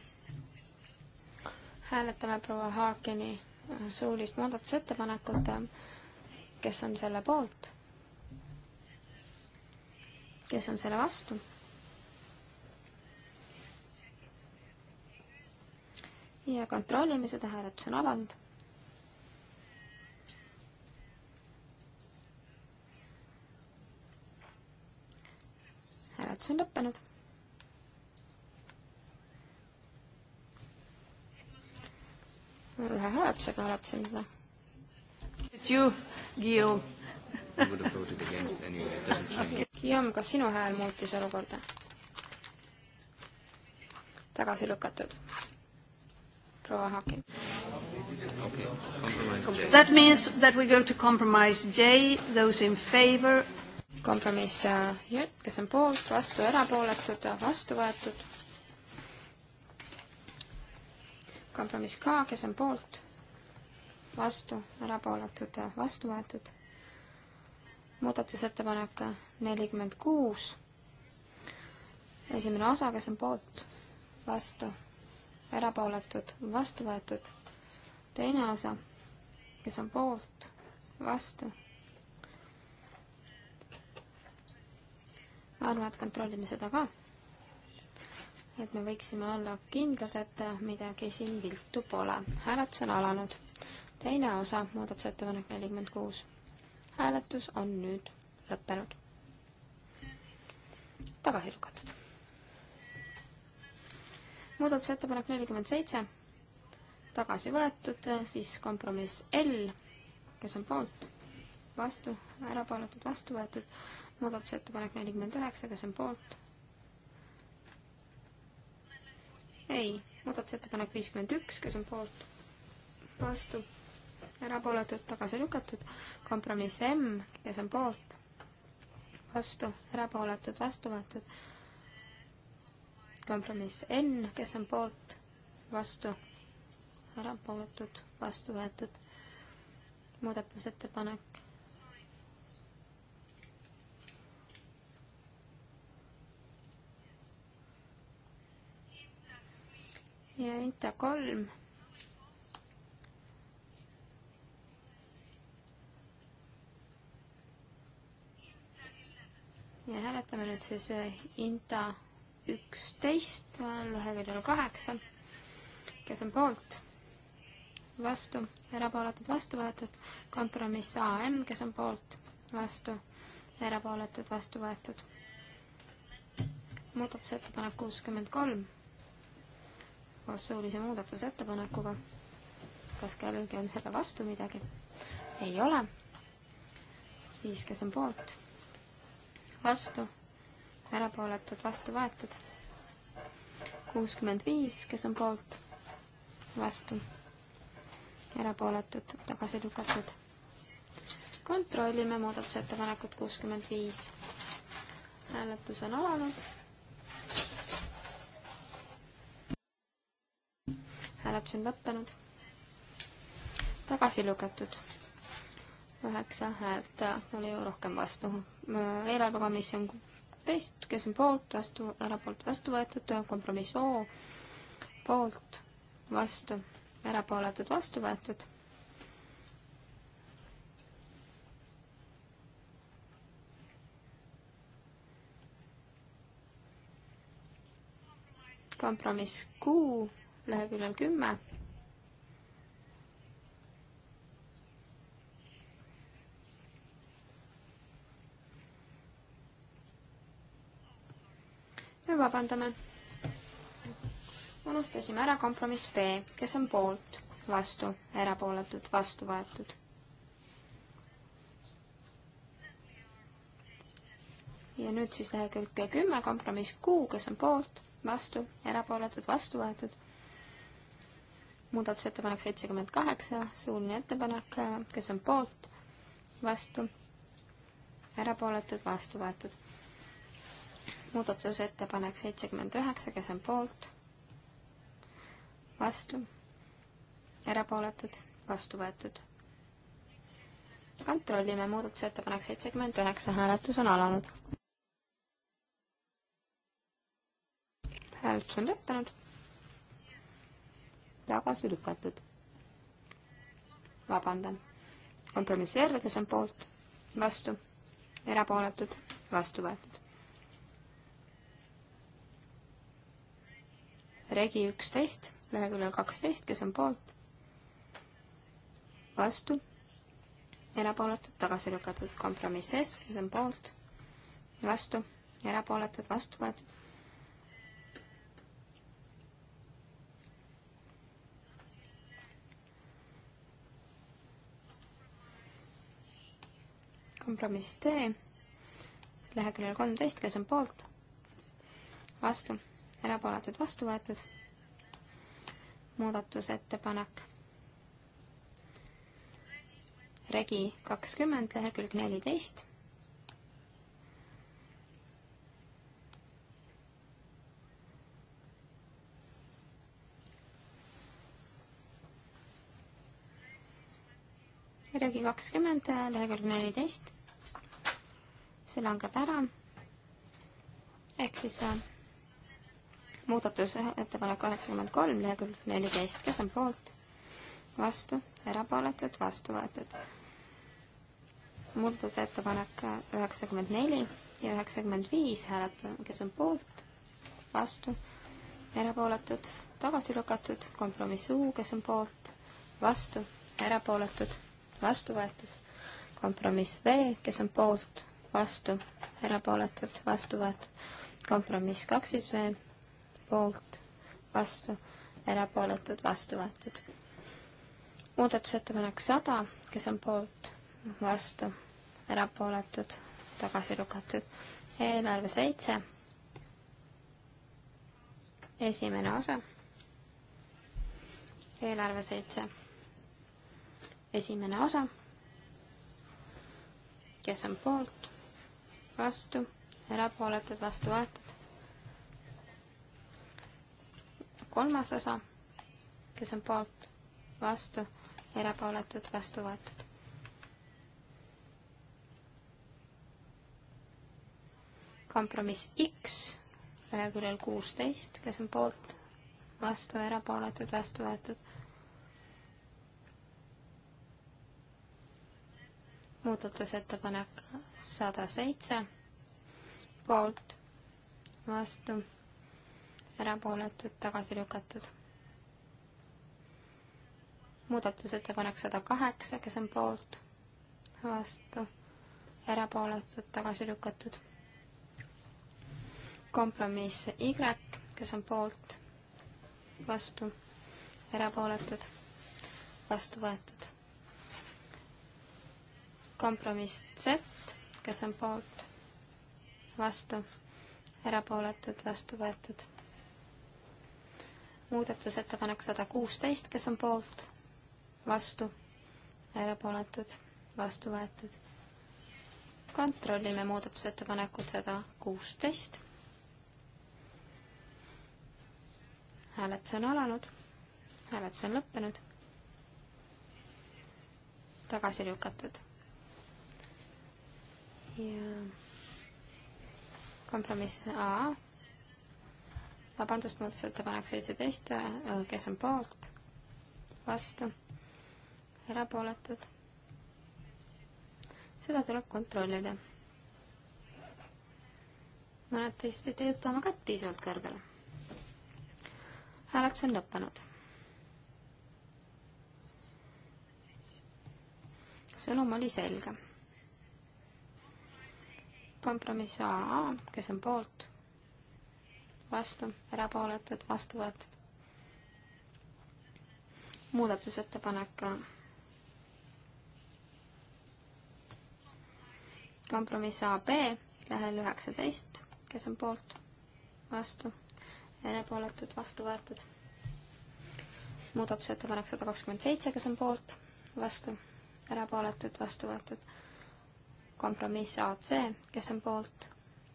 hääletame proua Haakini suulist muudatusettepanekut, kes on selle poolt, kes on selle vastu. ja kontrollime seda, hääletus on alanud. hääletus on lõppenud ühe hääletusega hääletasime seda. Guillaume, kas sinu hääl muutis olukorda? tagasi lükatud. proua Hakin. That means that we go to compromise J, those in favor. kompromiss äh, J, kes on poolt, vastu, erapooletud, vastu võetud kompromiss K, kes on poolt, vastu, erapooletud, vastu võetud. muudatusettepanek nelikümmend kuus, esimene osa, kes on poolt, vastu, erapooletud, vastu võetud. teine osa, kes on poolt, vastu. ma arvan, et kontrollime seda ka et me võiksime olla kindlad, et midagi siin viltu pole. hääletus on alanud. teine osa, muudatusettepanek nelikümmend kuus. hääletus on nüüd lõppenud. tagasi lükatud muudatusettepanek nelikümmend seitse, tagasi võetud, siis kompromiss L, kes on poolt, vastu, ära palutud, vastu võetud, muudatusettepanek nelikümmend üheksa, kes on poolt, ei, muudatusettepanek viiskümmend üks, kes on poolt, vastu, erapooletud, tagasi lükatud, kompromiss M, kes on poolt, vastu, erapooletud, vastu võetud, kompromiss N, kes on poolt, vastu, erapooletud, vastu võetud, muudatusettepanek ja Inta kolm. ja hääletame nüüd siis äh, Inta üksteist leheküljel kaheksa, kes on poolt, vastu, erapooletud, vastu võetud, kompromiss AM, kes on poolt, vastu, erapooletud, vastu võetud. muudatusettepanek kuuskümmend kolm koos suulise muudatusettepanekuga. kas kellelgi on selle vastu midagi? ei ole. siis, kes on poolt? vastu? erapooletud, vastu võetud? kuuskümmend viis, kes on poolt? vastu? erapooletud, tagasi lükatud? kontrollime muudatusettepanekut kuuskümmend viis. hääletus on alanud hääletus on lõppenud. tagasi lükatud. üheksa häält äh, oli ju rohkem vastu. Äh, eelarvekomisjon kuusteist, kes on poolt, vastu, erapoolt vastu võetud, äh, kompromiss O, poolt, vastu, erapooletud, vastu võetud kompromiss kuu leheküljel kümme. me vabandame. unustasime ära kompromiss B, kes on poolt, vastu, erapooletud, vastu võetud. ja nüüd siis lehekülg B kümme, kompromiss Q, kes on poolt, vastu, erapooletud, vastu võetud muudatusettepanek seitsekümmend kaheksa, suuline ettepanek, kes on poolt, vastu, erapooletud, vastu võetud. muudatusettepanek seitsekümmend üheksa, kes on poolt, vastu, erapooletud, vastu võetud. kontrollime muudatusettepanek seitsekümmend üheksa, hääletus on alanud. hääletus on lõppenud tagasi lükatud. vabandan. kompromiss R, kes on poolt, vastu, erapooletud, vastu võetud. regi üksteist, leheküljel kaksteist, kes on poolt, vastu, erapooletud, tagasi lükatud, kompromiss S, kes on poolt, vastu, erapooletud, vastu võetud kompromiss D, leheküljel kolmteist, kes on poolt, vastu, erapooletud, vastu võetud, muudatusettepanek regi kakskümmend, lehekülg neliteist regi kakskümmend, lehekülg neliteist. see langeb ära. ehk siis äh, muudatusettepanek kaheksakümmend kolm, lehekülg neliteist, kes on poolt? vastu, erapooletud, vastu võetud. muudatusettepanek äh, üheksakümmend neli ja üheksakümmend viis hääletame, kes on poolt, vastu, erapooletud, tagasi lükatud, kompromiss U, kes on poolt, vastu, erapooletud vastu võetud. kompromiss V, kes on poolt, vastu, erapooletud, vastu võetud. kompromiss kaks siis veel, poolt, vastu, erapooletud, vastu võetud. muudatusettepanek sada, kes on poolt, vastu, erapooletud, tagasi lükatud. eelarve seitse, esimene osa, eelarve seitse esimene osa, kes on poolt, vastu, erapooletud, vastu võetud. kolmas osa, kes on poolt, vastu, erapooletud, vastu võetud. kompromiss X leheküljel kuusteist, kes on poolt, vastu, erapooletud, vastu võetud muudatusettepanek sada seitse, poolt, vastu, erapooletud, tagasi lükatud. muudatusettepanek sada kaheksa, kes on poolt, vastu, erapooletud, tagasi lükatud. kompromiss Y, kes on poolt, vastu, erapooletud, vastu võetud kompromiss Z, kes on poolt, vastu, erapooletud, vastu võetud. muudatusettepanek sada kuusteist, kes on poolt, vastu, erapooletud, vastu võetud. kontrollime muudatusettepanekut sada kuusteist. hääletus on alanud, hääletus on lõppenud, tagasi lükatud ja kompromiss A, vabandust, muudatusettepanek seitseteist, kes on poolt, vastu, erapooletud. seda tuleb kontrollida. mõned teist ei tööta oma kätt piisavalt kõrgele. hääletus on lõppenud sõnum oli selge kompromiss AA, kes on poolt, vastu, erapooletud, vastu võetud. muudatusettepanek. kompromiss AB lehel üheksateist, kes on poolt, vastu, erapooletud, vastu võetud. muudatusettepanek sada kakskümmend seitse, kes on poolt, vastu, erapooletud, vastu võetud kompromiss AC, kes on poolt,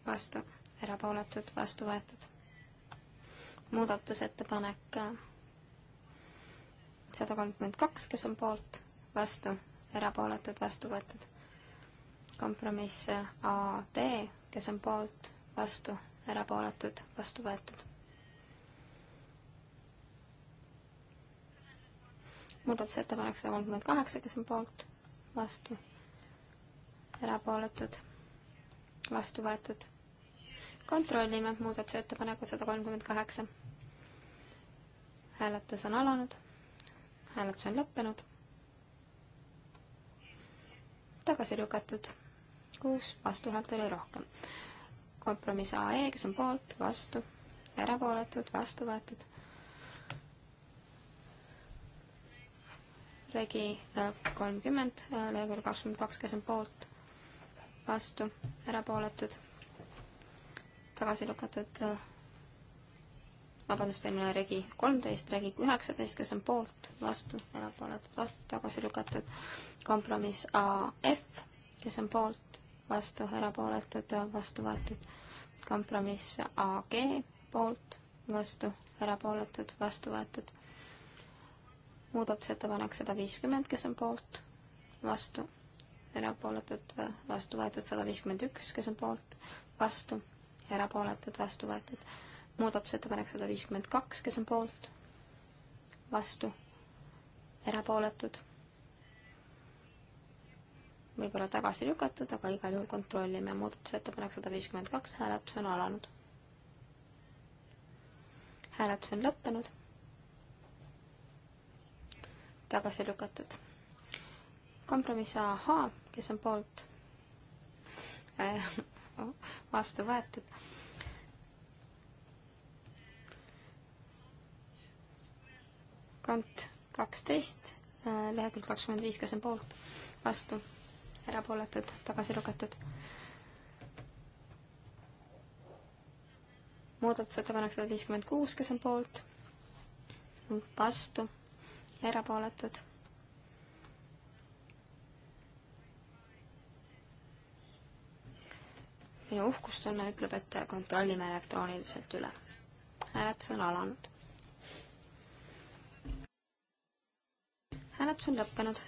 vastu, erapooletud, vastu võetud. muudatusettepanek äh, sada kolmkümmend kaks, kes on poolt, vastu, erapooletud, vastu võetud. kompromiss äh, AD, kes on poolt, vastu, erapooletud, vastu võetud. muudatusettepanek sada kolmkümmend kaheksa, kes on poolt, vastu erapooletud, vastu võetud. kontrollime muudatusettepanekut sada kolmkümmend kaheksa. hääletus on alanud, hääletus on lõppenud, tagasi lükatud, kuus vastuhäält oli rohkem. kompromiss AE, kes on poolt, vastu, erapooletud, vastu võetud. regi äh, kolmkümmend, äh, lõigul kakskümmend kaks, kes on poolt vastu, erapooletud, tagasi lükatud, äh, vabandust, eelmine regi kolmteist, regi üheksateist, kes on poolt, vastu, erapooletud, vastu, tagasi lükatud, kompromiss AF, kes on poolt, vastu, erapooletud, vastu võetud, kompromiss AG, poolt, vastu, erapooletud, vastu võetud, muudatusettepanek sada viiskümmend, kes on poolt, vastu erapooletud, vastu võetud sada viiskümmend üks, kes on poolt, vastu, erapooletud, vastu võetud. muudatusettepanek sada viiskümmend kaks, kes on poolt, vastu, erapooletud. võib-olla tagasi lükatud, aga igal juhul kontrollime. muudatusettepanek sada viiskümmend kaks, hääletus on alanud. hääletus on lõppenud. tagasi lükatud kompromiss AH kes on poolt? Äh, vastu võetud. kant kaksteist, äh, lehekülg kakskümmend viis, kes on poolt, vastu, erapooletud, tagasi lükatud. muudatusettepanek sada viiskümmend kuus, kes on poolt, vastu, erapooletud minu uhkustunne ütleb, et kontrollime elektrooniliselt üle. hääletus on alanud. hääletus on lõppenud.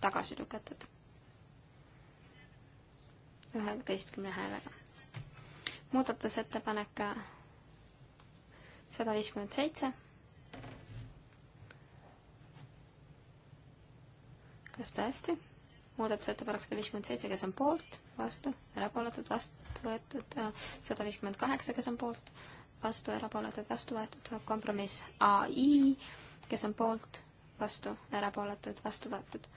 tagasi lükatud. üheteistkümne häälega. muudatusettepanek sada viiskümmend seitse. kas tõesti? muudatusettepanek sada viiskümmend seitse, kes on poolt, vastu, erapooletud, vastu võetud, sada viiskümmend kaheksa, kes on poolt, vastu, erapooletud, vastu võetud, kompromiss ai, kes on poolt, vastu, erapooletud, vastu võetud.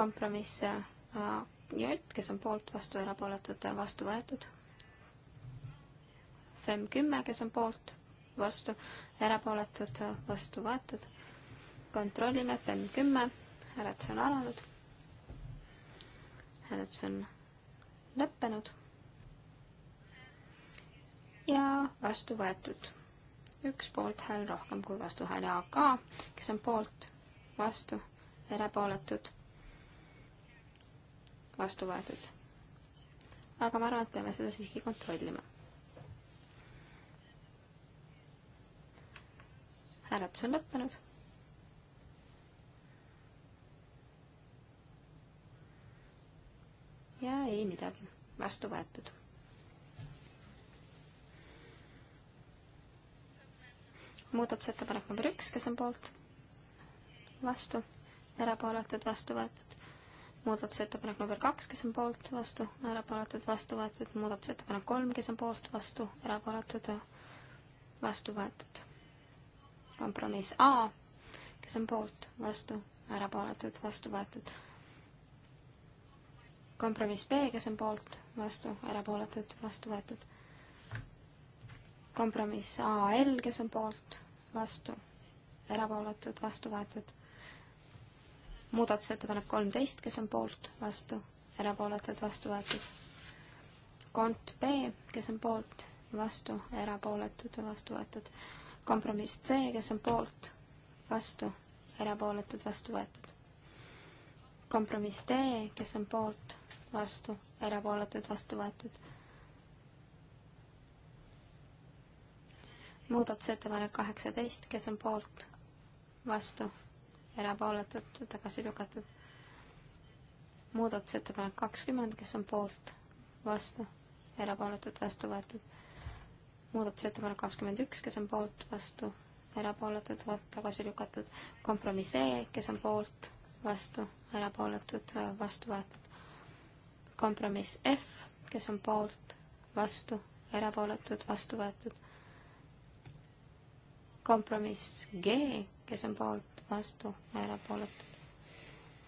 kompromiss J, kes on poolt, vastu, erapooletud, vastu võetud. FEM kümme, kes on poolt, vastu, erapooletud, vastu võetud. kontrollime FEM kümme, hääletus on alanud hääletus on lõppenud ja vastu võetud üks poolthääl rohkem kui vastuhääl ja AK, kes on poolt, vastu, erapooletud, vastu võetud. aga ma arvan, et peame seda siiski kontrollima. hääletus on lõppenud ja ei midagi, vastu võetud. muudatusettepanek number üks, kes on poolt? vastu, erapooletud, vastu võetud. muudatusettepanek number kaks, kes on poolt, vastu, erapooletud, vastu võetud. muudatusettepanek kolm, kes on poolt, vastu, erapooletud, vastu võetud. kompromiss A, kes on poolt, vastu, erapooletud, vastu võetud kompromiss B, kes on poolt, vastu, erapooletud, vastu võetud. kompromiss AL, kes on poolt, vastu, erapooletud, vastu võetud. muudatusettepanek kolmteist, kes on poolt, vastu, erapooletud, vastu võetud. kont B, kes on poolt, vastu, erapooletud, vastu võetud. kompromiss C, kes on poolt, vastu, erapooletud, vastu võetud. kompromiss D, kes on poolt, vastu, erapooletud, vastu võetud. muudatusettepanek kaheksateist, kes on poolt, vastu, erapooletud, tagasi lükatud. muudatusettepanek kakskümmend, kes on poolt, vastu, erapooletud, vastu võetud. muudatusettepanek kakskümmend üks, kes on poolt, vastu, erapooletud, tagasi lükatud. kompromiss E, kes on poolt, vastu, erapooletud, vastu võetud kompromiss F, kes on poolt, vastu, erapooletud, vastu võetud. kompromiss G, kes on poolt, vastu, erapooletud,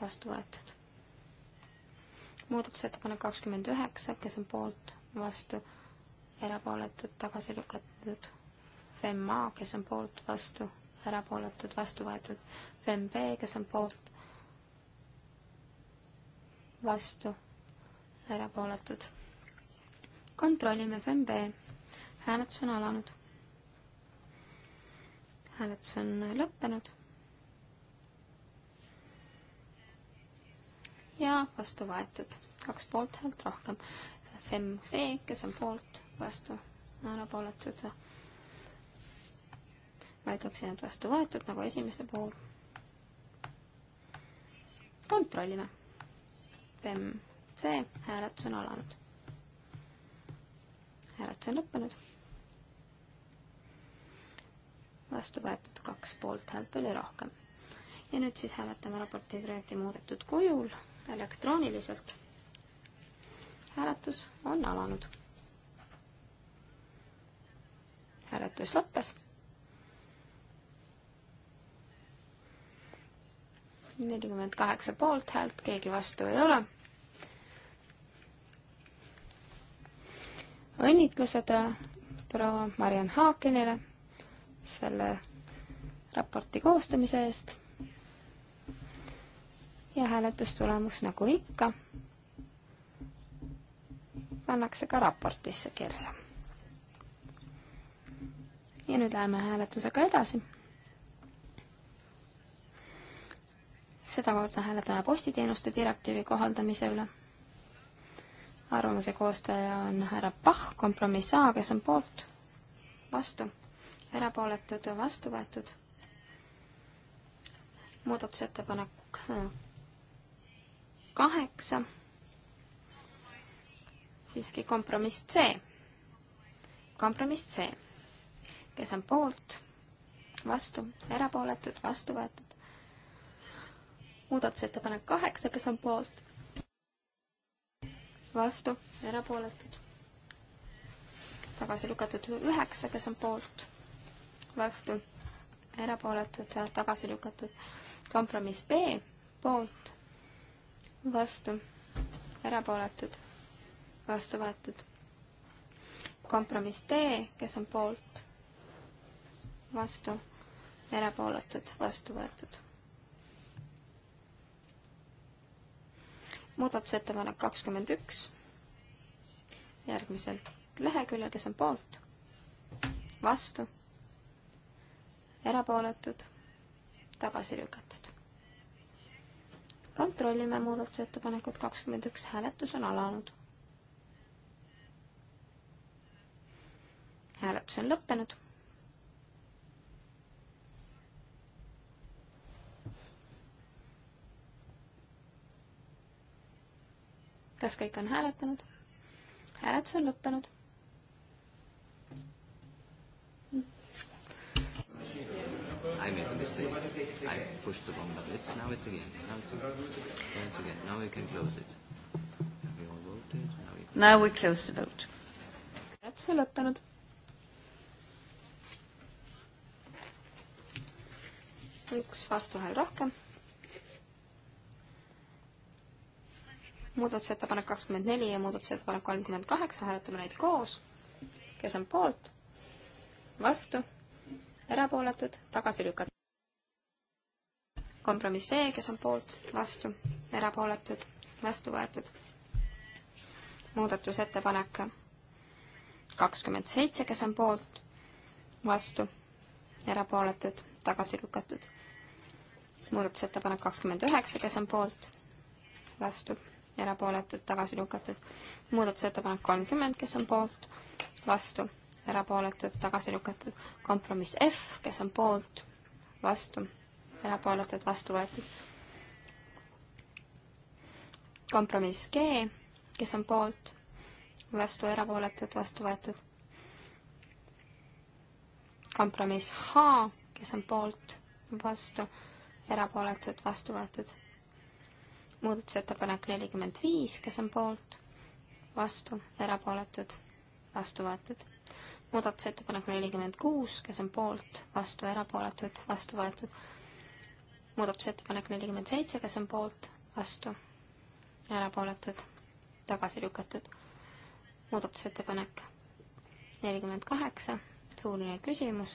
vastu võetud. muudatusettepanek kakskümmend üheksa, kes on poolt, vastu, erapooletud, tagasi lükatud. FEMA, kes on poolt, vastu, erapooletud, vastu võetud. FEMB, kes on poolt, vastu erapooletud. kontrollime FMB, hääletus on alanud. hääletus on lõppenud. ja vastu võetud, kaks poolthäält rohkem. FMC, kes on poolt, vastu, erapooletud. ma ütleksin, et vastu võetud nagu esimese puhul kontrollime. Fem C, hääletus on alanud. hääletus on lõppenud. vastu võetud kaks poolthäält oli rohkem. ja nüüd siis hääletame raporti projekti muudetud kujul elektrooniliselt. hääletus on alanud. hääletus lõppes nelikümmend kaheksa poolthäält, keegi vastu ei ole õnnitlused äh, proua Mariann Haakenile selle raporti koostamise eest. ja hääletustulemus, nagu ikka, pannakse ka raportisse kirja. ja nüüd läheme hääletusega edasi. sedakorda hääletame postiteenuste direktiivi kohaldamise üle arvamuse koostaja on härra Pahh, kompromiss A, kes on poolt, vastu, erapooletud, vastu võetud. muudatusettepanek äh, kaheksa, siiski kompromiss C, kompromiss C, kes on poolt, vastu, erapooletud, vastu võetud. muudatusettepanek kaheksa, kes on poolt vastu, erapooletud. tagasi lükatud üheksa, kes on poolt, vastu, erapooletud, tagasi lükatud. kompromiss B, poolt, vastu, erapooletud, vastu võetud. kompromiss D, kes on poolt, vastu, erapooletud, vastu võetud muudatusettepanek kakskümmend üks, järgmisel leheküljel, kes on poolt, vastu, erapooletud, tagasi lükatud. kontrollime muudatusettepanekut kakskümmend üks, hääletus on alanud. hääletus on lõppenud kas kõik on hääletanud? hääletus on lõppenud. I made a mistake. I pushed the wrong button. It's now it's again. Now it's again. Now it's again. Now we can close it. Have we all voted? Now we, now we close the vote. hääletus on lõppenud. üks vastuhääl rohkem muudatusettepanek kakskümmend neli ja muudatusettepanek kolmkümmend kaheksa, hääletame neid koos. kes on poolt? vastu? erapooletud? tagasi lükatud? kompromiss E, kes on poolt? vastu? erapooletud? vastu võetud? muudatusettepanek kakskümmend seitse, kes on poolt? vastu? erapooletud? tagasi lükatud? muudatusettepanek kakskümmend üheksa, kes on poolt? vastu? erapooletud, tagasi lükatud. muudatusettepanek kolmkümmend, kes on poolt, vastu, erapooletud, tagasi lükatud. kompromiss F, kes on poolt, vastu, erapooletud, vastu võetud. kompromiss G, kes on poolt, vastu, erapooletud, vastu võetud. kompromiss H, kes on poolt, vastu, erapooletud, vastu võetud muudatusettepanek nelikümmend viis, kes on poolt, vastu, erapooletud, vastu võetud. muudatusettepanek nelikümmend kuus, kes on poolt, vastu, erapooletud, vastu võetud. muudatusettepanek nelikümmend seitse, kes on poolt, vastu, erapooletud, tagasi lükatud. muudatusettepanek nelikümmend kaheksa, suuline küsimus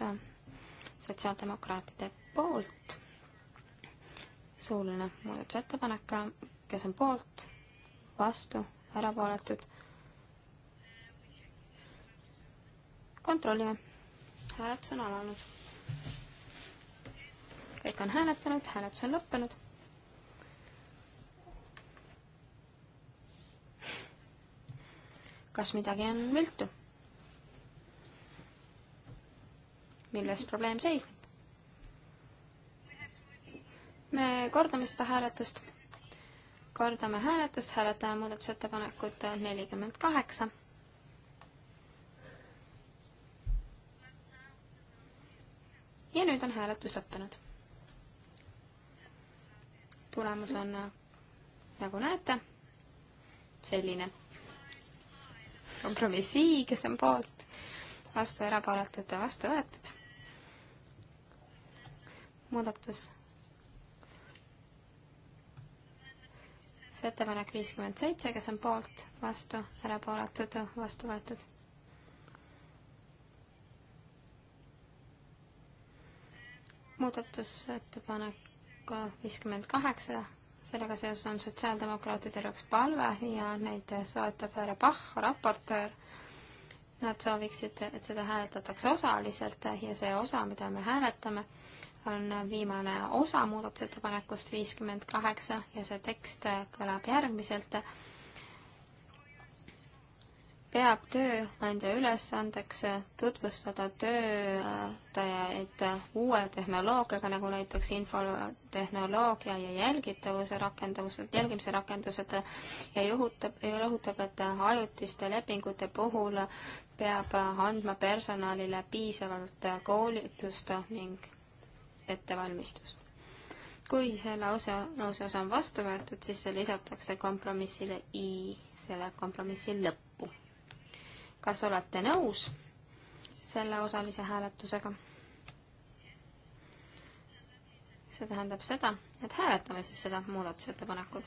sotsiaaldemokraatide poolt suuline muudatusettepanek, kes on poolt, vastu, erapooletud. kontrollime, hääletus on alanud. kõik on hääletanud, hääletus on lõppenud kas midagi on viltu? milles probleem seisneb? me kordame seda hääletust. kordame hääletust, hääletame muudatusettepanekut nelikümmend kaheksa. ja nüüd on hääletus lõppenud. tulemus on, nagu näete, selline. kompromiss I, kes on poolt, vastu erapooletud ja vastu võetud. muudatus ettepanek viiskümmend seitse, kes on poolt, vastu, erapooletud, vastu võetud. muudatusettepanek viiskümmend kaheksa, sellega seoses on sotsiaaldemokraatidel üks palve ja neid soetab härra Pahh, raportöör. Nad sooviksid, et seda hääletatakse osaliselt ja see osa, mida me hääletame, on viimane osa muudatusettepanekust viiskümmend kaheksa ja see tekst kõlab järgmiselt. peab tööandja ülesandeks tutvustada töötajaid uue tehnoloogiaga, nagu näiteks infotehnoloogia ja jälgitavuse rakendused, jälgimise rakendused ja juhutab, rõhutab, et ajutiste lepingute puhul peab andma personalile piisavalt koolitust ning ettevalmistust. kui selle osa, lause osa on vastu võetud, siis see lisatakse kompromissile I selle kompromissi lõppu. kas olete nõus selle osalise hääletusega? see tähendab seda, et hääletame siis seda muudatusettepanekut.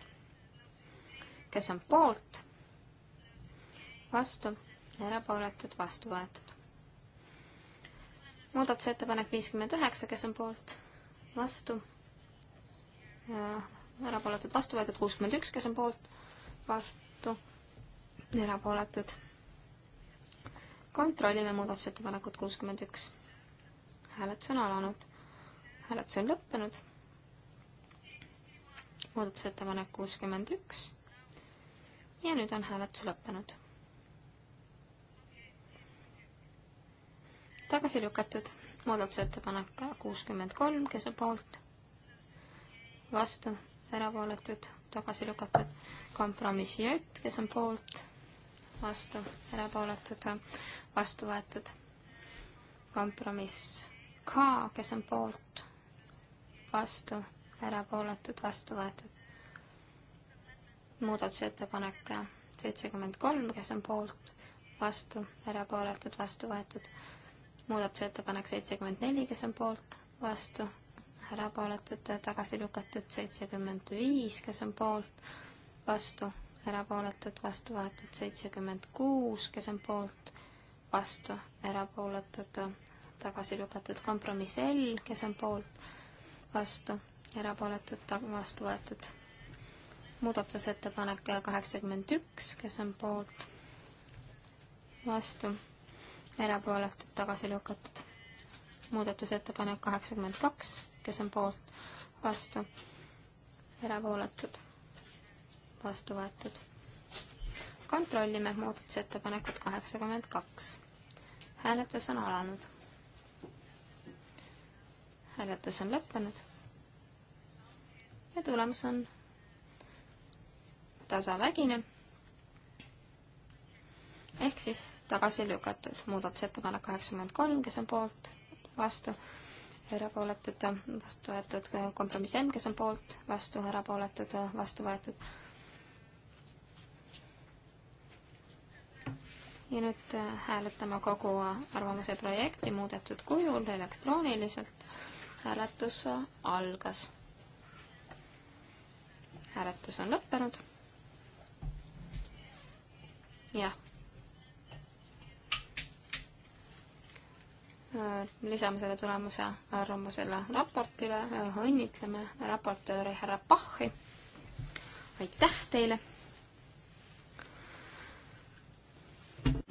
kes on poolt, vastu, erapooletud, vastu võetud muudatusettepanek viiskümmend üheksa, kes on poolt, vastu, erapooletud, vastu võetud kuuskümmend üks, kes on poolt, vastu, erapooletud. kontrollime muudatusettepanekut kuuskümmend üks. hääletus on alanud, hääletus on lõppenud. muudatusettepanek kuuskümmend üks ja nüüd on hääletus lõppenud tagasi lükatud. muudatusettepanek kuuskümmend kolm, kes on poolt, vastu, erapooletud, tagasi lükatud. kompromissi J, kes on poolt, vastu, erapooletud, vastu võetud. kompromiss K, kes on poolt, vastu, erapooletud, vastu võetud. muudatusettepanek seitsekümmend kolm, kes on poolt, vastu, erapooletud, vastu võetud muudatusettepanek seitsekümmend neli, kes on poolt, vastu, erapooletud, tagasi lükatud seitsekümmend viis, kes on poolt, vastu, erapooletud, vastu võetud seitsekümmend kuus, kes on poolt, vastu, erapooletud, tagasi lükatud kompromiss L, kes on poolt, vastu, erapooletud, vastu võetud. muudatusettepanek kaheksakümmend üks, kes on poolt, vastu erapooletud, tagasi lükatud. muudatusettepanek kaheksakümmend kaks, kes on poolt, vastu, erapooletud, vastu võetud. kontrollime muudatusettepanekut kaheksakümmend kaks. hääletus on alanud. hääletus on lõppenud. ja tulemus on tasavägine ehk siis tagasi lükatud. muudatusettepanek kaheksakümmend kolm, kes on poolt, vastu, erapooletud, vastu võetud, kompromiss M, kes on poolt, vastu, erapooletud, vastu võetud ja nüüd äh, hääletame kogu arvamuse projekti muudetud kujul elektrooniliselt. hääletus algas. hääletus on lõppenud. jah, Äh, lisame selle tulemuse arvamusele raportile, äh, õnnitleme raportööri härra Pachi. aitäh teile!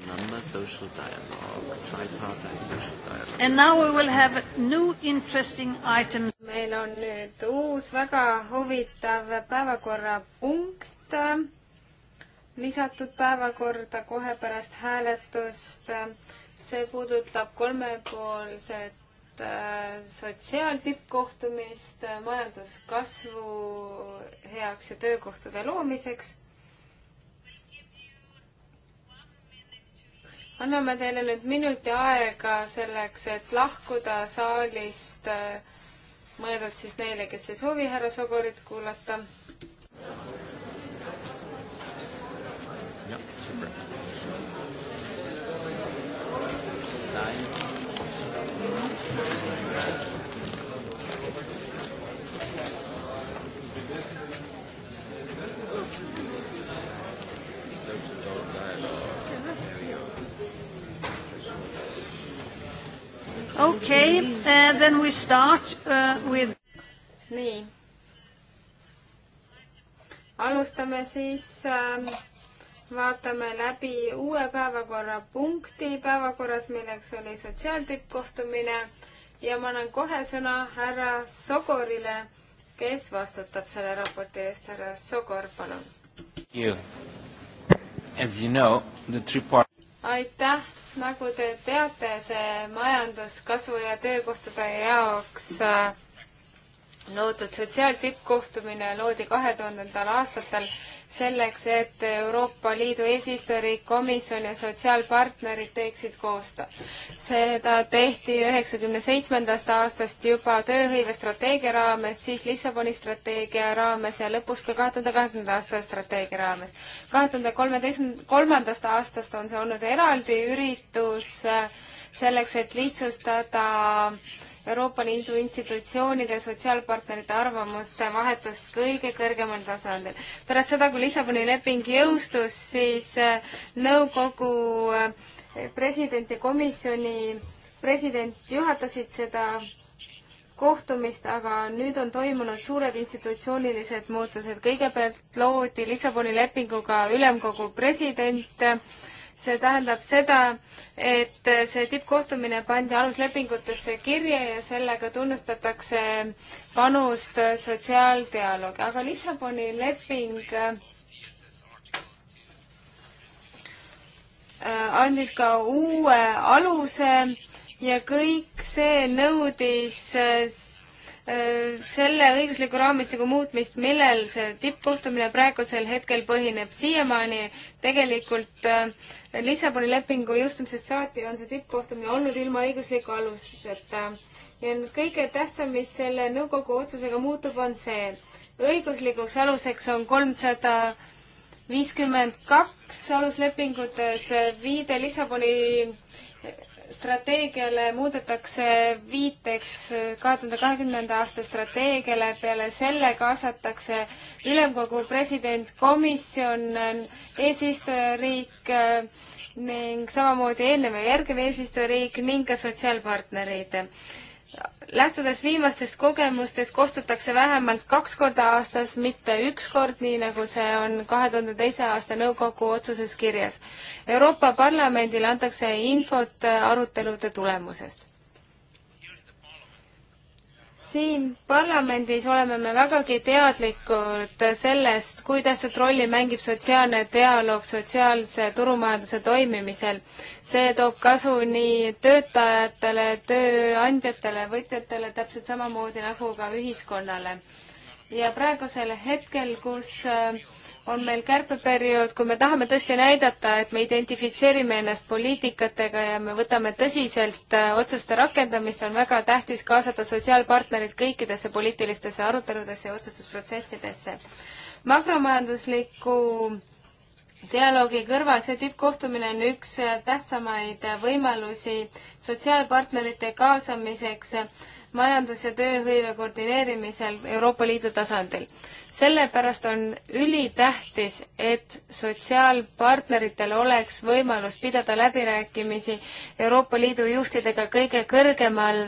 Number social dialogue, tripartite social dialogue. And now we will have new interesting items. meil on nüüd uus väga huvitav päevakorrapunkt äh, lisatud päevakorda kohe pärast hääletust see puudutab kolmepoolset äh, sotsiaaltippkohtumist äh, majanduskasvu heaks ja töökohtade loomiseks. anname teile nüüd minuti aega selleks, et lahkuda saalist, äh, mõeldud siis neile, kes ei soovi härra Sogorit kuulata. Okay, uh, then we start uh, with... Nii. Alustame siis äh, vaatame läbi uue päevakorrapunkti päevakorras, milleks oli sotsiaaltippkohtumine ja ma annan kohe sõna härra Sogorile, kes vastutab selle raporti eest. härra Sogor, palun. You know, part... aitäh, nagu te teate, see majanduskasvu ja töökohtade jaoks äh, loodud sotsiaaltippkohtumine loodi kahe tuhandendal aastatel selleks, et Euroopa Liidu eesistujariik, komisjon ja sotsiaalpartnerid teeksid koostöö. seda tehti üheksakümne seitsmendast aastast juba tööhõivestrateegia raames, siis Lissaboni strateegia raames ja lõpuks ka kahe tuhande kahekümnenda aasta strateegia raames. kahe tuhande kolmeteistkümne, kolmandast aastast on see olnud eraldi üritus selleks, et lihtsustada äh, Euroopa Liidu institutsioonide ja sotsiaalpartnerite arvamuste vahetust kõige kõrgemal tasandil. pärast seda, kui Lissaboni leping jõustus, siis äh, nõukogu äh, president ja komisjoni president juhatasid seda kohtumist, aga nüüd on toimunud suured institutsioonilised muutused. kõigepealt loodi Lissaboni lepinguga ülemkogu president see tähendab seda, et see tippkohtumine pandi aluslepingutesse kirja ja sellega tunnustatakse panust sotsiaaldialoogi, aga Lissaboni leping äh, andis ka uue aluse ja kõik see nõudis äh, Äh, selle õigusliku raamistiku muutmist, millel see tippkohtumine praegusel hetkel põhineb. siiamaani tegelikult äh, Lissaboni lepingu jõustumisest saati on see tippkohtumine olnud ilma õigusliku aluseta. ja kõige tähtsam, mis selle nõukogu otsusega muutub, on see, õiguslikuks aluseks on kolmsada viiskümmend kaks aluslepingutes viide Lissaboni strateegiale muudetakse viiteks kahe tuhande kahekümnenda aasta strateegiale, peale selle kaasatakse ülemkogu president, komisjon, eesistujariik eh, ning samamoodi eelnev ja järgnev eesistujariik ning ka sotsiaalpartnerid lähtudes viimastest kogemustest kohtutakse vähemalt kaks korda aastas, mitte üks kord, nii nagu see on kahe tuhande teise aasta nõukogu otsuses kirjas. Euroopa Parlamendile antakse infot arutelude tulemusest siin parlamendis oleme me vägagi teadlikud sellest, kui tähtsat rolli mängib sotsiaalne dialoog sotsiaalse turumajanduse toimimisel. see toob kasu nii töötajatele, tööandjatele, võtjatele täpselt samamoodi nagu ka ühiskonnale. ja praegusel hetkel, kus äh, on meil kärpeperiood, kui me tahame tõesti näidata, et me identifitseerime ennast poliitikatega ja me võtame tõsiselt äh, otsuste rakendamist, on väga tähtis kaasata sotsiaalpartnerid kõikidesse poliitilistesse aruteludesse ja otsustusprotsessidesse. makromajandusliku dialoogi kõrval see tippkohtumine on üks äh, tähtsamaid äh, võimalusi sotsiaalpartnerite kaasamiseks majandus- ja tööhõive koordineerimisel Euroopa Liidu tasandil. sellepärast on ülitähtis, et sotsiaalpartneritel oleks võimalus pidada läbirääkimisi Euroopa Liidu juhtidega kõige kõrgemal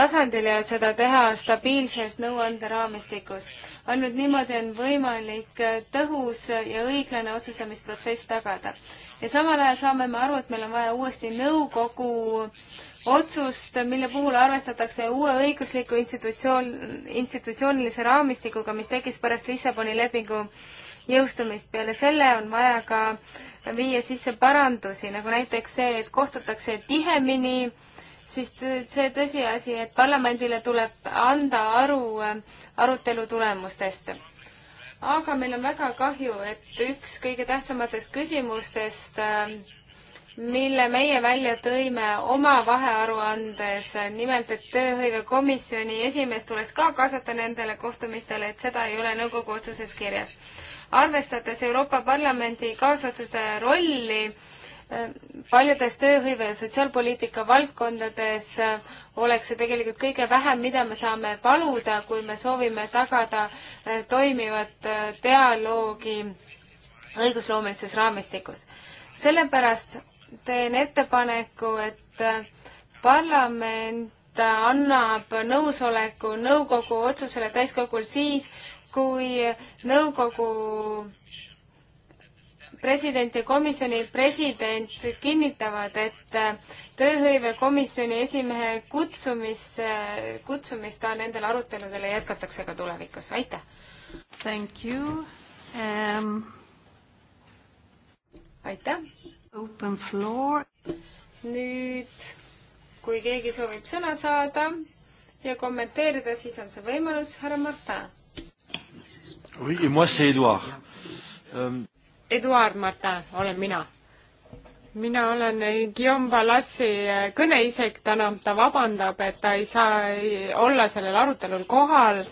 tasandil ja seda teha stabiilses nõuanderaamistikus. ainult niimoodi on võimalik tõhus ja õiglane otsustamisprotsess tagada. ja samal ajal saame me aru, et meil on vaja uuesti nõukogu otsust, mille puhul arvestatakse uue õigusliku institutsioon, institutsioonilise raamistikuga, mis tekkis pärast Lissaboni lepingu jõustumist. peale selle on vaja ka viia sisse parandusi, nagu näiteks see, et kohtutakse tihemini, siis see tõsiasi, et parlamendile tuleb anda aru äh, arutelu tulemustest aga meil on väga kahju, et üks kõige tähtsamatest küsimustest äh, mille meie välja tõime oma vahearuandes, nimelt et tööhõivekomisjoni esimees tuleks ka kaasata nendele kohtumistele, et seda ei ole nõukogu otsuses kirjas. arvestades Euroopa Parlamendi kaasotsuse rolli eh, paljudes tööhõive ja sotsiaalpoliitika valdkondades eh, oleks see tegelikult kõige vähem, mida me saame paluda, kui me soovime tagada eh, toimivat dialoogi õigusloomelises raamistikus. sellepärast teen ettepaneku, et parlament annab nõusoleku nõukogu otsusele täiskogul siis, kui nõukogu president ja komisjoni president kinnitavad, et tööhõivekomisjoni esimehe kutsumis, kutsumist nendele aruteludele jätkatakse ka tulevikus, aitäh! Thank you um...! aitäh! Open floor. nüüd, kui keegi soovib sõna saada ja kommenteerida, siis on see võimalus, härra Martin. Oui, et moi c'est Edouard um.... Euh, Eduard Martin olen mina mina olen Guillaume Balassi kõneisik, täna ta vabandab, et ta ei saa olla sellel arutelul kohal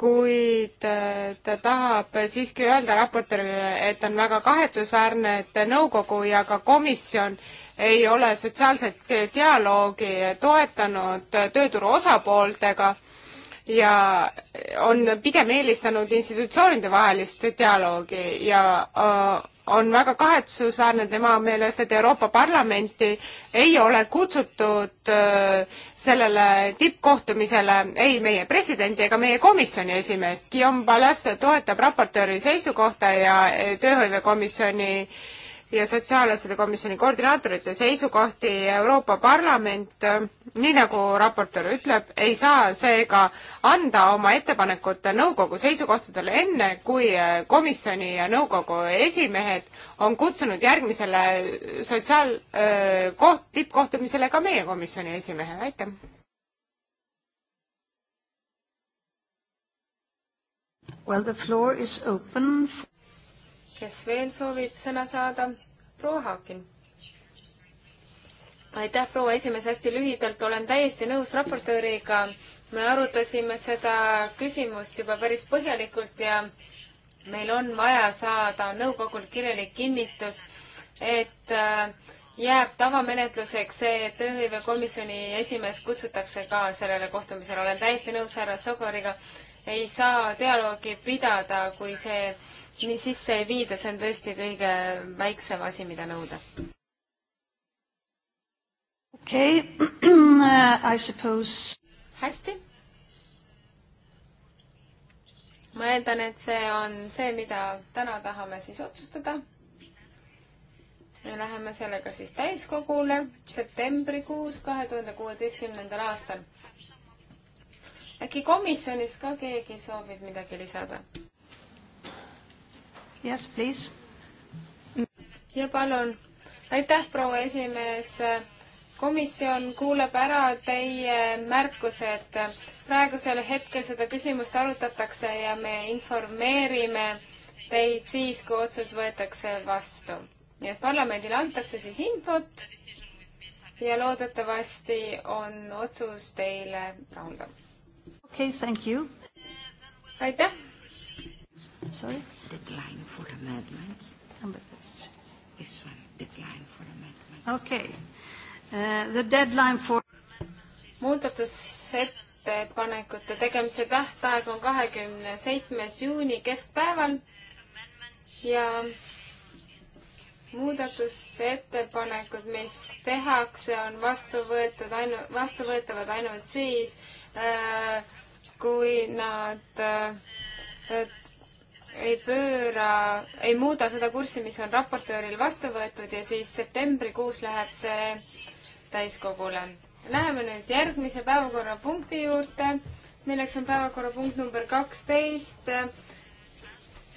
kuid äh, ta tahab siiski öelda raportöörile, et on väga kahetsusväärne, et nõukogu ja ka komisjon ei ole sotsiaalset dialoogi toetanud tööturu osapooltega ja on pigem eelistanud institutsioonide vahelist dialoogi ja äh, on väga kahetsusväärne tema meelest, et Euroopa Parlamenti ei ole kutsutud äh, sellele tippkohtumisele ei meie presidenti ega meie komisjoni esimeest. Guillaume Balas toetab raportööri seisukohta ja äh, tööhõivekomisjoni äh, ja Sotsiaalasjade Komisjoni koordinaatorite seisukohti Euroopa Parlament, äh, nii nagu raportöör ütleb, ei saa seega anda oma ettepanekut nõukogu seisukohtadele enne, kui äh, komisjoni ja nõukogu esimehed on kutsunud järgmisele sotsiaalkoht, äh, tippkohtumisele ka meie komisjoni esimehe, aitäh! Well, the floor is open kes veel soovib sõna saada? proua Haakin. aitäh, proua esimees, hästi lühidalt, olen täiesti nõus raportööriga. me arutasime seda küsimust juba päris põhjalikult ja meil on vaja saada nõukogult kirjalik kinnitus, et äh, jääb tavamenetluseks see, et tööhõivekomisjoni esimees kutsutakse ka sellele kohtumisele. olen täiesti nõus härra Sogoriga, ei saa dialoogi pidada, kui see nii sisse ei viida, see on tõesti kõige väiksem asi, mida nõuda. okei okay., I suppose. hästi. ma eeldan, et see on see, mida täna tahame siis otsustada me läheme sellega siis täiskogule septembrikuus kahe tuhande kuueteistkümnendal aastal. äkki komisjonis ka keegi soovib midagi lisada? Yes, please. ja palun. aitäh, proua esimees. komisjon kuulab ära teie märkused. praegusel hetkel seda küsimust arutatakse ja me informeerime teid siis, kui otsus võetakse vastu. nii et parlamendile antakse siis infot ja loodetavasti on otsus teile rahuldav. okei okay,, thank you. aitäh. Sorry decline for amendments. Number this, this one, decline for amendments. Okay. Uh, the deadline for muudatusettepanekute tegemise tähtaeg on kahekümne seitsmes juuni keskpäeval ja muudatusettepanekud, mis tehakse, on vastu võetud ainu-, vastuvõetavad ainult siis äh,, kui nad äh, ei pööra, ei muuda seda kurssi, mis on raportööril vastu võetud ja siis septembrikuus läheb see täiskogule. Läheme nüüd järgmise päevakorrapunkti juurde, milleks on päevakorrapunkt number kaksteist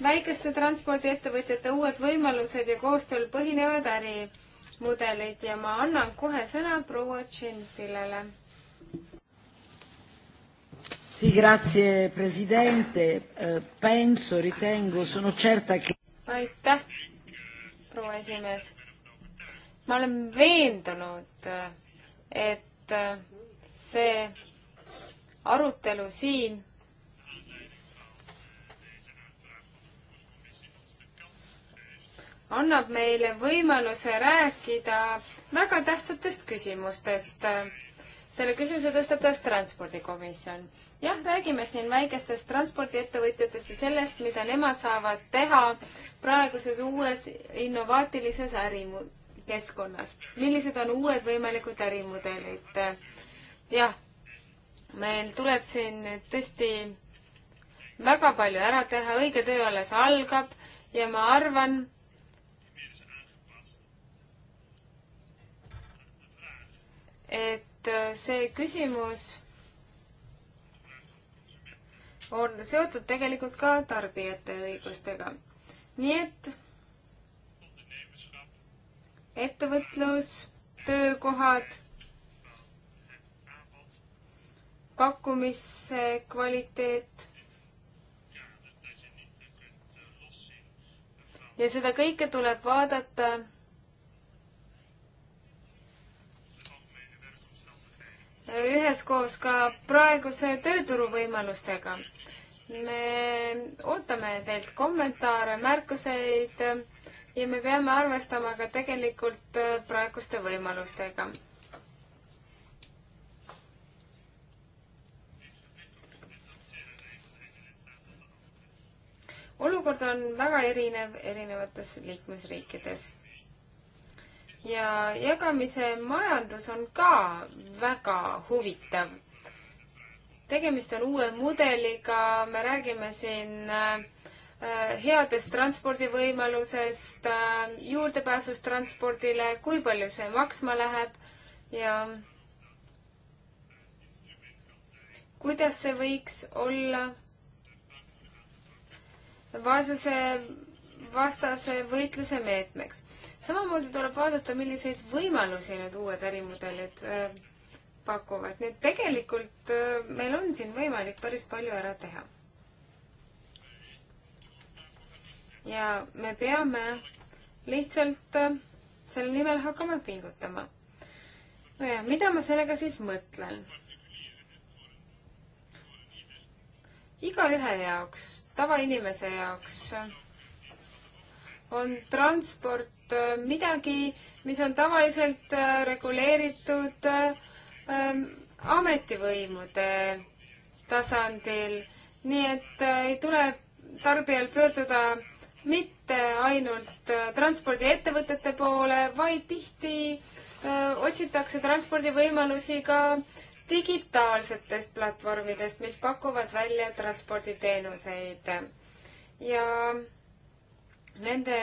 väikeste transpordiettevõtjate uued võimalused ja koostööl põhinevad ärimudelid ja ma annan kohe sõna proua Tšentilele Sì, grazie Presidente. Eh, penso, ritengo, sono certa che... aitäh, proua esimees. ma olen veendunud, et see arutelu siin annab meile võimaluse rääkida väga tähtsatest küsimustest. selle küsimuse tõstatas Transpordikomisjon jah, räägime siin väikestest transpordiettevõtjatest ja sellest, mida nemad saavad teha praeguses uues innovaatilises ärikeskkonnas. millised on uued võimalikud ärimudelid? jah, meil tuleb siin nüüd tõesti väga palju ära teha, õige töö alles algab ja ma arvan, et see küsimus on seotud tegelikult ka tarbijate õigustega. nii et ettevõtlus, töökohad, pakkumise kvaliteet. ja seda kõike tuleb vaadata üheskoos ka praeguse tööturu võimalustega me ootame teilt kommentaare, märkuseid ja me peame arvestama ka tegelikult äh, praeguste võimalustega. olukord on väga erinev erinevates liikmesriikides. ja jagamise majandus on ka väga huvitav tegemist on uue mudeliga, me räägime siin äh, headest transpordivõimalusest, äh, juurdepääsust transpordile, kui palju see maksma läheb ja kuidas see võiks olla vaesuse vastase võitluse meetmeks. samamoodi tuleb vaadata, milliseid võimalusi need uued ärimudelid äh, pakuvad, nii et tegelikult äh, meil on siin võimalik päris palju ära teha. ja me peame lihtsalt äh, selle nimel hakkama pingutama. nojah, mida ma sellega siis mõtlen? igaühe jaoks, tavainimese jaoks äh, on transport midagi, mis on tavaliselt reguleeritud äh, Ehm, ametivõimude tasandil, nii et äh, ei tule tarbijal pöörduda mitte ainult äh, transpordiettevõtete poole, vaid tihti öö, äh, otsitakse transpordivõimalusi ka digitaalsetest platvormidest, mis pakuvad välja transporditeenuseid. ja nende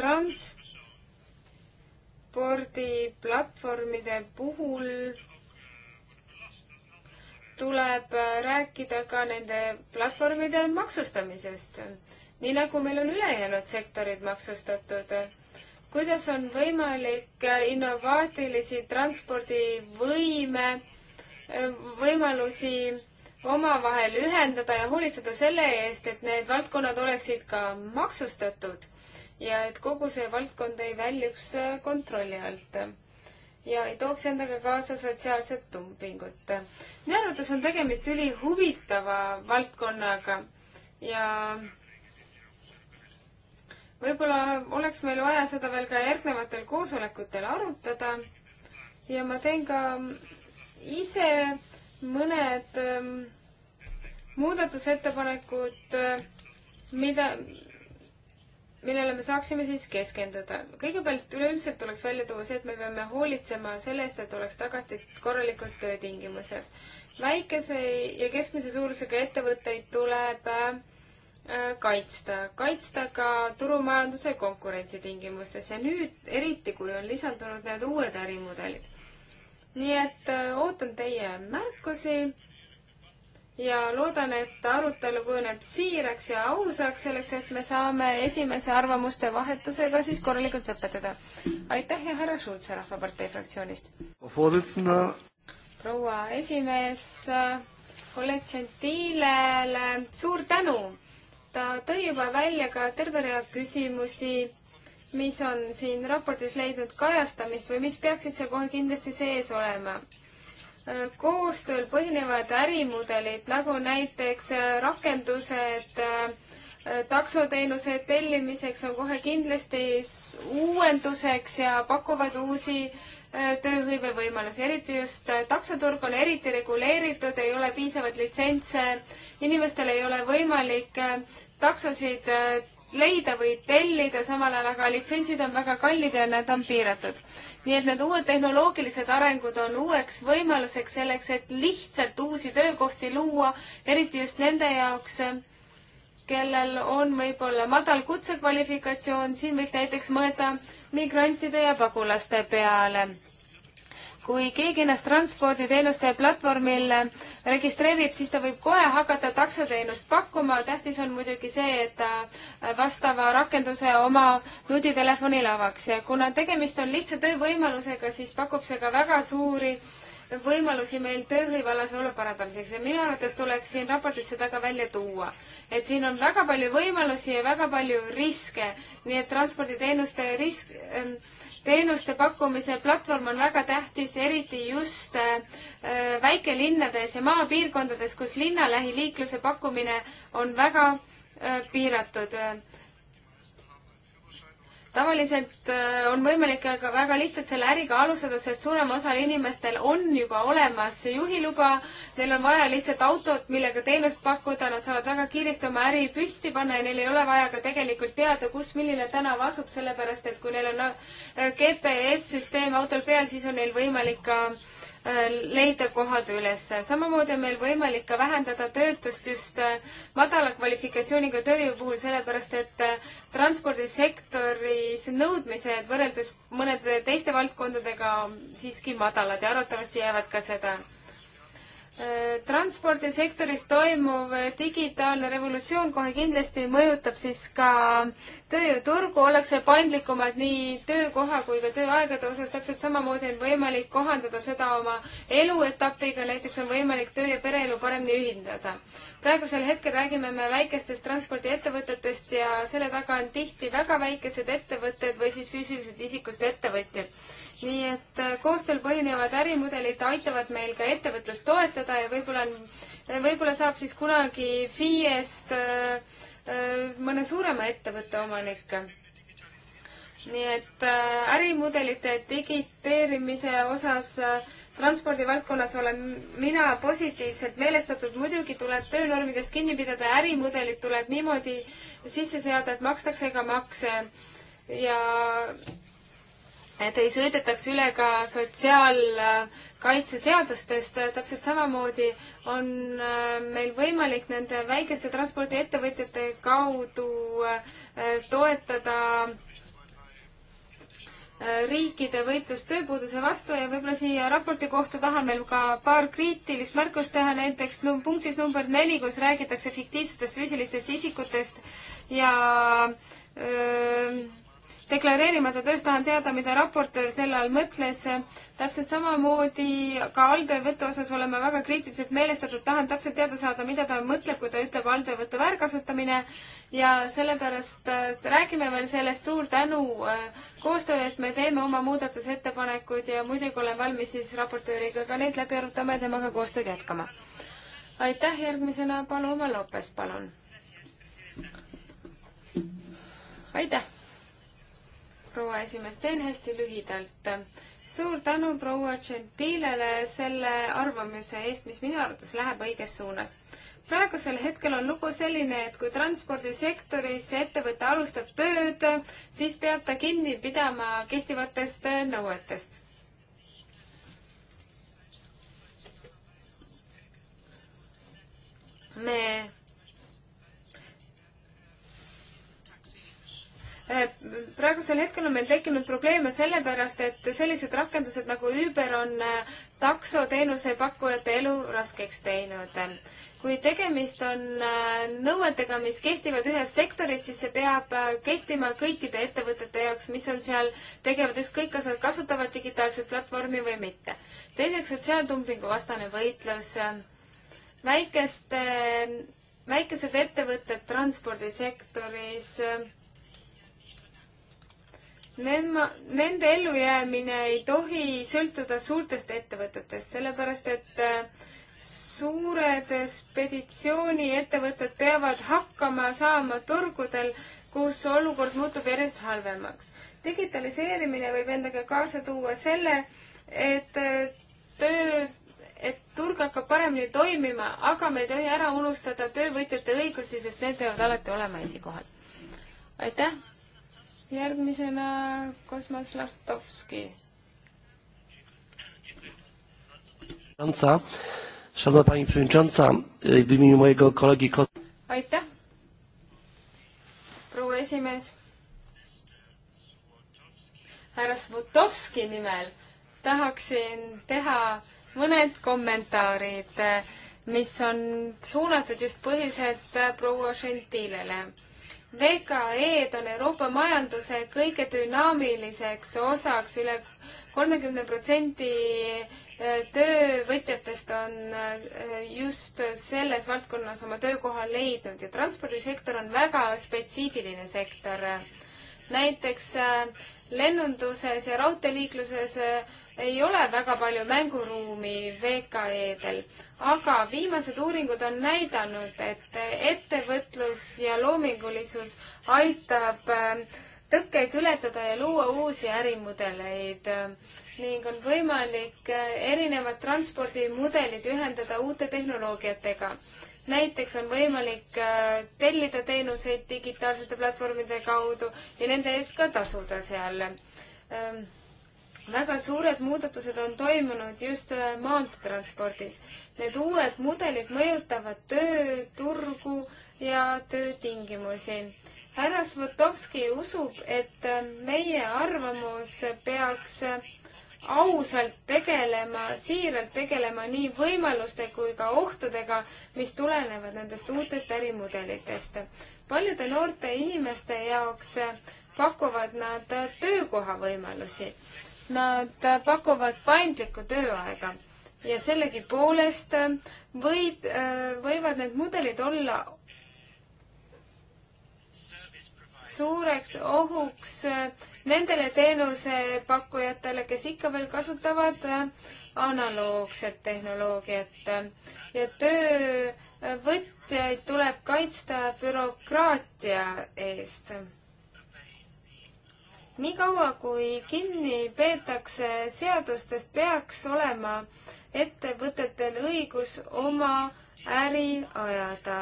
trans-, transpordiplatvormide puhul tuleb rääkida ka nende platvormide maksustamisest, nii nagu meil on ülejäänud sektorid maksustatud. kuidas on võimalik innovaatilisi transpordivõime, võimalusi omavahel ühendada ja hoolitseda selle eest, et need valdkonnad oleksid ka maksustatud ja et kogu see valdkond ei väljuks äh, kontrolli alt ja ei tooks endaga kaasa sotsiaalset dumpingut. minu arvates on tegemist ülihuvitava valdkonnaga ja võib-olla oleks meil vaja seda veel ka järgnevatel koosolekutel arutada ja ma teen ka mm, ise mõned mm, muudatusettepanekud, mm, mida, millele me saaksime siis keskenduda. kõigepealt üleüldiselt tuleks välja tuua see, et me peame hoolitsema selle eest, et oleks tagatud korralikud töötingimused. väikese ja keskmise suurusega ettevõtteid tuleb äh, kaitsta, kaitsta ka turumajanduse konkurentsitingimustes ja nüüd eriti, kui on lisandunud need uued ärimudelid. nii et äh, ootan teie märkusi ja loodan, et arutelu kujuneb siiraks ja ausaks, selleks et me saame esimese arvamuste vahetusega siis korralikult lõpetada. aitäh ja härra Schulze Rahvapartei fraktsioonist! proua esimees, kolleeg Gentilele suur tänu! ta tõi juba välja ka terve rea küsimusi, mis on siin raportis leidnud kajastamist või mis peaksid seal kohe kindlasti sees olema koostööl põhinevad ärimudelid, nagu näiteks äh, rakendused, äh, taksoteenuse tellimiseks on kohe kindlasti uuenduseks ja pakuvad uusi äh, tööhõivevõimalusi, eriti just taksoturg on eriti reguleeritud, ei ole piisavalt litsentse, inimestel ei ole võimalik taksosid leida või tellida, samal ajal aga litsentsid on väga kallid ja need on piiratud nii et need uued tehnoloogilised arengud on uueks võimaluseks selleks, et lihtsalt uusi töökohti luua, eriti just nende jaoks, kellel on võib-olla madal kutsekvalifikatsioon, siin võiks näiteks mõelda migrantide ja pagulaste peale kui keegi ennast transporditeenuste platvormil registreerib, siis ta võib kohe hakata taksoteenust pakkuma. tähtis on muidugi see, et ta vastava rakenduse oma nutitelefonil avaks. kuna tegemist on lihtsa töövõimalusega, siis pakub see ka väga suuri võimalusi meil tööhõivallas olla parandamiseks ja minu arvates tuleks siin raportis seda ka välja tuua. et siin on väga palju võimalusi ja väga palju riske, nii et transporditeenuste risk ähm, teenuste pakkumise platvorm on väga tähtis, eriti just äh, väikelinnades ja maapiirkondades, kus linnalähiliikluse pakkumine on väga äh, piiratud tavaliselt äh, on võimalik aga väga lihtsalt selle äriga alustada, sest suurem osal inimestel on juba olemas juhiluba, neil on vaja lihtsalt autot, millega teenust pakkuda, nad saavad väga kiiresti oma äri püsti panna ja neil ei ole vaja ka tegelikult teada, kus milline tänav asub, sellepärast et kui neil on äh, GPS-süsteem autol peal, siis on neil võimalik ka äh, leida kohad üles. samamoodi on meil võimalik ka vähendada töötust just äh, madala kvalifikatsiooniga tööjõu puhul, sellepärast et äh, transpordisektoris nõudmised võrreldes mõnede teiste valdkondadega on siiski madalad ja arvatavasti jäävad ka seda transpordisektoris toimuv digitaalne revolutsioon kohe kindlasti mõjutab siis ka tööjõuturgu, ollakse paindlikumad nii töökoha kui ka tööaegade osas, täpselt samamoodi on võimalik kohandada seda oma eluetapiga, näiteks on võimalik töö ja pereelu paremini ühildada. praegusel hetkel räägime me väikestest transpordiettevõtetest ja selle taga on tihti väga väikesed ettevõtted või siis füüsilisest isikust ettevõtjad nii et äh, koostööl põhinevad ärimudelid aitavad meil ka ettevõtlust toetada ja võib-olla on, äh, võib-olla saab siis kunagi FIE-st äh, mõne suurema ettevõtte omanik. nii et ärimudelite digiteerimise osas transpordivaldkonnas olen mina positiivselt meelestatud, muidugi tuleb töönormidest kinni pidada, ärimudelid tuleb niimoodi sisse seada, et makstakse ka makse ja et ei sõidetaks üle ka sotsiaalkaitseseadustest, täpselt samamoodi on äh, meil võimalik nende väikeste transpordiettevõtjate kaudu äh, toetada äh, riikide võitlus tööpuuduse vastu ja võib-olla siia raporti kohta tahan veel ka paar kriitilist märkust teha, näiteks no, punktis number neli, kus räägitakse fiktiivsetest füüsilistest isikutest ja öö, deklareerimata töös tahan teada, mida raportöör selle all mõtles. täpselt samamoodi ka alltöövõtu osas oleme väga kriitiliselt meelestatud, tahan täpselt teada saada, mida ta mõtleb, kui ta ütleb alltöövõtu väärkasutamine ja sellepärast äh, räägime veel sellest, suur tänu äh, koostöö eest, me teeme oma muudatusettepanekuid ja muidugi olen valmis siis raportööriga ka neid läbi arutama ja temaga koostööd jätkama. aitäh, järgmisena Paloma Lopes, palun. aitäh proua esimees, teen hästi lühidalt. suur tänu proua Gentilele selle arvamuse eest, mis minu arvates läheb õiges suunas praegusel hetkel on lugu selline, et kui transpordisektoris ettevõte alustab tööd, siis peab ta kinni pidama kehtivatest nõuetest. me praegusel hetkel on meil tekkinud probleeme sellepärast, et sellised rakendused nagu Uber on äh, taksoteenuse pakkujate elu raskeks teinud. kui tegemist on äh, nõuetega, mis kehtivad ühes sektoris, siis see peab äh, kehtima kõikide ettevõtete jaoks, mis on seal tegevad, ükskõik, kas nad kasutavad digitaalset platvormi või mitte. teiseks, sotsiaaltumpingu vastane võitlus väikeste, väikesed ettevõtted transpordisektoris Nemma, nende ellujäämine ei tohi sõltuda suurtest ettevõtetest, sellepärast et äh, suured speditsiooniettevõtted peavad hakkama saama turgudel, kus olukord muutub järjest halvemaks. digitaliseerimine võib endaga kaasa tuua selle, et äh, töö, et turg hakkab paremini toimima, aga me ei tohi ära unustada töövõtjate õigusi, sest need peavad alati olema esikohal. aitäh! järgmisena Kosmas Lastovski. aitäh, proua esimees. härra Svutovski nimel tahaksin teha mõned kommentaarid, mis on suunatud just põhiliselt proua Gentilele VKE-d on Euroopa majanduse kõige dünaamiliseks osaks üle, üle kolmekümne protsendi äh, töövõtjatest on äh, just selles valdkonnas oma töökoha leidnud ja transpordisektor on väga spetsiifiline sektor. näiteks äh, lennunduses ja raudteeliikluses ei ole väga palju mänguruumi VKE-del, aga viimased uuringud on näidanud, et ettevõtlus ja loomingulisus aitab ähm, tõkkeid ületada ja luua uusi ärimudeleid ning on võimalik äh, erinevad transpordimudelid ühendada uute tehnoloogiatega. näiteks on võimalik äh, tellida teenuseid digitaalsete platvormide kaudu ja nende eest ka tasuda seal ähm, väga suured muudatused on toimunud just äh, maanteetranspordis. Need uued mudelid mõjutavad tööturgu ja töötingimusi. härra Svotovski usub, et äh, meie arvamus peaks äh, ausalt tegelema, siiralt tegelema nii võimaluste kui ka ohtudega, mis tulenevad nendest uutest ärimudelitest. paljude noorte inimeste jaoks pakuvad nad töökoha võimalusi Nad pakuvad paindlikku tööaega ja sellegipoolest võib, äh, võivad need mudelid olla suureks ohuks nendele teenusepakkujatele, kes ikka veel kasutavad äh, analoogset tehnoloogiat ja töövõtjaid tuleb kaitsta bürokraatia eest niikaua, kui kinni peetakse seadustest, peaks olema ettevõtetel õigus oma äri ajada.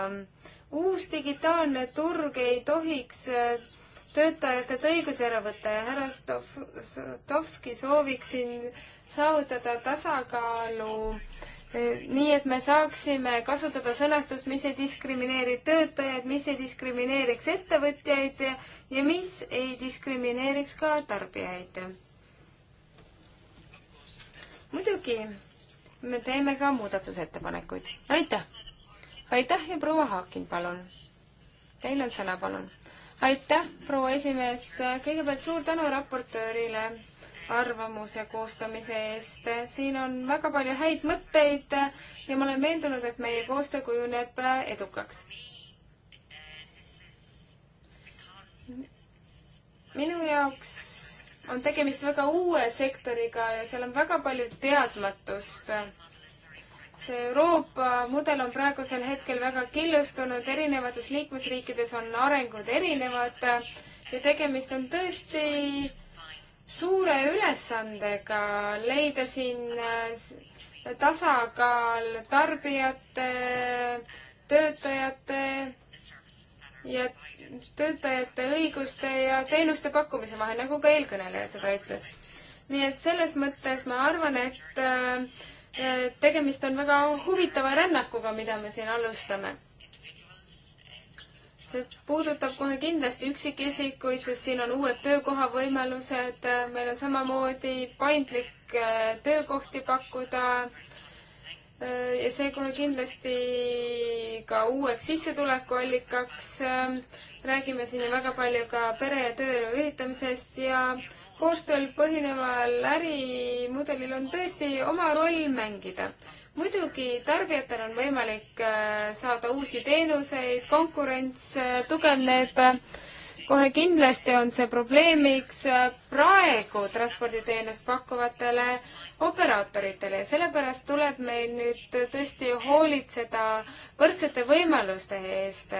uus digitaalne turg ei tohiks äh, töötajatelt õigusi ära võtta ja härra Stovski sooviksin saavutada tasakaalu nii et me saaksime kasutada sõnastust, mis ei diskrimineeri töötajaid, mis ei diskrimineeriks ettevõtjaid ja, ja mis ei diskrimineeriks ka tarbijaid. muidugi, me teeme ka muudatusettepanekuid. aitäh! aitäh ja proua Haakin, palun! Teil on sõna, palun! aitäh, proua esimees, kõigepealt suur tänu raportöörile arvamuse koostamise eest. siin on väga palju häid mõtteid ja ma olen veendunud, et meie koostöö kujuneb edukaks. minu jaoks on tegemist väga uue sektoriga ja seal on väga palju teadmatust see Euroopa mudel on praegusel hetkel väga killustunud, erinevates liikmesriikides on arengud erinevad ja tegemist on tõesti suure ülesandega leida siin äh, tasakaal tarbijate, töötajate ja töötajate õiguste ja teenuste pakkumise vahel, nagu ka eelkõneleja seda ütles. nii et selles mõttes ma arvan, et äh, tegemist on väga huvitava rännakuga, mida me siin alustame see puudutab kohe kindlasti üksikisikuid, sest siin on uued töökohavõimalused, meil on samamoodi paindlik äh, töökohti pakkuda äh, ja see kohe kindlasti ka uueks sissetulekuallikaks. Äh, räägime siin ju väga palju ka pere ja tööelu ühitamisest ja koostööl põhineval ärimudelil on tõesti oma roll mängida muidugi tarbijatel on võimalik äh, saada uusi teenuseid, konkurents äh, tugevneb, kohe kindlasti on see probleemiks äh, praegu transporditeenust pakkuvatele operaatoritele ja sellepärast tuleb meil nüüd tõesti hoolitseda võrdsete võimaluste eest.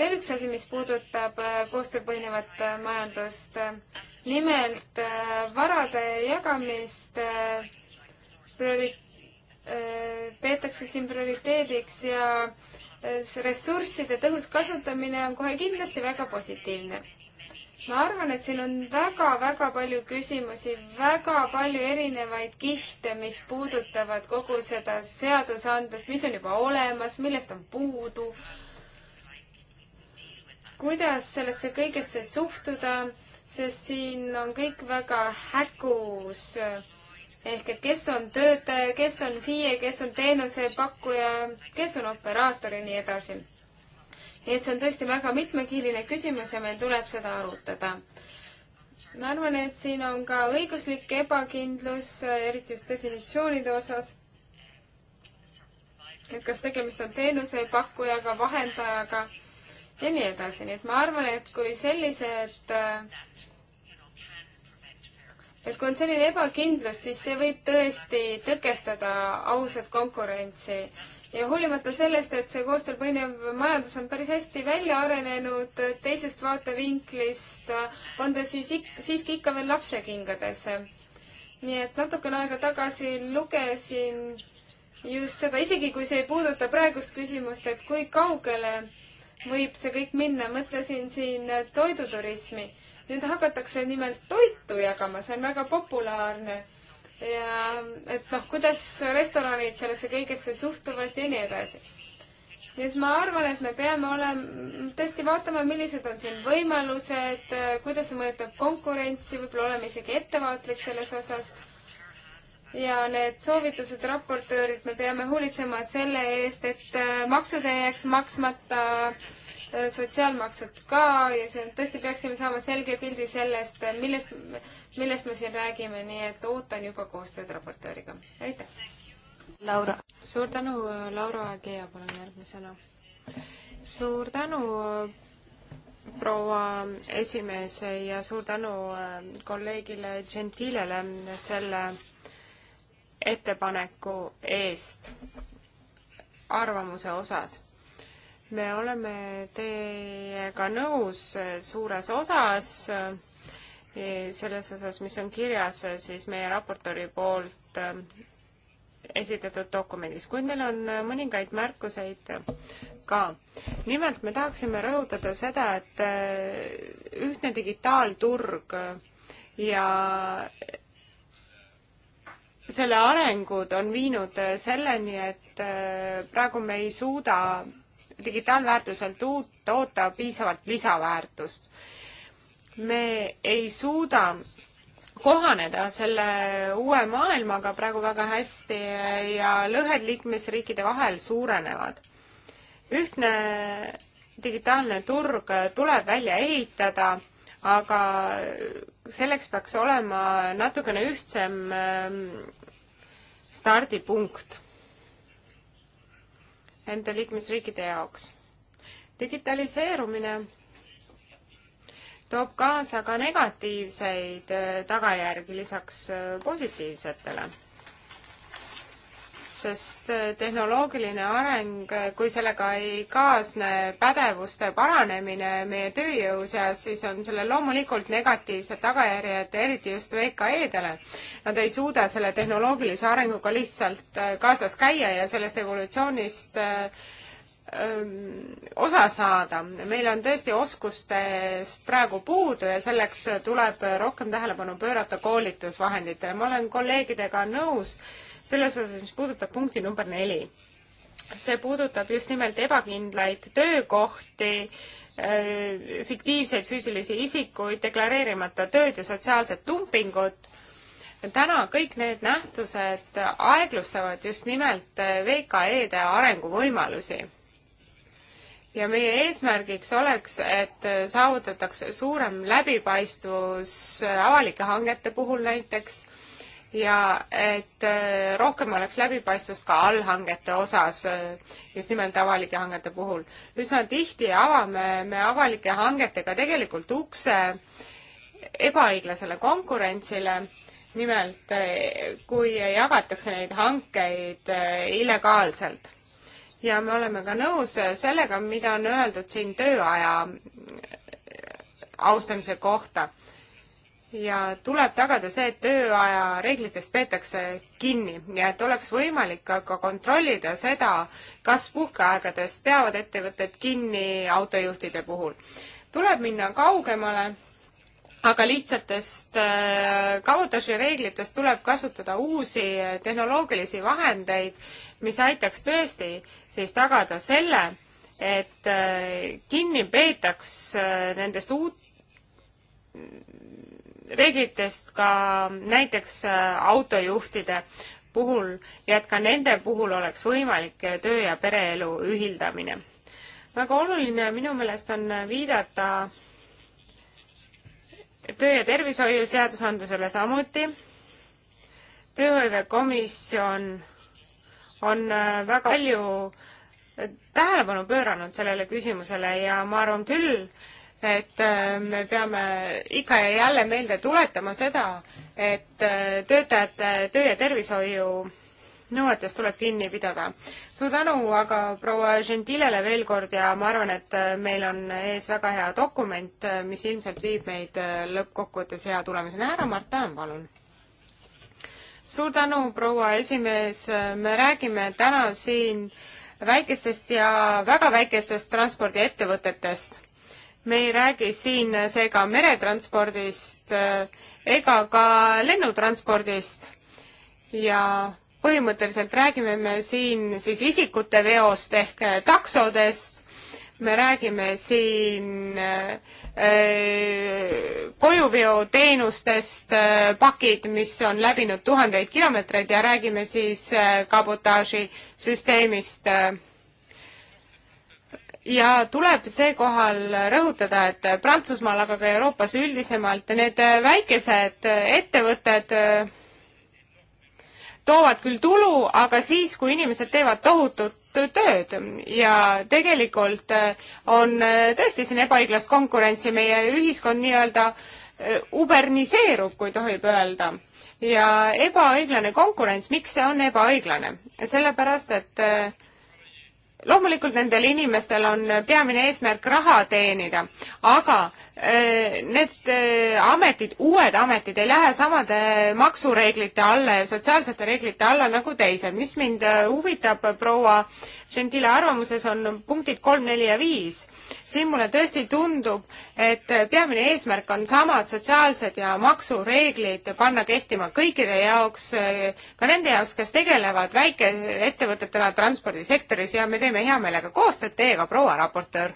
veel üks asi, mis puudutab koostööl põhinevat majandust, nimelt varade jagamist priori-, Äh, peetakse siin prioriteediks ja äh, ressursside tõhus kasutamine on kohe kindlasti väga positiivne. ma arvan, et siin on väga-väga palju küsimusi, väga palju erinevaid kihte, mis puudutavad kogu seda seadusandlust, mis on juba olemas, millest on puudu. kuidas sellesse kõigesse suhtuda, sest siin on kõik väga hägus ehk et kes on töötaja, kes on FIE, kes on teenusepakkuja, kes on operaator ja nii edasi. nii et see on tõesti väga mitmekihiline küsimus ja meil tuleb seda arutada. ma arvan, et siin on ka õiguslik ebakindlus, eriti just definitsioonide osas. et kas tegemist on teenusepakkujaga, vahendajaga ja nii edasi, nii et ma arvan, et kui sellised äh, et kui on selline ebakindlus, siis see võib tõesti tõkestada ausat konkurentsi. ja hoolimata sellest, et see koostööl põhinev majandus on päris hästi välja arenenud teisest vaatevinklist, on ta siis ik-, siiski ikka veel lapsekingades. nii et natukene aega tagasi lugesin just seda, isegi kui see ei puuduta praegust küsimust, et kui kaugele võib see kõik minna, mõtlesin siin toiduturismi nüüd hakatakse nimelt toitu jagama, see on väga populaarne. ja et noh, kuidas restoranid sellesse kõigesse suhtuvad ja nii edasi. nii et ma arvan, et me peame olema, tõesti vaatama, millised on siin võimalused, kuidas see mõjutab konkurentsi, võib-olla oleme isegi ettevaatlik selles osas ja need soovitused, raportöörid, me peame hoolitsema selle eest, et maksud ei jääks maksmata äh, Äh, sotsiaalmaksud ka ja see, tõesti peaksime saama selge pildi sellest, millest, millest me siin räägime, nii et ootan juba koostööd raportööriga. aitäh! Laura. suur tänu, Laura Agea, palun järgmisena. suur tänu, proua esimees ja suur tänu äh, kolleegile Gentilele selle ettepaneku eest arvamuse osas me oleme teiega nõus suures osas, e, selles osas, mis on kirjas e, siis meie raportööri poolt e, esitatud dokumendis, kuid meil on mõningaid märkuseid ka. nimelt me tahaksime rõhutada seda, et ühtne digitaalturg ja selle arengud on viinud selleni, et praegu me ei suuda digitaalväärtuselt uut, toota piisavalt lisaväärtust. me ei suuda kohaneda selle uue maailmaga praegu väga hästi ja lõhed liikmesriikide vahel suurenevad. ühtne digitaalne turg tuleb välja ehitada, aga selleks peaks olema natukene ühtsem ehm, stardipunkt enda liikmesriikide jaoks. digitaliseerumine toob kaasa ka negatiivseid äh, tagajärgi lisaks äh, positiivsetele sest äh, tehnoloogiline areng, äh, kui sellega ei kaasne pädevuste paranemine meie tööjõu seas, siis on sellel loomulikult negatiivsed tagajärjed, eriti just VKE-dele. Nad ei suuda selle tehnoloogilise arenguga lihtsalt äh, kaasas käia ja sellest evolutsioonist ähm, osa saada. meil on tõesti oskustest praegu puudu ja selleks tuleb rohkem tähelepanu pöörata koolitusvahenditele. ma olen kolleegidega nõus selles osas, mis puudutab punkti number neli. see puudutab just nimelt ebakindlaid töökohti, äh, fiktiivseid füüsilisi isikuid, deklareerimata tööd ja sotsiaalset dumpingut täna kõik need nähtused aeglustavad just nimelt äh, VKE-de arenguvõimalusi. ja meie eesmärgiks oleks, et äh, saavutatakse suurem läbipaistvus avalike hangete puhul näiteks ja et äh, rohkem oleks läbipaistvust ka allhangete osas, äh, just nimelt avalike hangete puhul. üsna tihti avame me avalike hangetega tegelikult ukse ebaõiglasele konkurentsile, nimelt äh, kui jagatakse neid hankeid illegaalselt. ja me oleme ka nõus sellega, mida on öeldud siin tööaja austamise kohta ja tuleb tagada see, et tööaja reeglitest peetakse kinni ja et oleks võimalik ka kontrollida seda, kas puhkeaegadest peavad ettevõtted kinni autojuhtide puhul. tuleb minna kaugemale, aga lihtsatest äh, kabotaaži reeglitest tuleb kasutada uusi tehnoloogilisi vahendeid, mis aitaks tõesti siis tagada selle, et äh, kinni peetaks äh, nendest uut reeglitest ka näiteks äh, autojuhtide puhul ja et ka nende puhul oleks võimalik äh, töö ja pereelu ühildamine. väga oluline minu meelest on viidata töö- ja tervishoiu seadusandlusele samuti. tööhõivekomisjon on äh, väga palju tähelepanu pööranud sellele küsimusele ja ma arvan küll, et äh, me peame ikka ja jälle meelde tuletama seda, et äh, töötajate töö- ja tervishoiu nõuetest tuleb kinni pidada. suur tänu aga proua Gentilele veel kord ja ma arvan, et äh, meil on ees väga hea dokument, mis ilmselt viib meid lõppkokkuvõttes hea tulemuseni. härra Mart Tänan, palun suur tänu, proua esimees, me räägime täna siin väikestest ja väga väikestest transpordiettevõtetest me ei räägi siin seega meretranspordist eh, ega ka lennutranspordist ja põhimõtteliselt räägime me siin siis isikute veost ehk eh, taksodest, me räägime siin äh, kojuveoteenustest äh,, pakid, mis on läbinud tuhandeid kilomeetreid ja räägime siis äh, kabotaaži süsteemist äh, ja tuleb seekohal rõhutada, et Prantsusmaal, aga ka Euroopas üldisemalt need väikesed ettevõtted äh, toovad küll tulu, aga siis, kui inimesed teevad tohutut tööd ja tegelikult äh, on äh, tõesti siin ebaõiglast konkurentsi, meie ühiskond nii-öelda uberniseerub, kui tohib öelda. ja ebaõiglane konkurents, miks see on ebaõiglane? sellepärast, et loomulikult nendel inimestel on peamine eesmärk raha teenida, aga äh, need äh, ametid, uued ametid ei lähe samade maksureeglite alla ja sotsiaalsete reeglite alla nagu teised. mis mind äh, huvitab proua Gentile arvamuses on punktid kolm, neli ja viis. siin mulle tõesti tundub, et peamine eesmärk on samad sotsiaalsed ja maksureeglid panna kehtima kõikide jaoks, ka nende jaoks, kes tegelevad väikeettevõtetena transpordisektoris ja me teeme teeme hea meelega koostööd teiega, proua raportöör.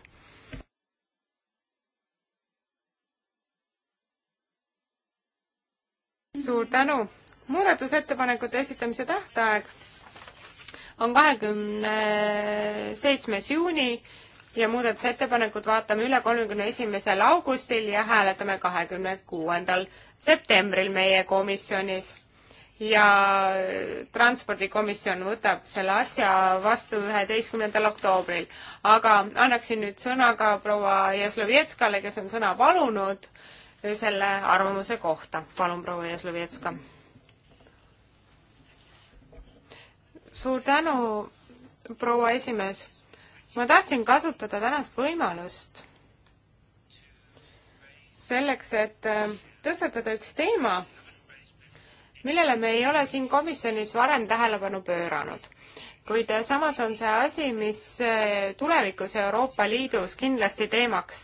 suur tänu. muudatusettepanekute esitamise tähtaeg on kahekümne seitsmes juuni ja muudatusettepanekud vaatame üle kolmekümne esimesel augustil ja hääletame kahekümne kuuendal septembril meie komisjonis ja transpordikomisjon võtab selle asja vastu üheteistkümnendal oktoobril. aga annaksin nüüd sõna ka proua Jaslovetskale, kes on sõna palunud selle arvamuse kohta. palun, proua Jaslovetska. suur tänu, proua esimees. ma tahtsin kasutada tänast võimalust selleks, et tõstatada üks teema millele me ei ole siin komisjonis varem tähelepanu pööranud. kuid samas on see asi, mis eh, tulevikus Euroopa Liidus kindlasti teemaks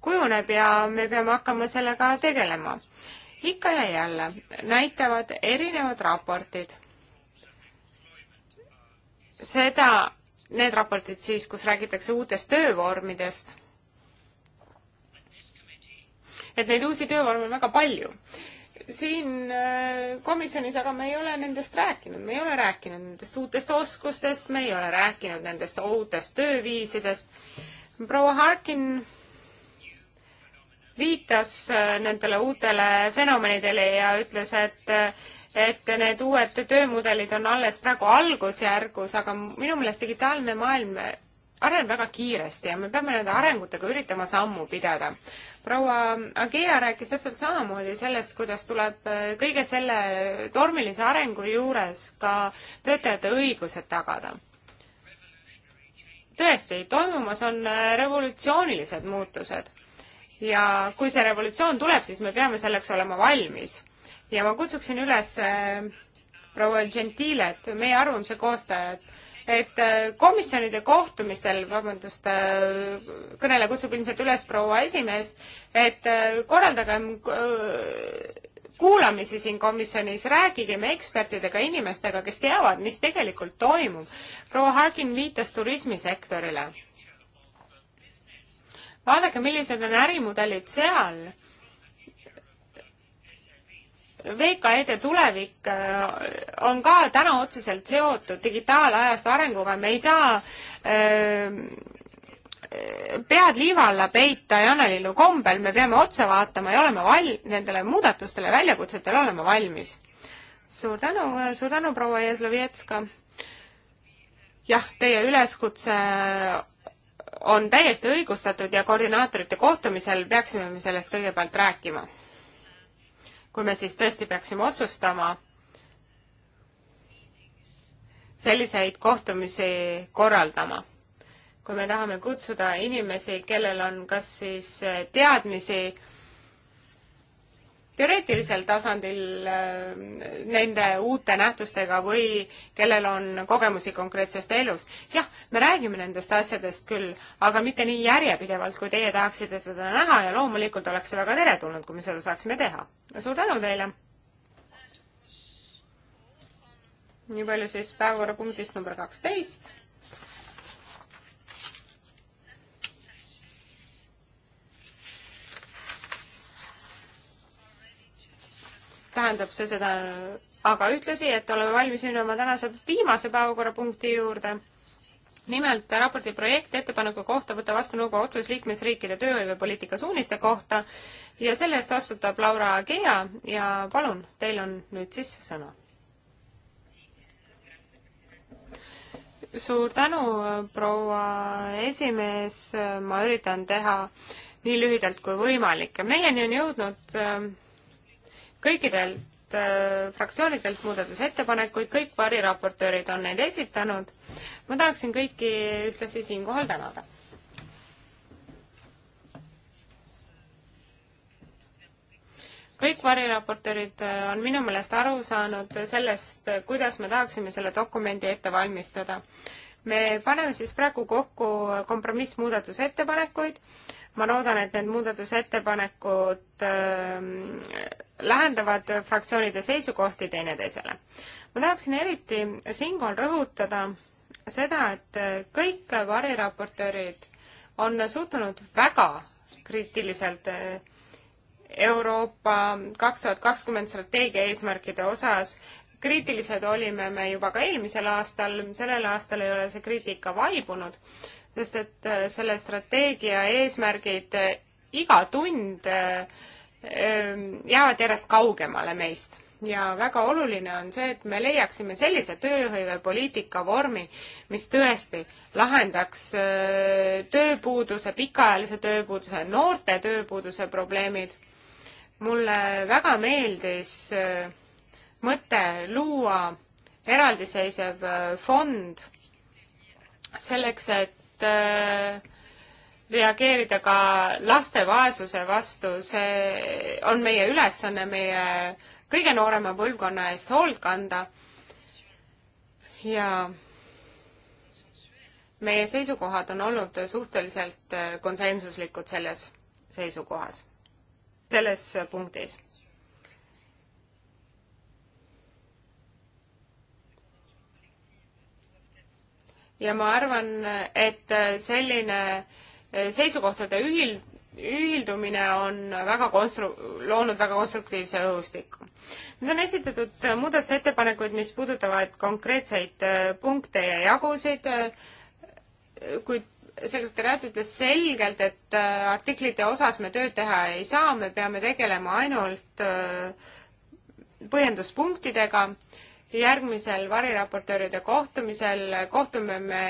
kujuneb ja me peame hakkama sellega tegelema. ikka ja jälle näitavad erinevad raportid seda, need raportid siis, kus räägitakse uutest töövormidest, et neid uusi töövorme on väga palju siin äh, komisjonis, aga me ei ole nendest rääkinud, me ei ole rääkinud nendest uutest oskustest, me ei ole rääkinud nendest uutest tööviisidest. proua Harkin viitas äh, nendele uutele fenomenidele ja ütles, et äh, et need uued töömudelid on alles praegu algusjärgus, aga minu meelest digitaalne maailm areneb väga kiiresti ja me peame nende arengutega üritama sammu pidada. proua Agea rääkis täpselt samamoodi sellest, kuidas tuleb äh, kõige selle tormilise arengu juures ka töötajate õigused tagada. tõesti, toimumas on äh, revolutsioonilised muutused ja kui see revolutsioon tuleb, siis me peame selleks olema valmis. ja ma kutsuksin üles äh, proua Gentilet, meie arvamuse koostajat, et äh, komisjonide kohtumistel, vabandust, äh, kõneleja kutsub ilmselt üles proua esimeest, et äh, korraldagem kuulamisi siin komisjonis, rääkigem ekspertidega, inimestega, kes teavad, mis tegelikult toimub. proua Harkin viitas turismisektorile. vaadake, millised on ärimudelid seal VKE-de tulevik äh, on ka täna otseselt seotud digitaalajastu arenguga, me ei saa äh, pead liiva alla peita jaanelillu kombel, me peame otsa vaatama ja olema val-, nendele muudatustele, väljakutsetele olema valmis. suur tänu, äh, suur tänu, proua Jezlovetska. jah, teie üleskutse on täiesti õigustatud ja koordinaatorite kohtumisel peaksime me sellest kõigepealt rääkima kui me siis tõesti peaksime otsustama selliseid kohtumisi korraldama. kui me tahame kutsuda inimesi, kellel on kas siis teadmisi teoreetilisel tasandil äh, nende uute nähtustega või kellel on kogemusi konkreetsest elust. jah, me räägime nendest asjadest küll, aga mitte nii järjepidevalt, kui teie tahaksite seda näha ja loomulikult oleks see väga teretulnud, kui me seda saaksime teha. suur tänu teile! nii palju siis päevakorrapunktist number kaksteist tähendab see seda, aga ühtlasi, et oleme valmis minna oma tänase viimase päevakorrapunkti juurde. nimelt raporti projekt ettepaneku kohta võtta vastu nõukogu otsus liikmesriikide tööhõivepoliitika suuniste kohta ja selle eest vastutab Laura Agea ja palun, teil on nüüd siis sõna. suur tänu, proua esimees, ma üritan teha nii lühidalt kui võimalik ja meieni on jõudnud äh, kõikidelt äh, fraktsioonidelt muudatusettepanekuid, kõik variraportöörid on neid esitanud. ma tahaksin kõiki ühtlasi siinkohal tänada. kõik variraportöörid äh, on minu meelest aru saanud sellest, kuidas me tahaksime selle dokumendi ette valmistada me paneme siis praegu kokku kompromissmuudatusettepanekuid. ma loodan, et need muudatusettepanekud ähm, lähendavad fraktsioonide seisukohti teineteisele. ma tahaksin eriti siinkohal rõhutada seda, et kõik variraportöörid on suhtunud väga kriitiliselt eh, Euroopa kaks tuhat kakskümmend strateegia eesmärkide osas. kriitilised olime me juba ka eelmisel aastal, sellel aastal ei ole see kriitika vaibunud, sest et eh, selle strateegia eesmärgid eh, iga tund äh, Ehm, jäävad järjest kaugemale meist ja väga oluline on see, et me leiaksime sellise tööhõivepoliitika vormi, mis tõesti lahendaks äh, tööpuuduse, pikaajalise tööpuuduse, noorte tööpuuduse probleemid. mulle väga meeldis äh, mõte luua eraldiseisev äh, fond selleks, et reageerida ka laste vaesuse vastu, see on meie ülesanne meie kõige noorema põlvkonna eest hoolt kanda. ja meie seisukohad on olnud suhteliselt konsensuslikud selles seisukohas, selles punktis ja ma arvan, et selline Eh, seisukohtade ühil-, ühildumine on väga konstru-, loonud väga konstruktiivse õhustiku. nüüd on esitatud eh, muudatusettepanekuid, mis puudutavad konkreetseid eh, punkte ja jagusid, kuid sekretäriaat ütles selgelt, et artiklite osas me tööd teha ei saa, me peame tegelema ainult põhjenduspunktidega järgmisel variraportööride kohtumisel kohtume me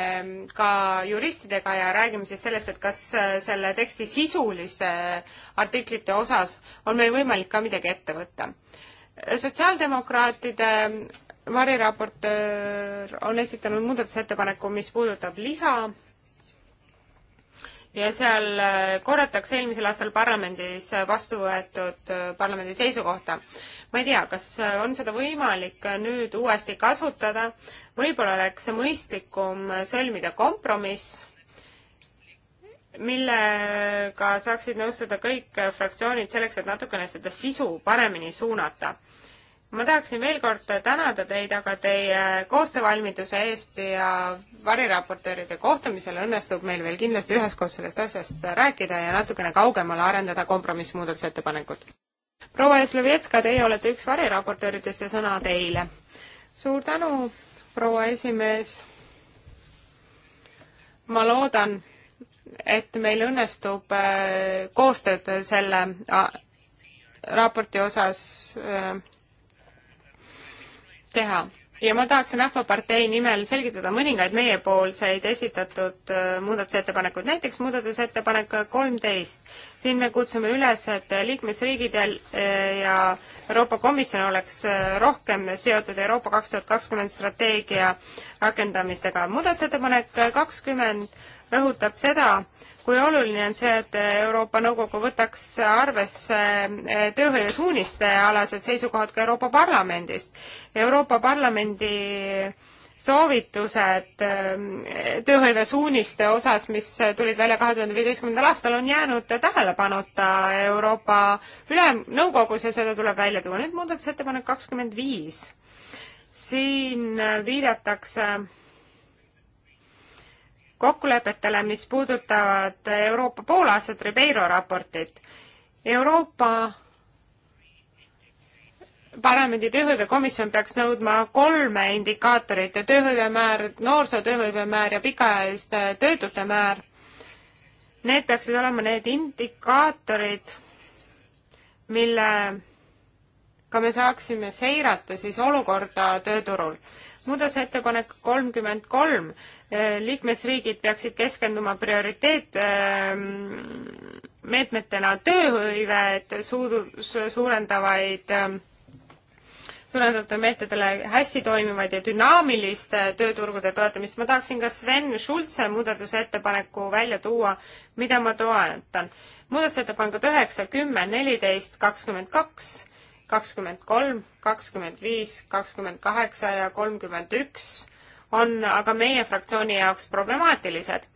ka juristidega ja räägime siis sellest, et kas äh, selle teksti sisuliste äh, artiklite osas on meil võimalik ka midagi ette võtta. sotsiaaldemokraatide äh, variraportöör on esitanud muudatusettepaneku, mis puudutab lisa ja seal äh, korratakse eelmisel aastal parlamendis äh, vastu võetud äh, parlamendi seisukohta. ma ei tea, kas on seda võimalik nüüd uuesti kasutada, võib-olla oleks mõistlikum sõlmida kompromiss, millega saaksid nõustuda kõik fraktsioonid selleks, et natukene seda sisu paremini suunata ma tahaksin veel kord tänada teid aga teie koostöövalmiduse eest ja variraportööride kohtumisel õnnestub meil veel kindlasti üheskoos sellest asjast rääkida ja natukene kaugemale arendada kompromissmuudatusettepanekut. proua Jaslovetska, teie olete üks variraportööridest ja sõna teile. suur tänu, proua esimees. ma loodan, et meil õnnestub äh, koostööd selle äh, raporti osas äh, teha. ja ma tahaksin Rahvapartei nimel selgitada mõningaid meiepoolseid esitatud äh, muudatusettepanekuid, näiteks muudatusettepanek kolmteist. siin me kutsume üles, et liikmesriigidel äh, ja Euroopa Komisjon oleks äh, rohkem seotud Euroopa kaks tuhat kakskümmend strateegia rakendamistega. muudatusettepanek kakskümmend rõhutab seda, kui oluline on see, et Euroopa Nõukogu võtaks arvesse eh, tööhõive suuniste alased seisukohad ka Euroopa Parlamendist. Euroopa Parlamendi soovitused eh, tööhõive suuniste osas, mis tulid välja kahe tuhande viieteistkümnendal aastal, on jäänud tähelepanuta Euroopa Ülemnõukogus ja seda tuleb välja tuua. nüüd muudatusettepanek kakskümmend viis. siin viidatakse äh, kokkulepetele, mis puudutavad Euroopa poolaastat Ribeiro raportit. Euroopa parlamendi tööhõivekomisjon peaks nõudma kolme indikaatorit, tööhõivemäär, noorsootööhõivemäär ja pikaajaliste töötute määr. Need peaksid olema need indikaatorid, millega me saaksime seirata siis olukorda tööturul muudatusettepanek kolmkümmend kolm, äh, liikmesriigid peaksid keskenduma prioriteetmeetmetena ähm, tööhõivet suudu-, suurendavaid ähm, suurendatud meetodile hästi toimivaid ja dünaamiliste tööturgude toetamist. ma tahaksin ka Sven Schulze muudatusettepaneku välja tuua, mida ma toetan. muudatusettepanekud üheksa, kümme, neliteist, kakskümmend kaks kakskümmend kolm, kakskümmend viis, kakskümmend kaheksa ja kolmkümmend üks on aga meie fraktsiooni jaoks problemaatilised.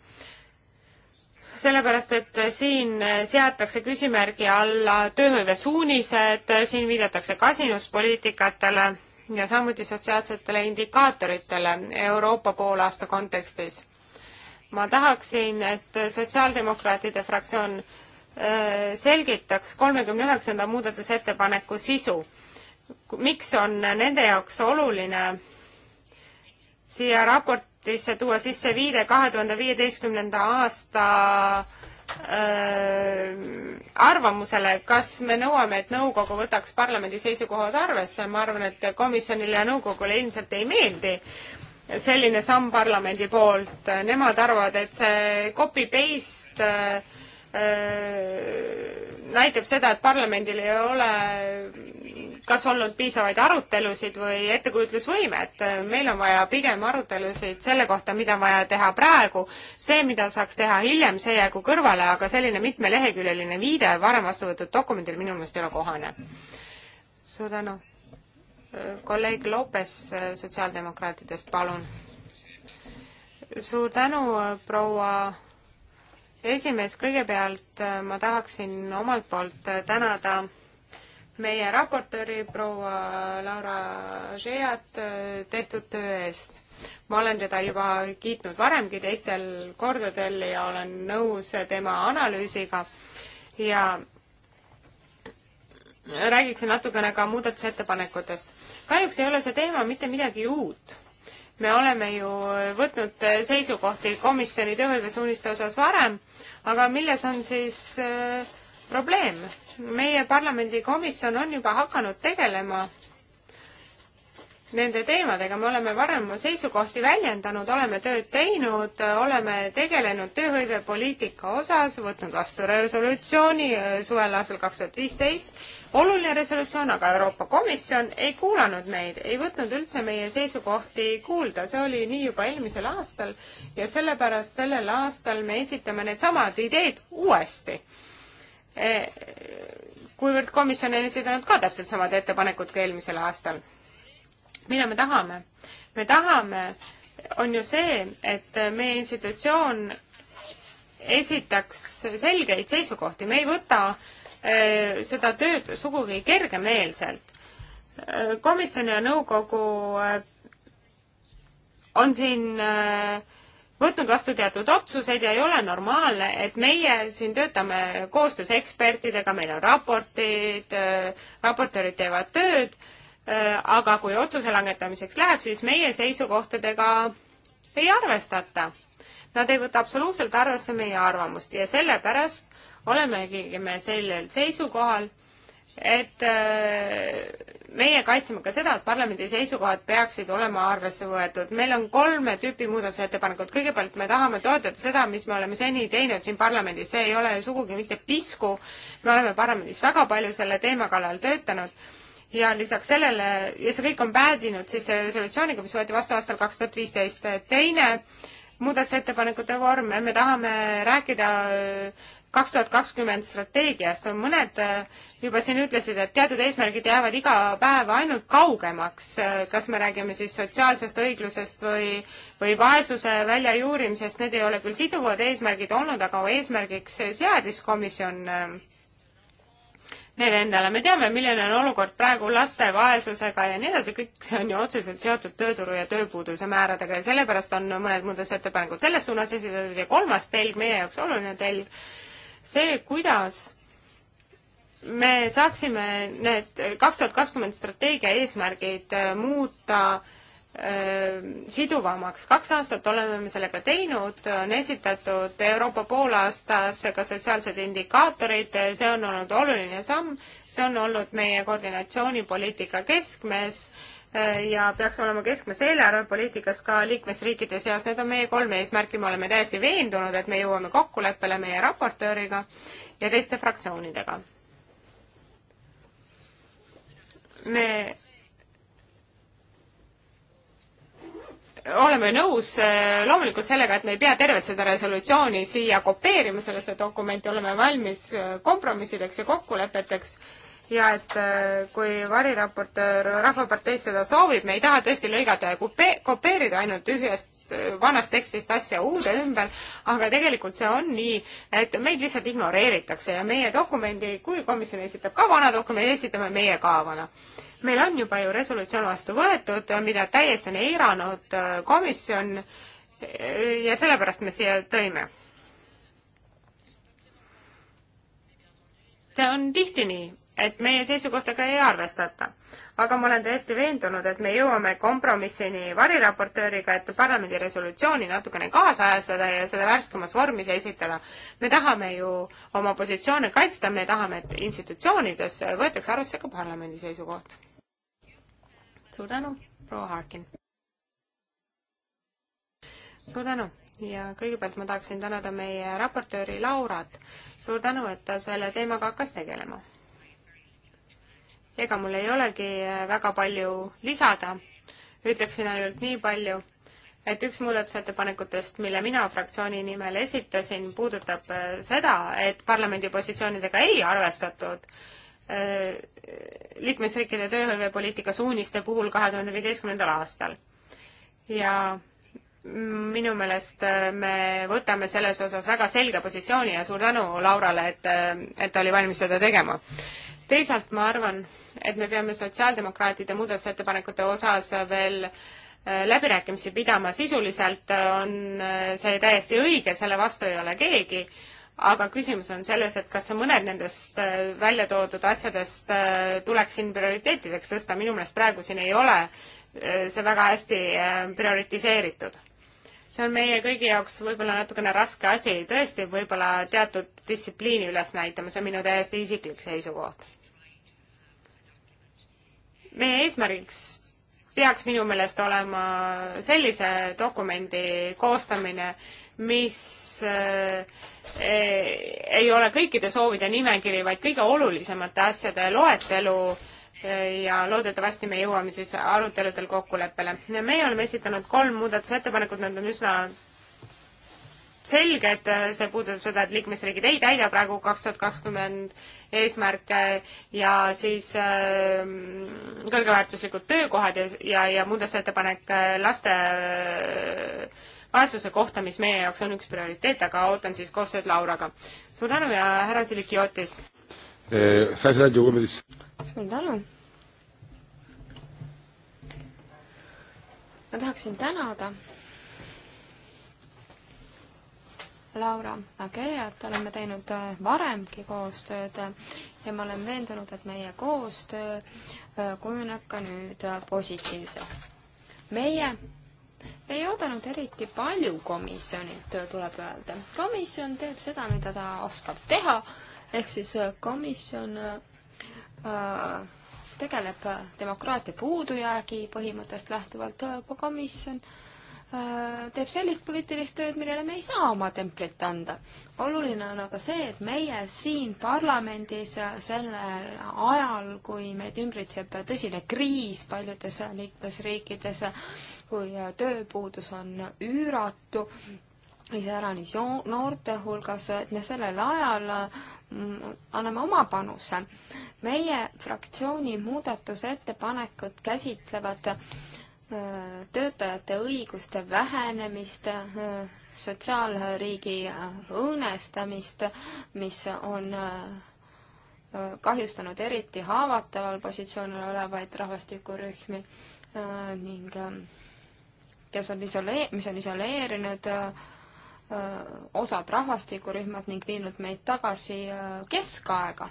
sellepärast, et siin seatakse küsimärgi alla tööhõivesuunised, siin viidatakse kasinuspoliitikatele ja samuti sotsiaalsetele indikaatoritele Euroopa poolaasta kontekstis ma tahaksin, et sotsiaaldemokraatide fraktsioon Äh, selgitaks kolmekümne üheksanda muudatusettepaneku sisu. miks on nende jaoks oluline siia raportisse tuua sisse viide kahe tuhande viieteistkümnenda aasta äh, arvamusele, kas me nõuame, et nõukogu võtaks parlamendi seisukohad arvesse, ma arvan, et komisjonile ja nõukogule ilmselt ei meeldi selline samm parlamendi poolt, nemad arvavad, et see copy-paste äh, Äh, näitab seda, et parlamendil ei ole kas olnud piisavaid arutelusid või ettekujutlusvõimet. Äh, meil on vaja pigem arutelusid selle kohta, mida on vaja teha praegu. see, mida saaks teha hiljem, see jäägu kõrvale, aga selline mitmeleheküljeline viide varem vastu võetud dokumendil minu meelest ei ole kohane. suur tänu. Äh, kolleeg Lopes sotsiaaldemokraatidest, palun. suur tänu, proua esimees, kõigepealt äh, ma tahaksin omalt poolt äh, tänada meie raportööri proua Laura Žeat äh, tehtud töö eest. ma olen teda juba kiitnud varemgi teistel kordadel ja olen nõus tema analüüsiga ja räägiksin natukene ka muudatusettepanekutest. kahjuks ei ole see teema mitte midagi uut me oleme ju võtnud seisukohti komisjoni tööhõivesuuniste osas varem, aga milles on siis äh, probleem? meie parlamendikomisjon on juba hakanud tegelema nende teemadega, me oleme varem oma seisukohti väljendanud, oleme tööd teinud, oleme tegelenud tööhõivepoliitika osas, võtnud vastu resolutsiooni eh, suvel aastal kaks tuhat viisteist, oluline resolutsioon, aga Euroopa Komisjon ei kuulanud meid, ei võtnud üldse meie seisukohti kuulda, see oli nii juba eelmisel aastal ja sellepärast sellel aastal me esitame needsamad ideed uuesti eh, kuivõrd komisjon on esitanud ka täpselt samad ettepanekud kui eelmisel aastal mida me tahame? me tahame, on ju see, et meie institutsioon esitaks selgeid seisukohti, me ei võta eh, seda tööd sugugi kergemeelselt. Eh, komisjon ja nõukogu eh, on siin võtnud vastu teatud otsuseid ja ei ole normaalne, et meie siin töötame koostöös ekspertidega, meil on raportid, raportöörid teevad tööd Äh, aga kui otsuse langetamiseks läheb, siis meie seisukohtadega ei arvestata. Nad ei võta absoluutselt arvesse meie arvamust ja sellepärast olemegi me sellel seisukohal, et äh, meie kaitseme ka seda, et parlamendi seisukohad peaksid olema arvesse võetud. meil on kolme tüüpi muudatusettepanekud. kõigepealt me tahame toetada seda, mis me oleme seni teinud siin parlamendis, see ei ole sugugi mitte pisku. me oleme parlamendis väga palju selle teema kallal töötanud ja lisaks sellele, ja see kõik on päädinud siis resolutsiooniga, mis võeti vastu aastal kaks tuhat viisteist. teine muudatusettepanekute vorm, me tahame rääkida äh, kaks tuhat kakskümmend strateegiast, mõned äh, juba siin ütlesid, et teatud eesmärgid jäävad iga päev ainult kaugemaks, äh, kas me räägime siis sotsiaalsest õiglusest või, või vaesuse väljajuurimisest, need ei ole küll siduvad eesmärgid olnud, aga eesmärgiks seadis komisjon äh, meile endale. me teame, milline on olukord praegu laste vaesusega ja nii edasi, kõik see on ju otseselt seotud tööturu ja tööpuuduse määradega ja sellepärast on mõned muudatusettepanekud selles suunas esitatud ja kolmas telg, meie jaoks oluline telg, see, kuidas me saaksime need kaks tuhat kakskümmend strateegia eesmärgid äh, muuta äh, siduvamaks. kaks aastat oleme me sellega teinud, on esitatud Euroopa poolaastasse ka sotsiaalsed indikaatorid, see on olnud oluline samm, see on olnud meie koordinatsioonipoliitika keskmes ja peaks olema keskmes eelarvepoliitikas ka liikmesriikide seas, need on meie kolm eesmärki, me oleme täiesti veendunud, et me jõuame kokkuleppele meie raportööriga ja teiste fraktsioonidega. me oleme nõus äh, loomulikult sellega, et me ei pea tervet seda resolutsiooni siia kopeerima, sellesse dokumenti oleme valmis äh, kompromissideks ja kokkulepeteks ja et äh, kui variraportöör Rahvaparteist seda soovib, me ei taha tõesti lõigata ja kope-, kopeerida ainult ühest vanast tekstist asja uude ümber, aga tegelikult see on nii, et meid lihtsalt ignoreeritakse ja meie dokumendi, kui komisjon esitab ka vana dokumendi, esitame meie ka vana meil on juba ju resolutsioon vastu võetud, mida täiesti on eiranud äh, komisjon äh, ja sellepärast me siia tõime. see on tihti nii, et meie seisukohta ka ei arvestata aga ma olen täiesti veendunud, et me jõuame kompromissini variraportööriga, et parlamendi resolutsiooni natukene kaasajastada ja seda värskemas vormis esitada. me tahame ju oma positsioone kaitsta, me tahame, et institutsioonides võetakse arvesse ka parlamendi seisukoht. suur tänu, proua Harkin! suur tänu! ja kõigepealt ma tahaksin tänada meie raportööri Laurat. suur tänu, et ta selle teemaga hakkas tegelema ega mul ei olegi äh, väga palju lisada, ütleksin ainult nii palju, et üks muudatusettepanekutest, mille mina fraktsiooni nimel esitasin, puudutab äh, seda, et parlamendi positsioonidega ei arvestatud äh, liikmesriikide tööhõivepoliitika suuniste puhul kahe tuhande viieteistkümnendal aastal. ja minu meelest me võtame selles osas väga selge positsiooni ja suur tänu Laurale, et, et ta oli valmis seda tegema teisalt ma arvan, et me peame sotsiaaldemokraatide muudatusettepanekute osas veel äh, läbirääkimisi pidama, sisuliselt äh, on äh, see täiesti õige, selle vastu ei ole keegi, aga küsimus on selles, et kas mõned nendest välja toodud asjadest tuleks siin prioriteetideks tõsta, minu meelest praegu siin ei ole see väga hästi prioritiseeritud. see on meie kõigi jaoks võib-olla natukene raske asi, tõesti võib-olla teatud distsipliini üles näitama, see on minu täiesti isiklik seisukoht meie eesmärgiks peaks minu meelest olema sellise dokumendi koostamine, mis äh, eh, ei ole kõikide soovide nimekiri, vaid kõige olulisemate asjade loetelu äh, ja loodetavasti me jõuame siis aruteludel kokkuleppele. meie oleme esitanud kolm muudatusettepanekut, nad on üsna selged, äh, see puudutab seda, et liikmesriigid ei täida praegu kaks tuhat kakskümmend eesmärke ja siis äh, kõrgeväärtuslikud töökohad ja, ja, ja muudatusettepanek äh, laste äh, vaesuse kohta, mis meie jaoks on üks prioriteet, aga ootan siis koostööd Lauraga. suur tänu ja härra Silikiotis! Eh, suur tänu! ma tahaksin tänada Laura Ageat, oleme teinud äh, varemgi koostööd ja ma olen veendunud, et meie koostöö äh, kujuneb ka nüüd äh, positiivseks. meie ei oodanud eriti palju komisjonilt, tuleb öelda. komisjon teeb seda, mida ta oskab teha, ehk siis komisjon tegeleb demokraatia puudujäägi põhimõttest lähtuvalt, komisjon Äh, teeb sellist poliitilist tööd, millele me ei saa oma templit anda. oluline on aga see, et meie siin parlamendis sellel ajal, kui meid ümbritseb tõsine kriis paljudes liikmesriikides, kui tööpuudus on üüratu, iseäranis noorte hulgas, et me sellel ajal mm, anname oma panuse. meie fraktsiooni muudatusettepanekud käsitlevad äh, töötajate õiguste vähenemist, sotsiaalriigi õõnestamist, mis on äh, kahjustanud eriti haavataval positsioonil olevaid rahvastikurühmi äh, ning äh, kes on isolee-, mis on isoleerinud osad rahvastikurühmad ning viinud meid tagasi keskaega,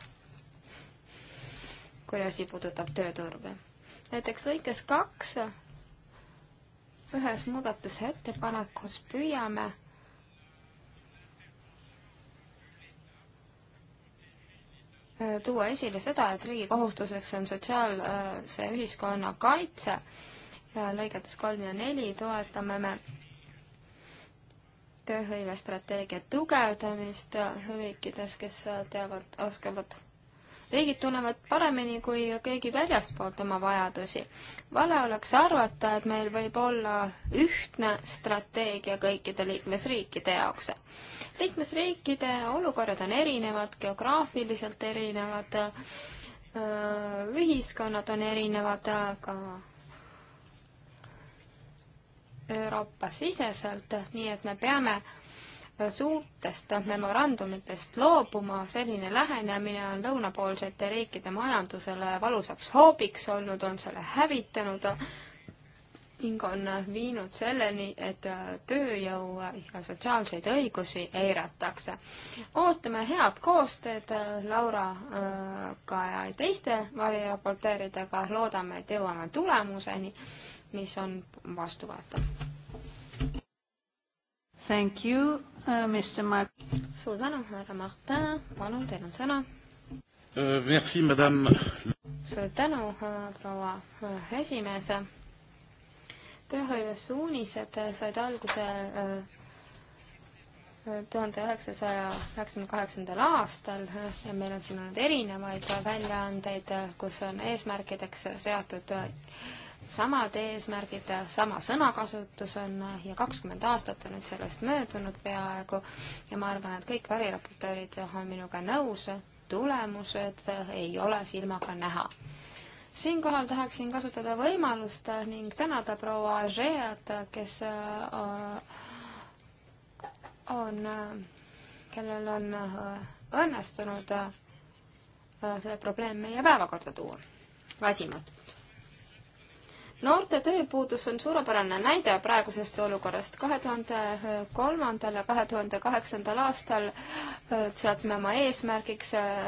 kui asi puudutab tööturge. näiteks lõikes kaks ühes muudatusettepanekus püüame tuua esile seda, et riigi kohustuseks on sotsiaalse ühiskonna kaitse ja lõigetes kolm ja neli toetame me tööhõivestrateegia tugevdamist riikides, kes teavad, oskavad riigid tunnevad paremini kui keegi väljaspoolt oma vajadusi. vale oleks arvata, et meil võib olla ühtne strateegia kõikide liikmesriikide jaoks. liikmesriikide olukorrad on erinevad, geograafiliselt erinevad, ühiskonnad on erinevad, aga Euroopa siseselt, nii et me peame suurtest memorandumitest loobuma, selline lähenemine on lõunapoolsete riikide majandusele valusaks hoobiks olnud, on selle hävitanud ning on viinud selleni, et tööjõu ja sotsiaalseid õigusi eiratakse. ootame head koostööd äh, Lauraga äh, ja teiste variraporteeridega, loodame, et jõuame tulemuseni, mis on vastuvõetav. Thank you. Äh, Mr Mart-. suur tänu, härra Martin, palun, teil on sõna. Äh, merci, madame. suur tänu, äh, proua esimees. tööhõivesuunised said alguse tuhande üheksasaja üheksakümne kaheksandal aastal ja meil on siin olnud erinevaid väljaandeid, kus on eesmärkideks seatud samad eesmärgid, sama sõnakasutus on ja kakskümmend aastat on nüüd sellest möödunud peaaegu ja ma arvan, et kõik väliraportöörid on minuga nõus, tulemused ei ole silmaga näha. siinkohal tahaksin kasutada võimalust ning tänada proua Ageat, kes äh, on, kellel on õnnestunud äh, see probleem meie päevakorda tuua, väsimatu noorte tööpuudus on suurepärane näide praegusest olukorrast. kahe tuhande kolmandal ja kahe tuhande kaheksandal aastal äh, seadsime oma eesmärgiks äh,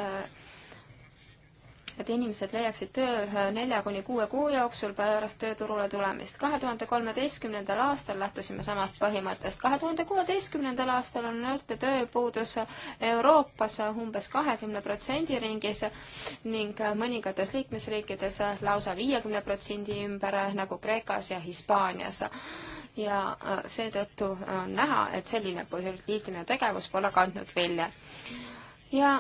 et inimesed leiaksid töö nelja kuni kuue kuu jooksul pärast tööturule tulemist. kahe tuhande kolmeteistkümnendal aastal lähtusime samast põhimõttest. kahe tuhande kuueteistkümnendal aastal on noorte tööpuudus Euroopas umbes kahekümne protsendi ringis ning mõningates liikmesriikides lausa viiekümne protsendi ümber, nagu Kreekas ja Hispaanias ja äh, seetõttu on näha, et selline poliitiline tegevus pole kandnud vilja. ja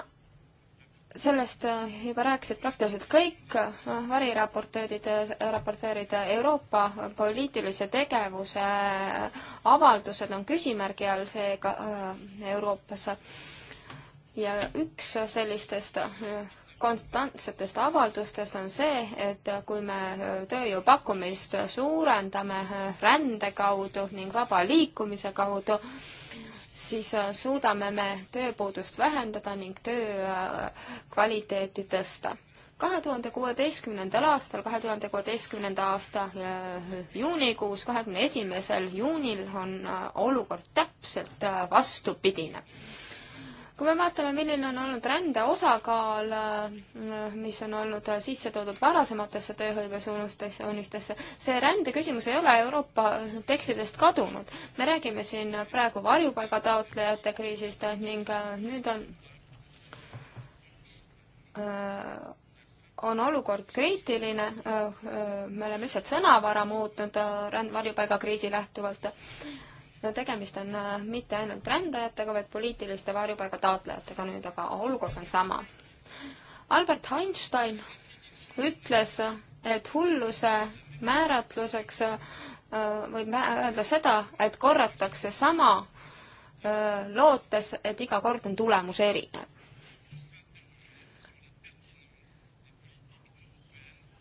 sellest äh, juba rääkisid praktiliselt kõik äh, variraportöörid, äh, raportöörid. Euroopa poliitilise tegevuse avaldused on küsimärgi all seega Euroopas. ja üks sellistest konstantsetest avaldustest on see, et kui me tööjõu pakkumist suurendame rände kaudu ning vaba liikumise kaudu, siis äh, suudame me tööpuudust vähendada ning töö äh, kvaliteeti tõsta. kahe tuhande kuueteistkümnendal aastal, kahe tuhande kuueteistkümnenda aasta äh, juunikuus, kahekümne esimesel juunil on olukord täpselt vastupidine kui me vaatame, milline on olnud rände osakaal, äh, mis on olnud äh, sisse toodud varasematesse tööhõivesuunistesse, unistesse, see rändeküsimus ei ole Euroopa tekstidest kadunud. me räägime siin praegu varjupaigataotlejate kriisist ning äh, nüüd on on olukord kriitiline, me oleme lihtsalt sõnavara muutnud ränd-, varjupaigakriisi lähtuvalt tegemist on äh, mitte ainult rändajatega, vaid poliitiliste varjupaiga taotlejatega nüüd, aga olukord on sama. Albert Einstein ütles, et hulluse määratluseks äh, võib öelda seda, et korratakse sama äh, lootes, et iga kord on tulemus erinev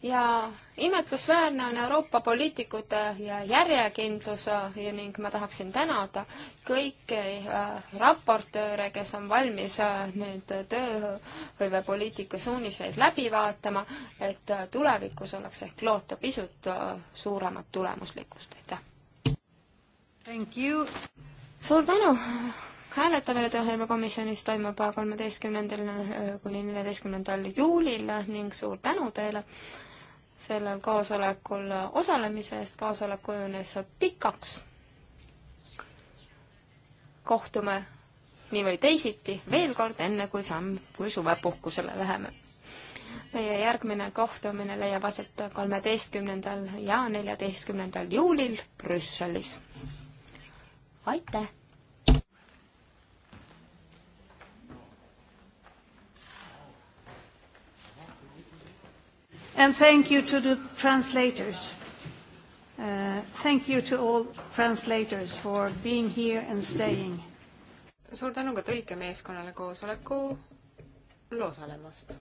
ja imetlusväärne on Euroopa poliitikute ja järjekindlus ja ning ma tahaksin tänada kõiki äh, raportööre, kes on valmis äh, need tööhõivepoliitika suuniseid läbi vaatama, et äh, tulevikus oleks ehk loota pisut äh, suuremat tulemuslikkust, aitäh! suur tänu! hääletamine tööhõivekomisjonis toimub kolmeteistkümnendal äh, kuni neljateistkümnendal juulil ning suur tänu teile! sellel koosolekul osalemise eest, koosolek kujunes pikaks. kohtume nii või teisiti veel kord, enne kui samm, kui suvepuhkusele läheme. meie järgmine kohtumine leiab aset kolmeteistkümnendal ja neljateistkümnendal juulil Brüsselis. aitäh! And thank you to the translators. Uh, thank you to all translators for being here and staying. suur tänu ka tõlkemeeskonnale koosoleku osalemast.